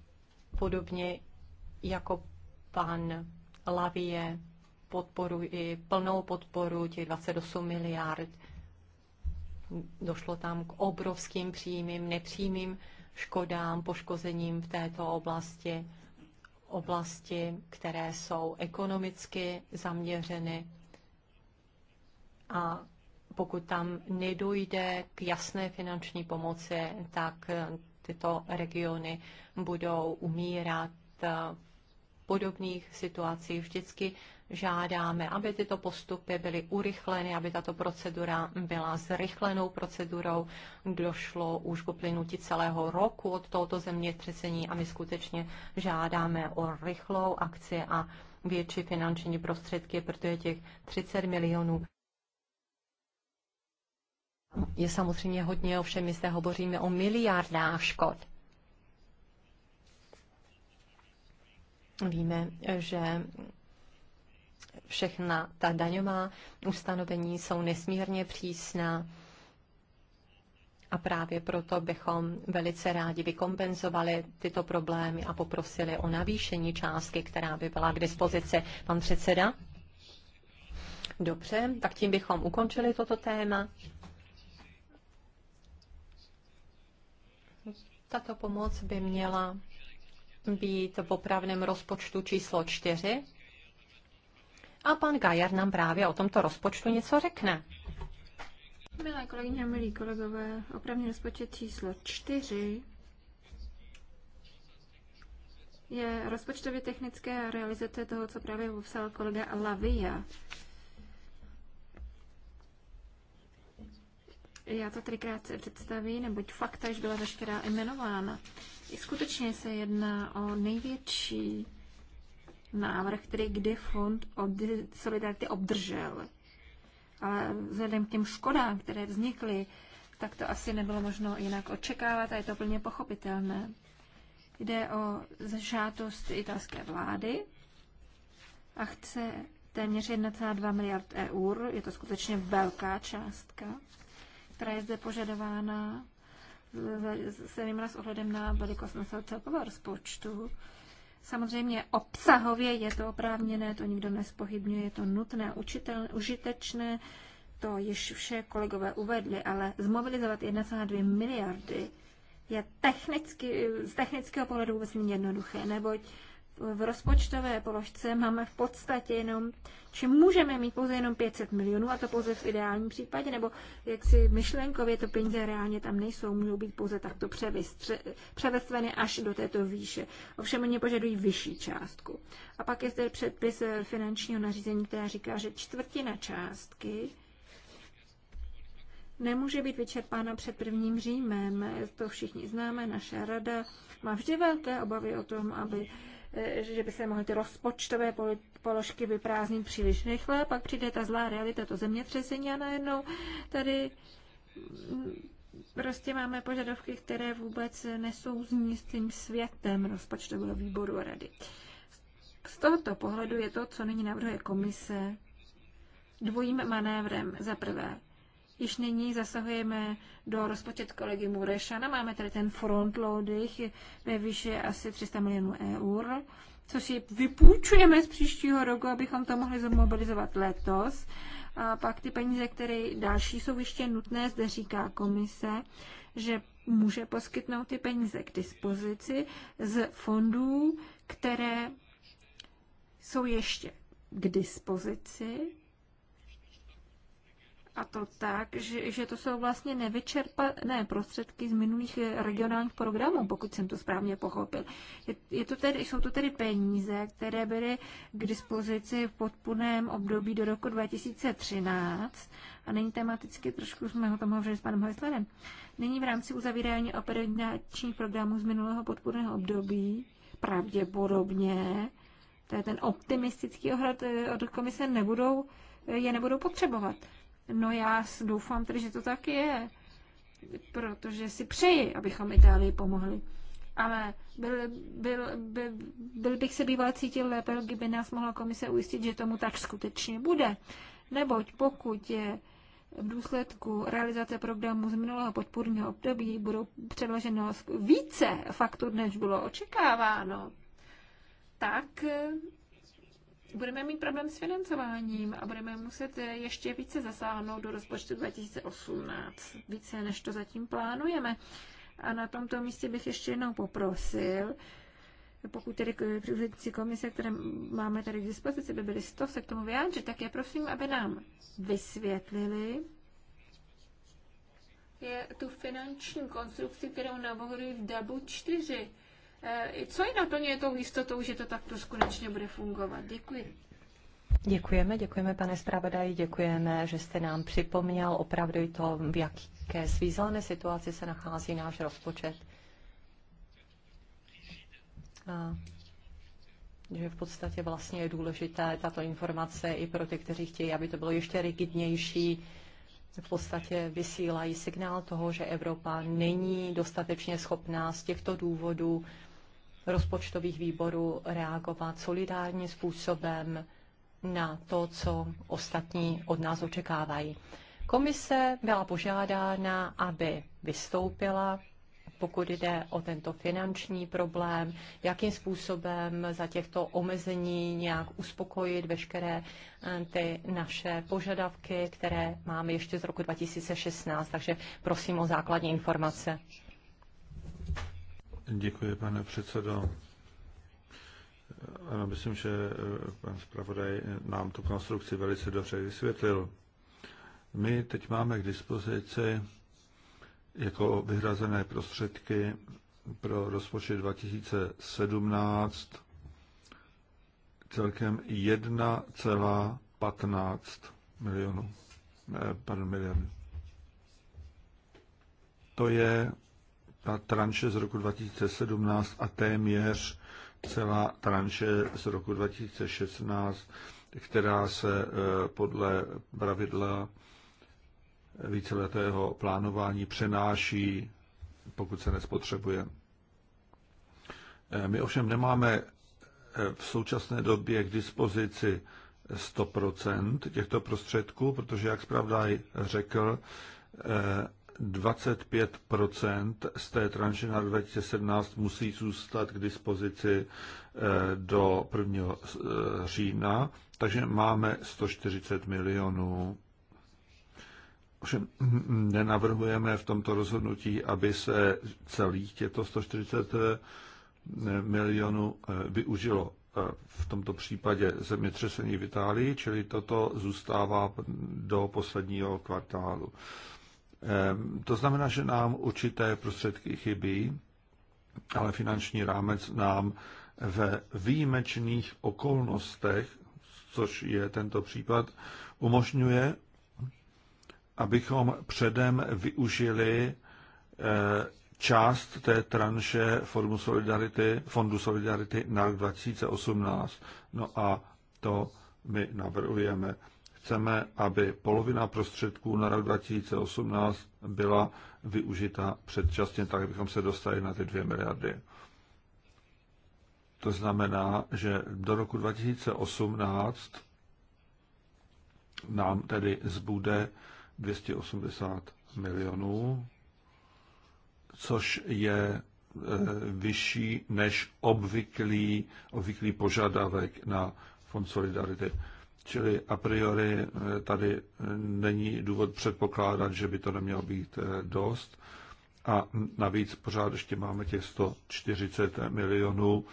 podobně jako pan Lavie podporuji plnou podporu těch 28 miliard. Došlo tam k obrovským přímým, nepřímým škodám, poškozením v této oblasti, oblasti, které jsou ekonomicky zaměřeny a pokud tam nedojde k jasné finanční pomoci, tak eh, tyto regiony budou umírat eh, v podobných situacích. Vždycky žádáme, aby tyto postupy byly urychleny, aby tato procedura byla zrychlenou procedurou. Došlo už k uplynutí celého roku od tohoto zemětřesení a my skutečně žádáme o rychlou akci a větší finanční prostředky, protože těch 30 milionů je samozřejmě hodně, ovšem my zde hovoříme o miliardách škod. Víme, že všechna ta daňová ustanovení jsou nesmírně přísná a právě proto bychom velice rádi vykompenzovali tyto problémy a poprosili o navýšení částky, která by byla k dispozici. Pan předseda? Dobře, tak tím bychom ukončili toto téma. Tato pomoc by měla být v opravném rozpočtu číslo 4. A pan Gajar nám právě o tomto rozpočtu něco řekne.
Milé kolegyně, milí kolegové, opravný rozpočet číslo 4 je rozpočtově technické realizace toho, co právě popsal kolega Lavia. Já to třikrát krátce představím, neboť fakta již byla veškerá jmenována. I skutečně se jedná o největší návrh, který kdy fond od Solidarity obdržel. Ale vzhledem k těm škodám, které vznikly, tak to asi nebylo možno jinak očekávat a je to plně pochopitelné. Jde o žádost italské vlády a chce téměř 1,2 miliard eur. Je to skutečně velká částka která je zde požadována, zejména s ohledem na velikost našeho celkového rozpočtu. Samozřejmě obsahově je to oprávněné, to nikdo nespochybňuje, je to nutné, učitel, užitečné, to již vše kolegové uvedli, ale zmobilizovat 1,2 miliardy je technicky, z technického pohledu vůbec není jednoduché, neboť v rozpočtové položce máme v podstatě jenom, či můžeme mít pouze jenom 500 milionů, a to pouze v ideálním případě, nebo jak si myšlenkově to peníze reálně tam nejsou, můžou být pouze takto převestveny až do této výše. Ovšem oni požadují vyšší částku. A pak je zde předpis eh, finančního nařízení, která říká, že čtvrtina částky nemůže být vyčerpána před prvním Římem. To všichni známe, naše rada má vždy velké obavy o tom, aby že by se mohly ty rozpočtové položky vyprázdnit příliš rychle, pak přijde ta zlá realita, to zemětřesení a najednou tady mm, prostě máme požadavky, které vůbec nesouzní s tím světem rozpočtového výboru a rady. Z tohoto pohledu je to, co nyní navrhuje komise, dvojím manévrem. Za prvé, Již nyní zasahujeme do rozpočet kolegy Murešana. Máme tady ten loading ve výši asi 300 milionů eur, což si vypůjčujeme z příštího roku, abychom to mohli zmobilizovat letos. A pak ty peníze, které další jsou ještě nutné, zde říká komise, že může poskytnout ty peníze k dispozici z fondů, které jsou ještě k dispozici a to tak, že, že to jsou vlastně nevyčerpané prostředky z minulých eh, regionálních programů, pokud jsem to správně pochopil. Je, je to tedy, jsou to tedy peníze, které byly k dispozici v podpůrném období do roku 2013 a není tematicky, trošku jsme o tom hovořili s panem Hojslerem. Nyní v rámci uzavírání operačních programů z minulého podpůrného období pravděpodobně, to je ten optimistický ohled eh, od komise, nebudou, eh, je nebudou potřebovat. No já doufám tedy, že to tak je, protože si přeji, abychom Itálii pomohli. Ale byl, byl, byl, byl bych se býval cítil lépe, kdyby nás mohla komise ujistit, že tomu tak skutečně bude. Neboť pokud je v důsledku realizace programu z minulého podpůrního období budou předloženo více faktur, než bylo očekáváno, tak budeme mít problém s financováním a budeme muset eh, ještě více zasáhnout do rozpočtu 2018, více než to zatím plánujeme. A na tomto místě bych ještě jednou poprosil, pokud tedy příležití komise, které máme tady k dispozici, by byly 100, se k tomu vyjádřit, tak je prosím, aby nám vysvětlili je tu finanční konstrukci, kterou navrhuji v DABu 4 Eh, co je naplňuje tou jistotou, že to takto skutečně bude fungovat? Děkuji.
Děkujeme, děkujeme pane zpravodaji, děkujeme, že jste nám připomněl opravdu i to, v jaké svízelné situaci se nachází náš rozpočet. A že v podstatě vlastně je důležité tato informace i pro ty, kteří chtějí, aby to bylo ještě rigidnější. V podstatě vysílají signál toho, že Evropa není dostatečně schopná z těchto důvodů rozpočtových výborů reagovat solidárním způsobem na to, co ostatní od nás očekávají. Komise byla požádána, aby vystoupila, pokud jde o tento finanční problém, jakým způsobem za těchto omezení nějak uspokojit veškeré eh, ty naše požadavky, které máme ještě z roku 2016. Takže prosím o základní informace.
Děkuji, pane předsedo. Ano, myslím, že eh, pan zpravodaj nám tu konstrukci velice dobře vysvětlil. My teď máme k dispozici jako vyhrazené prostředky pro rozpočet 2017 celkem 1,15 milionů, eh, pardon, milion. To je ta tranše z roku 2017 a téměř celá tranše z roku 2016, která se e, podle pravidla víceletého plánování přenáší, pokud se nespotřebuje. E, my ovšem nemáme e, v současné době k dispozici 100% těchto prostředků, protože, jak zpravda řekl, 25 z té tranše na 2017 musí zůstat k dispozici eh, do 1. Eh, října, takže máme 140 milionů. Ovšem hm, nenavrhujeme v tomto rozhodnutí, aby se celých těchto 140 eh, milionů využilo v tomto případě zemětřesení v Itálii, čili toto zůstává do posledního kvartálu. Ehm, to znamená, že nám určité prostředky chybí, ale finanční rámec nám ve výjimečných okolnostech, což je tento případ, umožňuje, abychom předem využili eh, část té tranše Fondu Solidarity, Fondu Solidarity na rok 2018. No a to my navrhujeme. Chceme, aby polovina prostředků na rok 2018 byla využita předčasně, tak abychom se dostali na ty 2 miliardy. To znamená, že do roku 2018 nám tedy zbude 280 milionů, což je e, vyšší než obvyklý, obvyklý požadavek na Fond Solidarity. Čili a priori eh, tady eh, není důvod předpokládat, že by to nemělo být eh, dost. A navíc pořád ještě máme těch 140 milionů,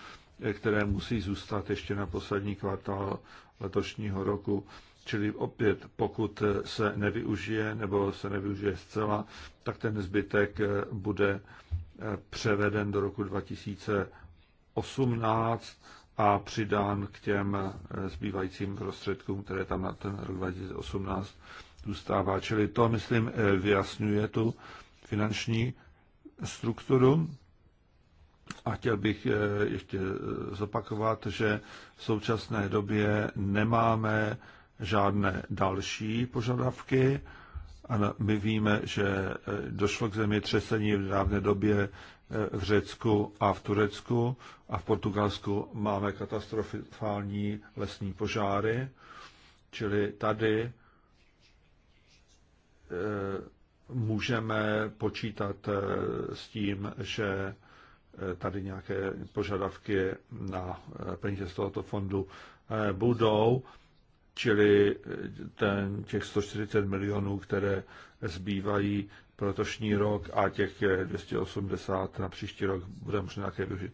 které musí zůstat ještě na poslední kvartál letošního roku. Čili opět, pokud se nevyužije nebo se nevyužije zcela, tak ten zbytek bude převeden do roku 2018 a přidán k těm eh, zbývajícím prostředkům, které tam na ten rok 2018 zůstává. Čili to, myslím, eh, vyjasňuje tu finanční strukturu. A chtěl bych eh, ještě zopakovat, že v současné době nemáme žádné další požadavky. Ano, my víme, že došlo k zemětřesení v dávné době v Řecku a v Turecku a v Portugalsku máme katastrofální lesní požáry, čili tady e, můžeme počítat e, s tím, že e, tady nějaké požadavky na peníze z tohoto fondu budou, čili ten, těch 140 milionů, které zbývají, pro letošní rok a těch 280 na příští rok bude možné nějaké využít.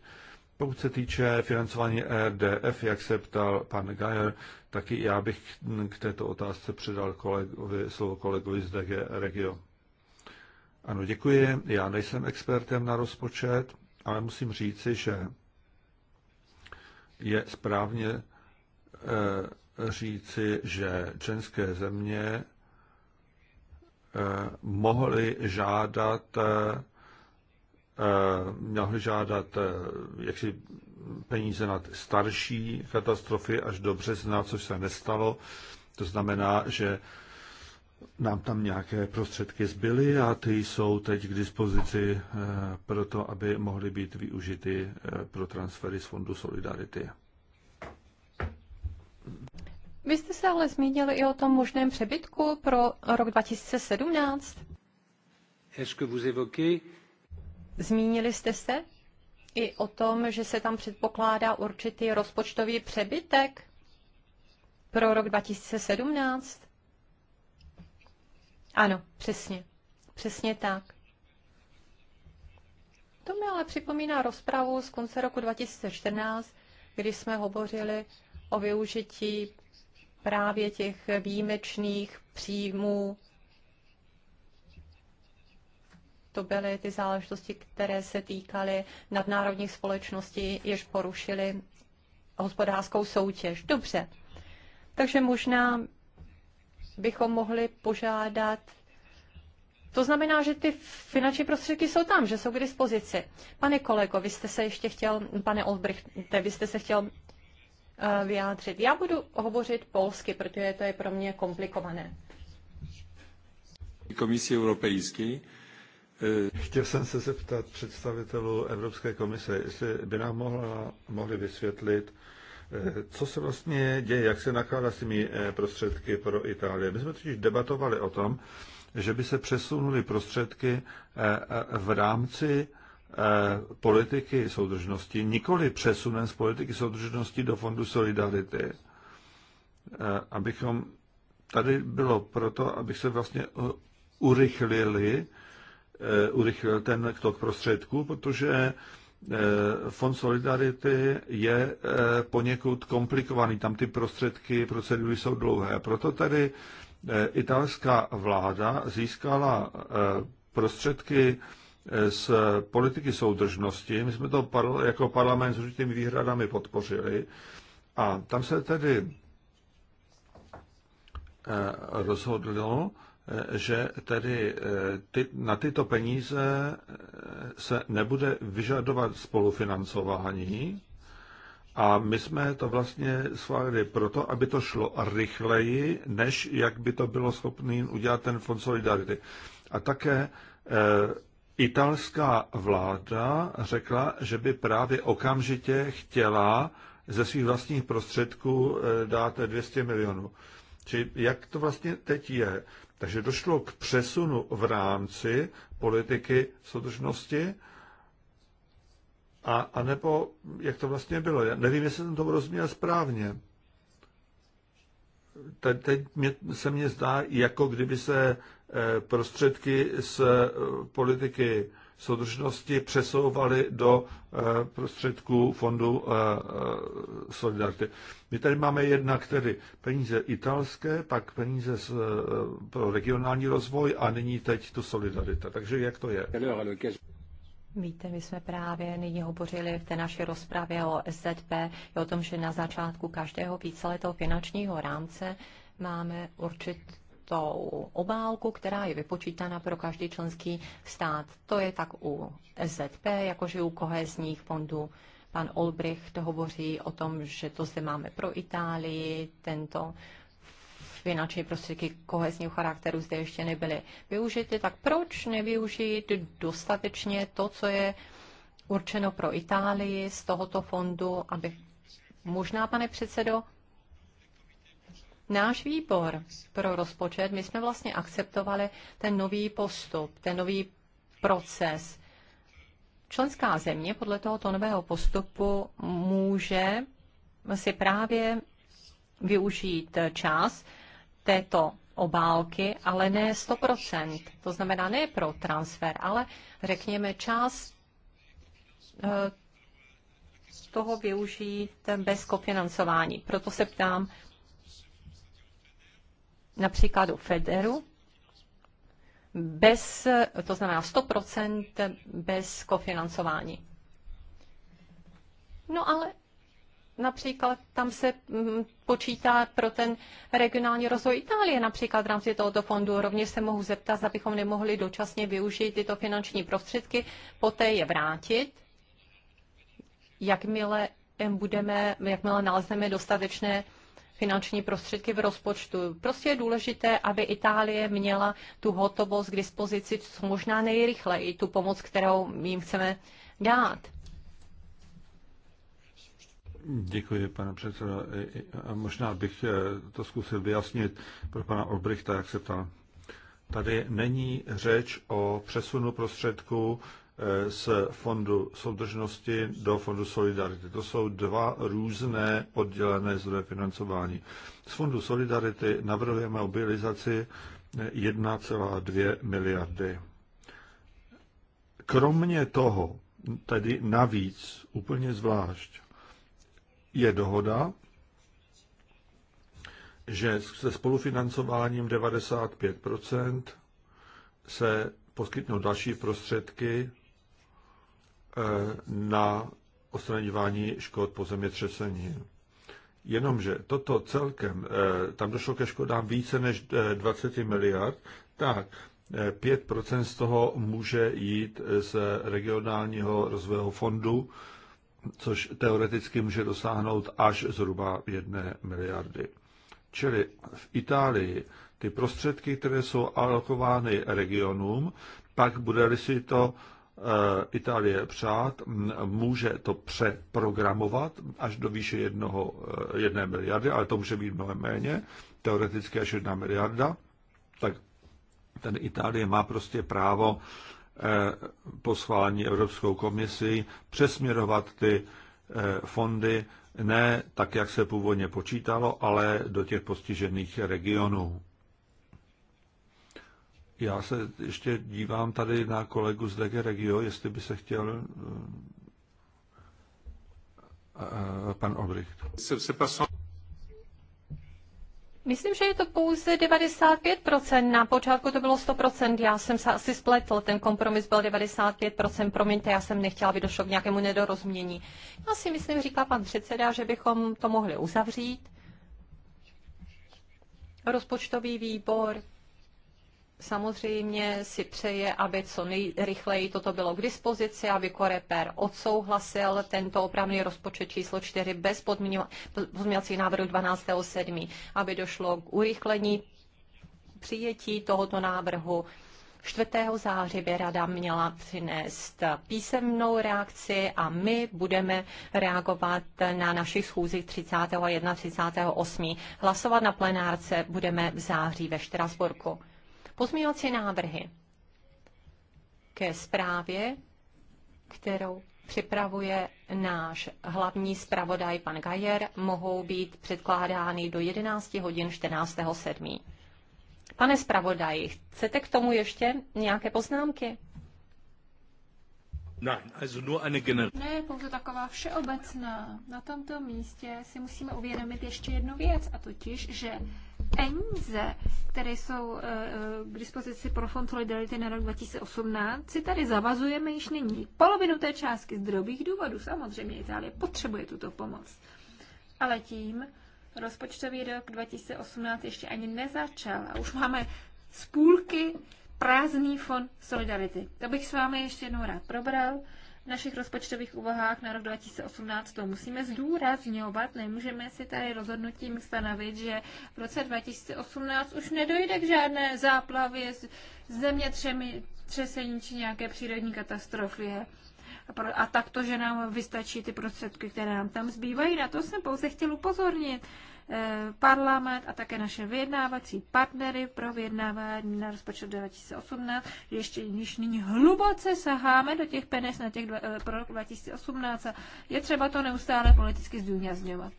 Pokud se týče financování e RDF, jak se ptal pan Gajer, taky já bych k této otázce předal kolegovi, slovo kolegovi z DG Regio. Ano, děkuji. Já nejsem expertem na rozpočet, ale musím říci, že je správně eh, říci, že členské země Eh, mohli žádat eh, mohli žádat eh, jaksi peníze na starší katastrofy až do března, což se nestalo. To znamená, že nám tam nějaké prostředky zbyly a ty jsou teď k dispozici pro to, aby mohly být využity pro transfery z Fondu Solidarity.
Vy jste se ale zmínili i o tom možném přebytku pro rok 2017. Zmínili jste se i o tom, že se tam předpokládá určitý rozpočtový přebytek pro rok 2017? Ano, přesně. Přesně tak. To mi ale připomíná rozpravu z konce roku 2014, kdy jsme hovořili o využití právě těch výjimečných příjmů. To byly ty záležitosti, které se týkaly nadnárodních společností, jež porušily hospodářskou soutěž. Dobře. Takže možná bychom mohli požádat. To znamená, že ty finanční prostředky jsou tam, že jsou k dispozici. Pane kolego, vy jste se ještě chtěl, pane Olbrich, vy jste se chtěl Eh, vyjádřit. Já budu hovořit polsky, protože to je pro mě komplikované.
Komisí Evropské. Chtěl jsem se zeptat představitelů Evropské komise, jestli by nám mohla, mohli vysvětlit, eh, co se vlastně děje, jak se nakládá s těmi eh, prostředky pro Itálii. My jsme totiž debatovali o tom, že by se přesunuly prostředky v rámci Eh, politiky soudržnosti, nikoli přesunem z politiky soudržnosti do Fondu Solidarity, eh, abychom tady bylo proto, aby se vlastně eh, urychlili, urychlil ten tok prostředků, protože Fond Solidarity je poněkud komplikovaný, tam ty prostředky, procedury jsou dlouhé. Proto tady italská vláda získala prostředky z politiky soudržnosti. My jsme to jako parlament s určitými výhradami podpořili a tam se tedy eh, rozhodlo, eh, že tedy eh, ty, na tyto peníze se nebude vyžadovat spolufinancování a my jsme to vlastně schválili proto, aby to šlo rychleji, než jak by to bylo schopný udělat ten fond Solidarity. A také italská vláda řekla, že by právě okamžitě chtěla ze svých vlastních prostředků eh, dát 200 milionů. Či jak to vlastně teď je? Takže došlo k přesunu v rámci politiky soudržnosti, a, a nebo jak to vlastně bylo. Já nevím, jestli jsem to rozuměl správně. teď mě, se mně zdá, jako kdyby se Eh, prostředky z eh, politiky soudržnosti přesouvaly do eh, prostředků fondu Solidarity. My tady máme jednak tedy peníze italské, pak peníze z, pro regionální rozvoj a nyní teď tu Solidarita. Takže jak to je?
Víte, my jsme právě nyní hovořili v té naší rozpravě o SZP, o tom, že na začátku každého víceletého finančního rámce máme určitě určitou obálku, která je vypočítána pro každý členský stát. To je tak u SZP, jakože u kohezních fondů. Pan Olbricht hovoří o tom, že to zde máme pro Itálii, tento finanční prostředky kohezního charakteru zde ještě nebyly využity, tak proč nevyužít dostatečně to, co je určeno pro Itálii z tohoto fondu, aby možná, pane předsedo, náš výbor pro rozpočet, my jsme vlastně akceptovali ten nový postup, ten nový proces. Členská země podle tohoto nového postupu může si právě využít čas této obálky, ale ne 100%. To znamená ne pro transfer, ale řekněme část eh, toho využít bez kofinancování. Proto se ptám, například u Federu, bez, to znamená 100% bez kofinancování. No ale například tam se mm, počítá pro ten regionální rozvoj Itálie, například v rámci tohoto fondu. Rovněž se mohu zeptat, zda bychom nemohli dočasně využít tyto finanční prostředky, poté je vrátit, jakmile budeme, jakmile nalezneme dostatečné finanční prostředky v rozpočtu. Prostě je důležité, aby Itálie měla tu hotovost k dispozici co možná nejrychleji, tu pomoc, kterou jim chceme dát.
Děkuji, pane předsedo. A možná bych eh, to zkusil vyjasnit pro pana Olbrichta, jak se ptal. Tady není řeč o přesunu prostředků z Fondu soudržnosti do Fondu Solidarity. To jsou dva různé oddělené zdroje financování. Z Fondu Solidarity navrhujeme mobilizaci 1,2 miliardy. Kromě toho, tedy navíc, úplně zvlášť, je dohoda, že se spolufinancováním 95 se poskytnou další prostředky Eh, na odstraňování škod po zemětřesení. Jenomže toto celkem, eh, tam došlo ke škodám více než 20 eh, miliard, tak 5% z toho může jít z regionálního rozvojového fondu, což teoreticky může dosáhnout až zhruba 1 miliardy. Čili v Itálii ty prostředky, které jsou alokovány regionům, pak bude-li si to Eh, Itálie přát, může to přeprogramovat až do výše jednoho, eh, jedné miliardy, ale to může být mnohem méně, teoreticky až jedna miliarda, tak ten Itálie má prostě právo eh, po schválení Evropskou komisí přesměrovat ty fondy ne tak, jak se původně počítalo, ale do těch postižených regionů. Já se ještě dívám tady na kolegu z DG Regio, jestli by se chtěl eh, eh, pan Obricht.
Myslím, že je to pouze 95%. Na počátku to bylo 100%. Já jsem se asi spletl. Ten kompromis byl 95%. Promiňte, já jsem nechtěla, aby došlo k nějakému nedorozumění. Já si myslím, říká pan předseda, že bychom to mohli uzavřít. Rozpočtový výbor samozřejmě si přeje, aby co nejrychleji toto bylo k dispozici, aby Koreper odsouhlasil tento opravný rozpočet číslo 4 bez pozměňovacích návrhů 12.7., aby došlo k urychlení přijetí tohoto návrhu 4. září by rada měla přinést písemnou reakci a my budeme reagovat na našich schůzích 30. a 31. 38. Hlasovat na plenárce budeme v září ve Štrasburku. Pozměňovací návrhy ke zprávě, kterou připravuje náš hlavní zpravodaj pan Gajer, mohou být předkládány do 11 hodin 14.7. Pane zpravodaji, chcete k tomu ještě nějaké poznámky?
ne, pouze taková všeobecná. Na tomto místě si musíme uvědomit ještě jednu věc, a totiž, že peníze, které jsou eh, eh, k dispozici pro Fond Solidarity na rok 2018, si tady zavazujeme již nyní. Polovinu té částky z drobých důvodů. Samozřejmě Itálie potřebuje tuto pomoc. Ale tím rozpočtový rok 2018 ještě ani nezačal a už máme z půlky prázdný fond Solidarity. To bych s vámi ještě jednou rád probral v našich rozpočtových úvahách na rok 2018 to musíme zdůrazňovat. Nemůžeme si tady rozhodnutím stanovit, že v roce 2018 už nedojde k žádné záplavě země třemi třesení či nějaké přírodní katastrofě. A takto, že nám vystačí ty prostředky, které nám tam zbývají. Na to jsem pouze chtěl upozornit. Eh, parlament a také naše vyjednávací partnery pro vyjednávání na rozpočet 2018, že ještě již nyní hluboce saháme do těch peněz na těch dva, eh, pro rok 2018 a je třeba to
neustále politicky zdůrazňovat.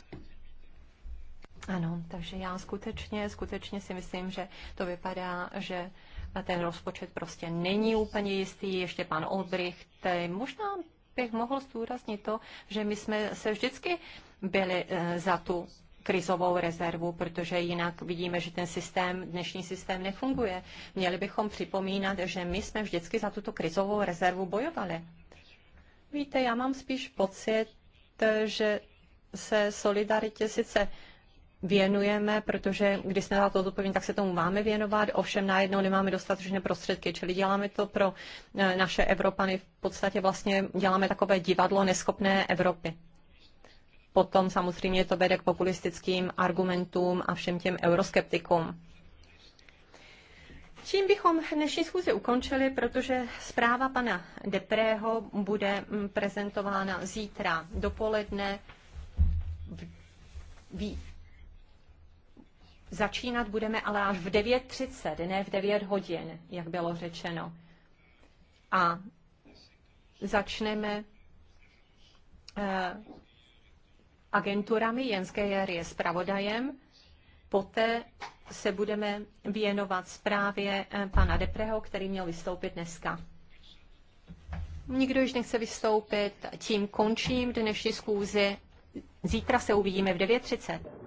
Ano, takže já skutečně, skutečně si myslím, že to vypadá, že ten rozpočet prostě není úplně jistý. Ještě pan Olbricht, eh, možná bych mohl zdůraznit to, že my jsme se vždycky byli za tu krizovou rezervu, protože jinak vidíme, že ten systém, dnešní systém nefunguje. Měli bychom připomínat, že my jsme vždycky za tuto krizovou rezervu bojovali. Víte, já mám spíš pocit, že se solidaritě sice věnujeme, protože když jsme za to odpovědní, tak se tomu máme věnovat, ovšem najednou nemáme dostatečné prostředky, čili děláme to pro eh, naše Evropany, v podstatě vlastně děláme takové divadlo neschopné Evropy potom samozřejmě to vede k populistickým argumentům a všem těm euroskeptikům. Čím bychom dnešní schůzi ukončili, protože zpráva pana Deprého bude mm, prezentována zítra dopoledne. Ví. Začínat budeme ale až v 9.30, ne v 9 hodin, jak bylo řečeno. A začneme eh, agenturami. Jenské Geyer je zpravodajem. Poté se budeme věnovat zprávě eh, pana Depreho, který měl vystoupit dneska. Nikdo již nechce vystoupit, tím končím dnešní schůzi. Zítra se uvidíme v 9.30.